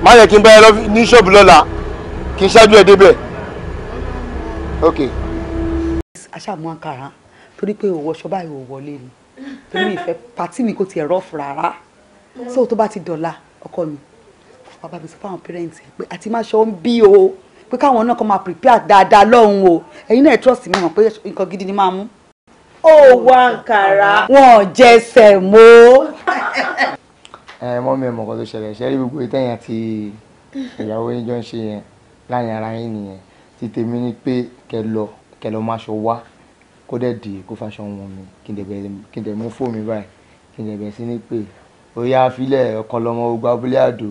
má yẹ kí n bá ẹ lọ ní ṣọ́ọ̀bù lọ́la kí n ṣáájú ẹ débẹ̀ ok. aṣáàmú àkàrà torí pé òwò ọṣọ báyìí ò wọlé ni torí ìfẹ́ pàtí mi kò tiẹ̀ rọ́ọ̀fù rárá so tó bá ti dọ̀la ọkọ mi bàbá mi sọ fáwọn pẹrẹǹtì pé àti má ṣọ ń bí o pé káwọn náà kọ́ máa prepare dáadáa lọ́hùn-ún o ẹ̀yin náà ẹ̀ trust mi mọ̀ pé nǹkan gidi ni máa mú ó wá àǹkàrà wọn ò jẹsẹ̀ mọ́. ẹ mọ mi mọ nǹkan tó ṣẹlẹ̀ ṣe rí gbogbo ìtẹ̀yìn àti ìyàwó yín jọ ń ṣe yẹn láàrin ara yín nìyẹn ti tèmi ni pé kẹ lọ kẹ lọ máṣọ wá kó dẹ̀ dì kó fàṣọ wọn mi kí n dẹ̀ mú fóònù mi báyìí kí n dẹ̀ bẹ̀ sí ní pé ó yá afílẹ̀ ọkọ lọmọ ogun abúlé àdó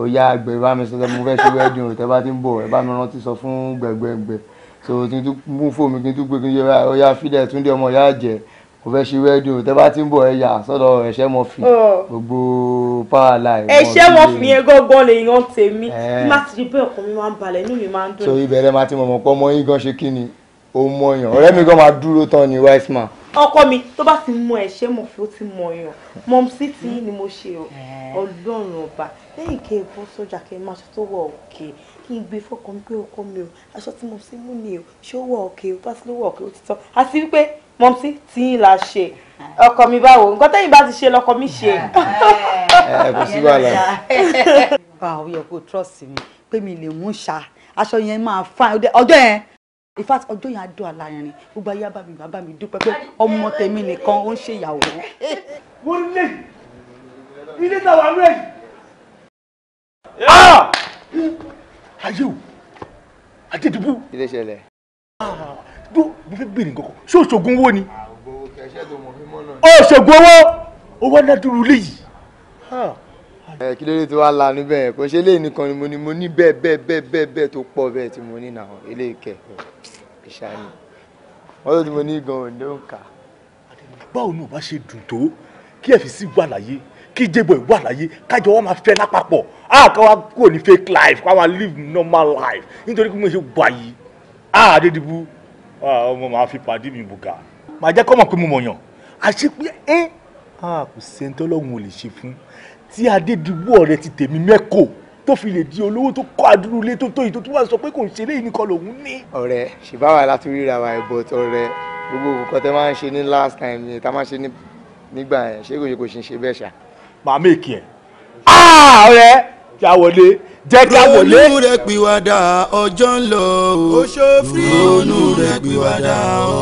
ó yá àgbẹ̀ bá mi sọ mo fẹ́ ṣe wẹ́ẹ́dùn òtẹ́ bá ti ń bọ̀ ẹ bá mi rántí sọ fún gbẹ̀gbẹ̀gbẹ̀ so kí n tún mú fóònù kí n tún gbé kí n yẹra ah, ọyá fílẹ̀ túndé ọmọ ìyá àjẹ́ kò fẹ́ ṣe wẹ́ẹ́dì o tẹ́ bá ti ń bọ̀ ẹ yà sọ́dọ̀ ẹ̀ṣẹ́ mọ́ fi oh. gbogbo power line. ẹ̀ṣẹ́ mọ́ fi yẹn gángan lè yan tèmi má ti rí bẹ́ẹ̀ ọkàn mi máa ń balẹ̀ inú mi máa ń dùn. so ìbẹ̀rẹ̀ máa ti mọ̀ mọ̀ pọ́ mọ́ yín gan ṣe kí ni ó mọ̀ yàn ọ̀rẹ́ mi gan máa dúró tán ni wise man ọkọ mi tó bá ti mọ ẹ̀ṣẹ̀ mọ̀ fún ó ti mọ èèyàn mọ sí ti ni mo ṣe ọlọ́run ọba lẹ́yìn kí n bọ́ sójà kí n máa ṣe tó wọ òkè kí n gbé fọkàn mi pé ọkọ mi o aṣọ tí mo sí mú ni o ṣé ó wọ ọkẹ o pásítọ wọ ọkẹ o ti tán àti wípé mọmsí tí ń la ṣe ọkọ mi báwo nǹkan tẹ́yìn bá ti ṣe lọkọ mi ṣe. ẹ kò sí wàhálà. àwọn ah, yẹ kó trust mi pé mi lè mú ṣá aṣọ yẹn máa fà ọjọ́ yẹn in fact ọjọ́ yẹn á dùn alárinrin gbogbo ayé bá mi bàbá mi dúpẹ́ pé ọmọ tèmi nìkan ó ń ṣèyàwó. wọ́n lè ilé tàwa rẹ̀ ayé o àjẹdìbò. ilé ìṣẹ̀lẹ̀. Ah, dó mo fẹ́ béèrè nǹkan kan ṣé oṣogun owó ni. Ah, oṣogun owó owó aládùúrú léyìí. ẹ ah. eh, kí ló dé tó wá la níbẹ̀ kò ṣe eléyìí nìkan ni mo ní mo ní bẹ́ẹ̀ bẹ́ẹ̀ bẹ́ẹ̀ bẹ́ẹ̀ bẹ́ẹ̀ tó pọ̀ bẹ́ẹ̀ tí mo ní nà ọ́ eléyìí kẹ̀ ìṣàní wọ́n tó ti mo ní gan-an ló ń kà. báwo ni o bá ṣe dùn tó kí ẹ fi sí wà láyé kí jébọ̀ ẹ̀ wà láyé kájọ wọn máa fẹ́ lápapọ̀ a ah, ká wá kúrò ní fake life ká wá live normal life nítorí pé mo ṣe gbà yìí a ah, Adédìbú ah, ọmọ màá fi pàdé mi bùgà màá jẹ́ kọ́ mọ̀ pé mo mọ̀ yàn àṣé pé ẹ́ a kò sẹ́ńtọ́ lọ́hùn ò lè ṣe fún tí Adédìbú ọ̀rẹ́ ti tèmi mẹ́kọ̀ọ́ tó fi lè di olówó tó kọ́ àdúrú ilé tó tó yìí tó tún wá sọ pé kò ń ṣe léyìí nìkan lòún ní. ọ̀rẹ́ ṣèbáwá láti ríra wa ẹbọ tọrẹ gbogbo nǹkan tẹ máa ń ṣe ní last time yẹn tá máa ń ṣe nígbà yẹn ṣé kò yẹ kò ṣe ń ṣe bẹ́ẹ̀ ṣá. màá mèkì e. ọ̀rẹ́ kí a wọlé jẹ́ kí a wọlé. ronú rẹ̀ pìwàdà ọjọ́ ń lọ o ronú rẹ̀ pìwàdà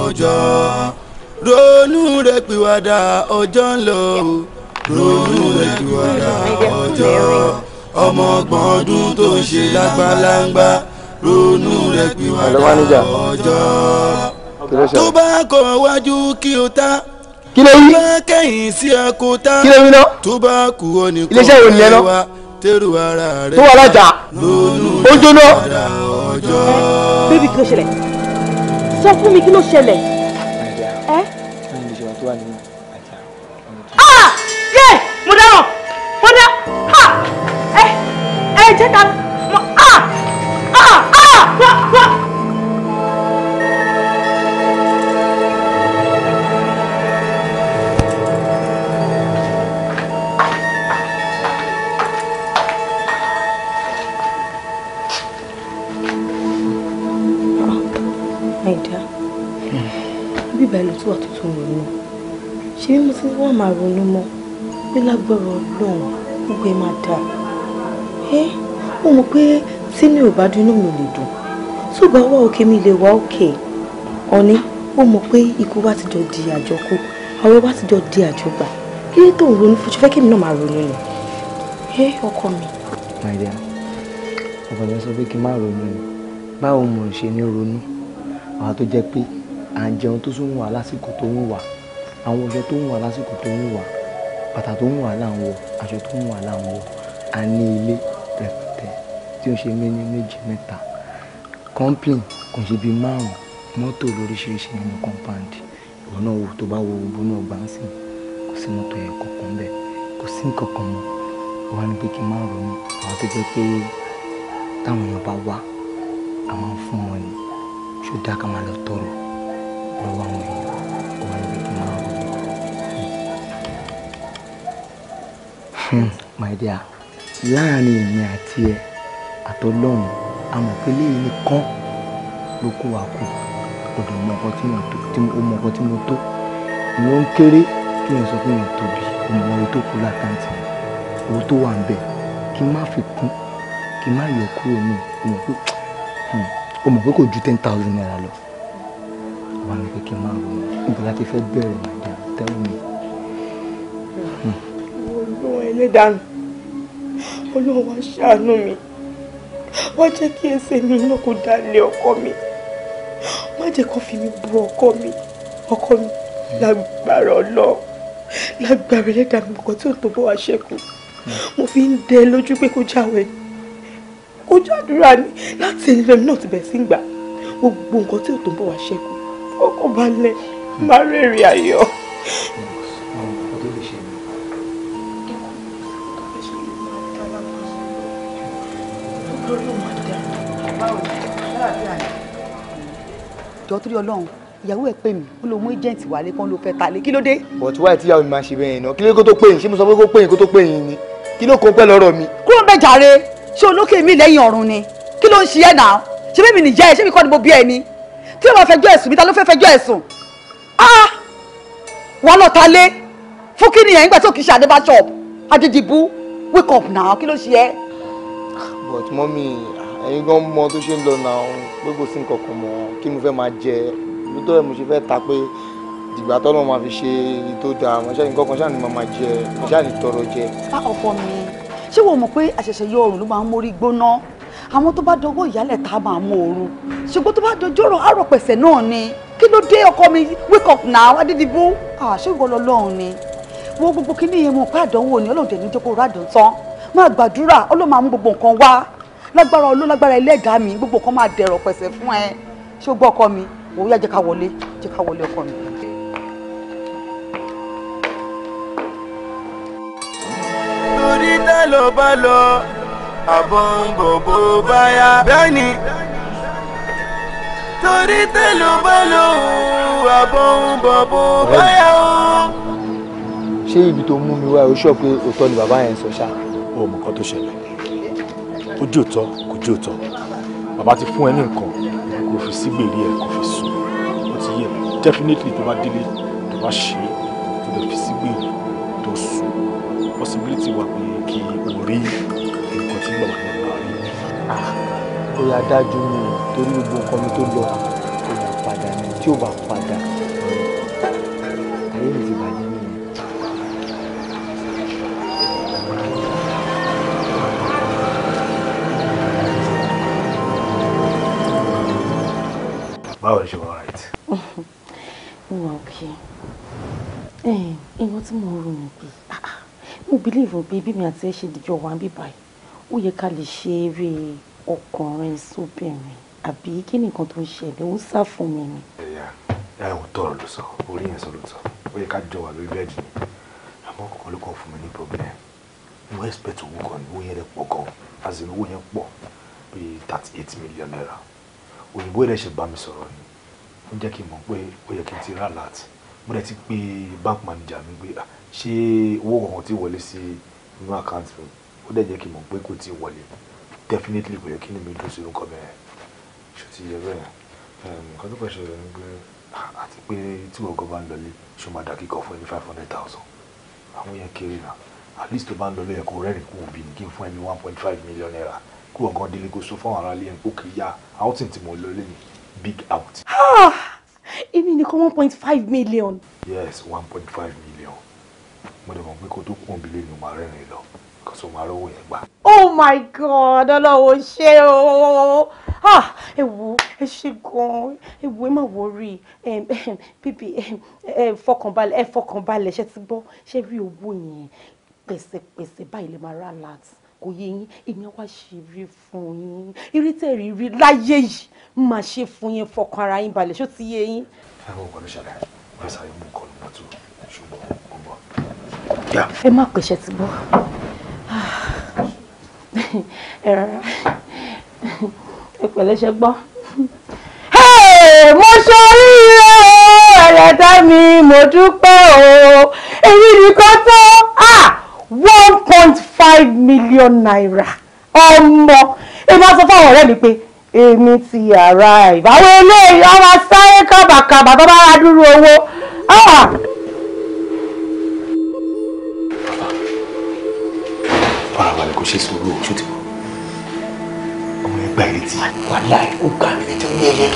ọjọ́ ronú rẹ̀ pìwàdà ọjọ́ ń lọ o ronú rẹ̀ pìwàdà ọjọ́ ọmọ ọgbọ̀n ọdún tó ń ṣe lágbàlágbà ronú rẹ̀ pìwàdà ọjọ́ tó bá kọ̀ wájú kí o ta kí ló wí kí ló wí náà tó bá kú ọ nìkan ilé ẹ náà tó wà lọ́jà ó jóná. bébí kí ló ṣẹlẹ̀ sọ fún mi kí ló ṣẹlẹ̀. ẹ. ah yé mo dáràn mo dá ẹ ẹ jẹ́ ká. wà máa ronú mọ́ pé lágbára ọlọ́run gbogbo ẹ máa dáa ẹ mo mọ̀ pé tí mi ò bá dùn inú mi ò lè dùn tó bá wà òkè mi lè wà òkè ọ̀ní mo mọ̀ pé ikú wa ti jọ di àjọkú àwẹ̀ wa ti jọ di àjọgbà kí ló tó ń ronú fún ṣọfẹ́ kémi náà máa ronú ni ẹ ọkọ mi. my dear ọkọ mi sọ pé kí n má ronú ni báwo mo ṣe ní ronú àwa tó jẹ́ pé à ń jẹun tó sún wà lásìkò tó ń wà àwọn ọjọ́ tó ń wà lásìkò tó ń wà bàtà tó ń wà láwọn aṣọ tó ń wà láwọn a ní ilé rẹpẹtẹ tí ó ṣe méní méjì mẹ́ta complain kò ṣe bíi márùn mọ́tò lóríṣiríṣi nínú compound ìwọ náà wò tó bá wo gbóná ọgbà ń sìn kò sí mọ́tò ẹ̀yọ kankan bẹ́ẹ̀ kò sí nǹkan mọ́ wà ní pé kí n má ronú àwọn tó jẹ́ pé táwọn èèyàn bá wá a máa ń fún wọn ní ṣó ká máa lọ tọrọ lọ́wọ́ àwọn èèyàn. Hmm, my dear láàrin èmi àti ẹ àtọlọ́run a mọ̀ pé léyìí nìkan ló kó wa kù ọ̀dọ̀ mọ ọkọ tí mo tó tí mo mọ ọkọ tí mo tó ìwọ ń kéré kí n sọ pé mo tóbi mo mọ owó tó kú lákàntì owó tó wà ń bẹ kí n má fi kún kí n má yọ kúrò mi o hmm, mọ̀ pé kò ju ten thousand naira lọ wà ní pé kí n má ronú ibi láti fẹ́ bẹ̀rẹ̀ my dear tell me mi dànù olówó ṣàánú mi wá jẹ́ kí ẹsẹ̀ mi náà kó dalẹ̀ ọkọ mi má jẹ́ kó fi mi bu ọkọ mi ọkọ mi lágbára ọlọ́ lágbára ẹlẹ́dàá mi kò tí ò tó bọ́ wá ṣẹ́kù mo fi ń dẹ lójú pé kó jáwé kó jádùúrà ni láti ẹni lẹ́nu náà ti bẹ̀ sí gbà gbogbo nǹkan tí ò tó bọ́ wá ṣẹ́kù ọkọ balẹ̀ má rẹ́rìn ayọ̀. jọ torí Ọlọ́run ìyàwó ẹ pè mí ó lọ mú agent wálé kan ló fẹ́ ta lé kí ló dé. but why tíyàwó mi máa ṣe bẹ́ẹ̀ náà kí ló kó tó pè yín ṣé mo sọ pé kó pè yín kó tó pè yín ni kí ló kó pẹ́ lọ́rọ̀ mi. kúrò bẹ́ẹ̀ jàre ṣé olókè mi lẹ́yìn ọ̀run ni kí ló ń ṣe ẹ́ náà ṣé bẹ́ẹ̀ mi nìyá ẹ ṣé mi kọ́ ni mo bí ẹ ni tí wọ́n fẹjọ́ ẹ̀sùn mi ta ló fẹ́ fẹjọ́ ẹ̀sùn ah wọn lọ ta lé fún kí nìyẹn nígbà tó kì wake up now kí ló ṣe but mọ́mí ẹ̀yin gan mọ tó ṣe ń lọ náà pé kò sí nǹkan kan mọ́ kí mo fẹ́ máa jẹ nítorí mo ṣe fẹ́ ta pé dìgbà tọ́lọ́ máa fi ṣe tó dáa mo ṣáà nǹkan kan ṣáà ni mo máa jẹ mo ṣáà ní tọrọ jẹ. a ọkọ mi ṣé wo mọ̀ pé àṣẹ̀ṣẹ̀ yọ oòrùn ló máa ń mórí gbóná àwọn tó bá dọwọ́ ìyálẹ̀ tá a máa mú oorun ṣùgbọ́n tó bá dojọ́rọ̀ àròpẹ̀sẹ̀ náà ni kí ló dé ọkọ mi wake up now adédìbò àṣẹwọ́ lọ́lọ́run ni wo gbogbo kí ni ìyẹn mo pàdánwò ni ọlọ́dẹ ní jẹ́ kó rádùn tán máa gbàdúrà ọlọ́mọ àwọn gbogbo nǹkan wá lágbára olú lágbára ẹlẹ́gàá mi gbogbo kan máa dẹ̀rọ̀ pẹ̀sẹ̀ fún ẹ ṣé o gbọ́ ọkọ mi òun yá jẹ́ ká wọlé jẹ́ ká wọlé ọkọ mi. torí tá ló bá lọ àbọ̀ ń bò bó bá yá. bẹ́ẹ̀ torí tá ló bá lọ àbọ̀ ń bò bó bá yá o ṣé ibi tó mú mi wá o sọ òótọ́ ni bàbá yẹn sọ ṣá. o mọ̀ nǹkan tó ṣẹlẹ̀ ó jẹ́ òótọ́ kò jẹ́ òótọ́ bàbá ti fún ẹ ní nǹkan kò fi sígbèrè ẹ kò fi sùn ó ti yẹ definitely tó bá délé tó bá ṣe tó lè fi sígbèrè tó sùn possibility wà pé kí o rí nǹkan tí bàbá náà bá rí. Ah, ó yà dájú ni torí gbogbo nǹkan mi tó lọ kò bá padà ni tí ò bá padà báwo ló ṣe wà right. mo wà òkè ìwọ tí mo rò ní pé ah, ah, mo believe pé bí mi àti ẹ ṣe dìjọ wà bí báyìí ó yẹ ká lè ṣe eré ọkùnrin sóbìnrin àbí kí nìkan tó ń ṣẹlẹ̀ ó sá fún mi ni. ẹ̀yà ẹ̀yà ò tọrọ ló sọ orí yẹn sọ ló sọ ó yẹ ká jọ wà lórí bẹ́ẹ̀dì ni àmọ́ kọ̀ọ̀kan ló kàn fún mi ní problem mo expect owó kan ní owó yẹn lè pọ̀ gan as in owó yẹn pọ̀ bíi thirty eight million naira òyìnbó rẹ̀ ṣe bá mi sọ̀rọ̀ yìí ó jẹ́ kí n mọ̀ pé ó yẹ kí n ti rà láti mo dẹ̀ ti pe bank manager mi pé ṣé owó kankan ti wọlé sí inú àkáǹtì mi ó dẹ̀ jẹ́ kí n mọ̀ pé kò ti wọlé definitely kò yẹ kí ni mi dùn sí orúkọ bẹ́ẹ̀ ṣó ti yẹ bẹ́ẹ̀ nǹkan tó kọ̀ ṣe rẹ̀ ni pé àti pé tí ọgọ́ bá ń lọlé ṣó máa dà kíkọ́ fún ẹni five hundred thousand àwọn yẹn kéré náà at least tó bá ń lọlé yẹ kó rẹ́rìn kó òbí ni kí n fún ẹni one point five million naira kí wọ́n gan délé kó sọ fún àwọn aráalé ẹ̀ kì í ya outing tí mo lọ lẹ́yìn big out. Ah, èmi nìkan one point five million. yes one point five million mo dẹ̀ mọ̀ pé kó tó kún òbí lẹ́nu màá rẹ́rìn lọ kó sọ màá rówó yẹn gbà. oh my god ọlọ́wọ́ ṣé o ah, ẹ wo ẹ ṣe gan-an ẹ wo ẹ má wọrí bíbí ẹ fọkànbalẹ̀ ẹ fọkànbalẹ̀ ṣe ti gbọ́ ṣe rí owó yẹn pẹ̀sẹ̀pẹ̀sẹ̀ báyìí lè máa rà láti kò yé yín èmi wá ṣe rí fún yín eré tẹ̀ rí rí láyé yìí máa ṣe fún yín fọkàn ara yín balẹ̀ ṣó ti yé yín. àwọn ọkọ ló ṣàlàyé wọn sáré mú kọ lóun tó ṣùgbọ́n kò bọ. ẹ má pèsè ti bọ ẹ rárá ẹ pẹ̀lẹ́ ṣe gbọ́. mo ṣe o ẹ̀rẹ̀dá mi mo dúpẹ́ o èyí nìkan tó. Ah! one point five million naira ọmọ èmi á sọ fún àwọn ọ̀rẹ́ mi pé èmi ti arrive àwọn eléyìí ọmọ sáré kábàkàbà tó bá wá dúró owó. Ah! farabalẹ̀ kò ṣe sùúrù oṣù tí mo ọmọ ẹgbà ìrètí. wàláì ó gbà mí létí ó yẹlẹ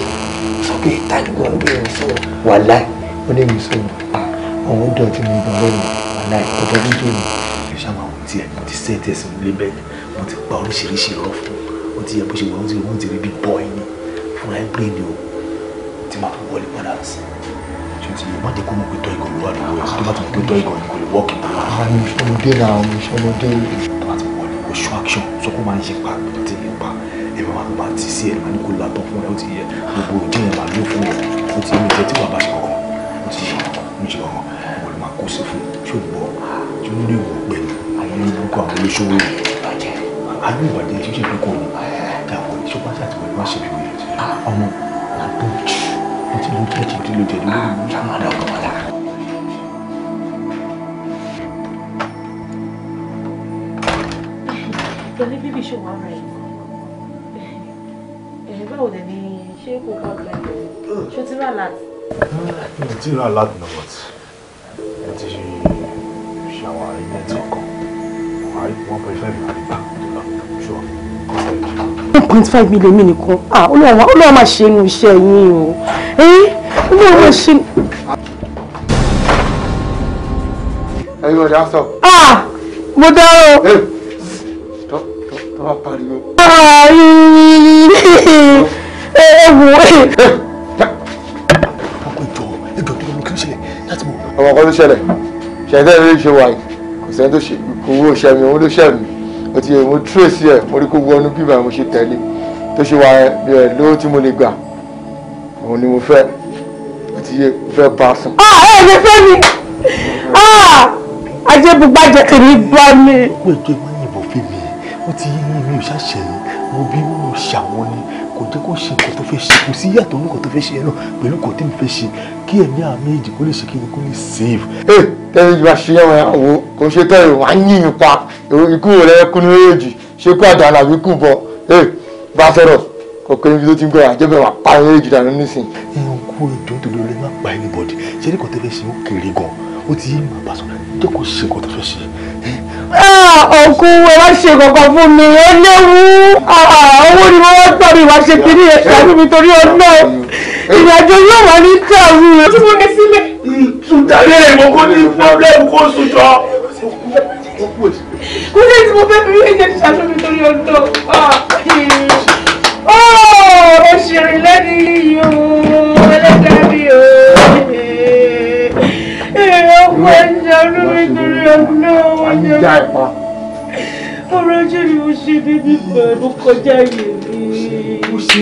sọ pé ìtàdúgbò ń bí mi sọ̀rọ̀. wàláì ó lé mi sọ̀rọ̀ àwọn ọdọ tí mo bọ̀ lẹ́nu wàláì ọ̀dọ́ mi tó mi ṣáà àwọn tiẹ̀ mo ti sẹ́ tẹ̀sí mo lé bẹ́ẹ̀ mo ti pa oríṣiríṣi irọ́ fún ó ti yẹ bó ṣe wọ́n ti wọ́n rí bí bọ́ ẹni fún ẹ́bírìn o ti máa wọlé padà sí ṣé ti yẹ má kó mo gbé tọ́ ìgò lówà lówó ẹ̀ tó bá ti mo gbé tọ́ ìgò ìgò lè wọ́ọ̀kì ah, mi. àmì ìṣọmọdé náà àmì tó bá ti wọlé oṣù action sọ pé máa ń ṣe pa àti tí bàbá ṣe kọ̀ọ̀kan ṣe kọ̀ọ̀kan ó ṣe kọ̀ọ̀kan lè máa pé olórí burúkú àwọn olóṣòwò yìí bàjẹ́ àánú ìwádìí ẹ̀ṣọ́ ṣe kókó ni àwọn iṣẹ́ bá ṣàtìwọ́ ìwá ṣe lóye ọmọ làbó mo ti lo jẹ́jì tí lo jẹ́jì lórí ah, mi. sàmàdà ọkọ̀ wọlé. pẹ̀lú bíbí ṣe ṣé kò kọ́ ọ̀gbẹ́ ṣó ti rà láti. Ah, mi ò rà láti náà wọ̀tí. one point five million mi nìkan ah, olóòwò máa ṣe inú iṣẹ́ yín o eh? olóòwò máa ṣe. ẹyin ọ̀dà sọ. mo dá o. tó bá pariwo. ewu. ọmọ kan ló ṣẹlẹ̀ ṣẹ̀dá ló ṣe wáyé kò sẹ́ni tó ṣe kò wúrò ṣẹ́mi òun ló ṣẹ́mi o ti yẹ e, mo trace ẹ e, mo rí kó wọnú bíbá mo ṣe tẹ̀lé tó ṣe wà bí ẹ e lówó tí mo lè gbà òun ni mo fẹ́ ah, eh, ah, o ti yẹ fẹ́ bá a sùn. ọ ẹ fẹ́ mi ajébùgbàjẹ kì í gbọ́ mi. pẹ̀jọ́ máa yìnbọn fún mi ó ti yí inú mi ò ṣàṣẹyìn mo bí mo ṣàwọn ni kò jẹ́ kó ṣe nǹkan tó fẹ́ ṣe kò sí yàtọ̀ nǹkan tó fẹ́ ṣe náà pẹ̀lú nǹkan tí mo fẹ́ ṣe kí ẹ̀mí àmì èjì kó lè ṣe kí ni kó lè save. ẹ tẹ́lẹ̀ ìgbà ṣe é wọn àwo kò ṣe tẹ́ ìwà ń yìn pa ikú rẹ̀ kún ní èjì ṣe kú àdá àlàbí kù bọ̀ ẹ bá sọ̀rọ̀ ọkọ̀ ibi tó ti ń gbọ́ àjẹbẹ̀ wà pa ní èjì dànù nísìn. ẹ ń kú ìdóńtò anybody ṣé ní kò tẹ́lẹ̀ ṣe ó kéré ó ti yí màá bá sọ̀rọ̀ tó kò ṣe nǹkan tó fẹ́ ṣe. ọ̀gùn ah, ẹ wá ṣe kankan fún mi ó léwu ah, ah, owó ni mo wá gbà mí wá ṣe kiri ẹ̀ṣẹ̀ mi torí ọ̀nà ìrìnàjò yóò wà ní kàwé. tí mo ní sílẹ̀. ìtúntàlẹ́ rẹ̀ mo kó ní pọ́blẹ́mù kó sùn jọ. kó lè tí mo fẹ́ fi wíṣẹ́ ti ṣàṣọ mi torí ọ̀nà. ó oh, ṣèrè lẹ́nu yìí o ẹlẹ́dàá mi o ìlú ẹ̀ wọ́n ti já ẹ̀pọ̀. ọ̀rọ̀ ajé ni mo ṣe débi pẹ̀lú kọjá yìí. mo ṣe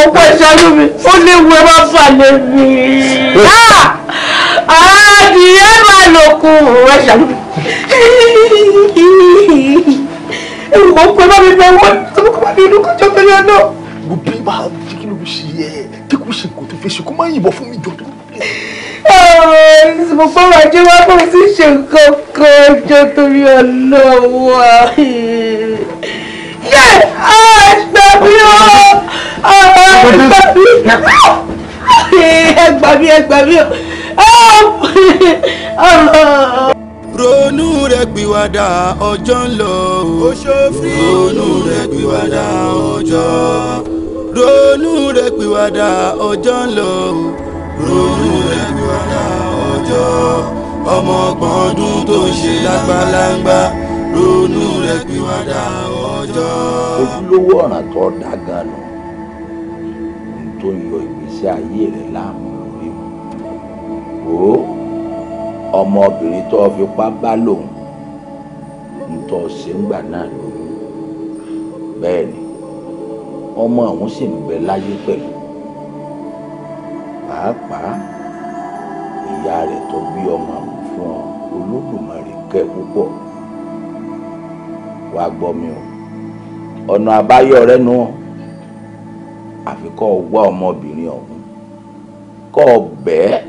ọ̀pọ̀ ìṣẹ́jú mi ó léwu ẹ bá fà lé mi. adìyẹ máa lò kù ọ̀rọ̀ ìṣẹ́jú mi. ewu kò pé bá mi bẹ wọ́n tó kọ́ bá mi inú kọjọ́ pẹ̀lú ọ̀nà. gbogbo ìbá kí ló mo gbọ́ máa jẹ́ wá kó sí ṣe nǹkan kan ọjọ́ torí ọlọ́wọ́ yẹ ẹgbà mi ọ ẹgbà mi ẹgbà mi ẹgbà mi ọ. ronú rẹ gbìwàdà ọjọ́ ń lọ ronú rẹ gbìwàdà ọjọ́ ronú rẹ gbìwàdà ọjọ́ ń lọ ronú rẹ gbìwàdà àwùjọ ọmọ ọgbọ̀n ọdún tó ń ṣe lágbàlágbà ronú rẹ̀ pìwàdà ọjọ́. ojúlówó ọ̀nà tó dá gan nù tó ń yọ ìgbésí ayé rẹ̀ láàmú lórí o ọmọbìnrin tó fipá bá lòun ń tọ́ ṣe ń gbà náà lóyún bẹ́ẹ̀ ni ọmọ àwọn sì ń bẹ láyé pẹ̀lú pàápàá ìyá rẹ̀ tó bí ọmọ fún ọ olódùmarè kẹ́ púpọ̀ wàá gbọ́ mi o ọ̀nà àbáyọ rẹ nù ọ́ àfi kọ́ ọ wá ọmọbìnrin ọ̀hún kọ́ ọ bẹ́ẹ̀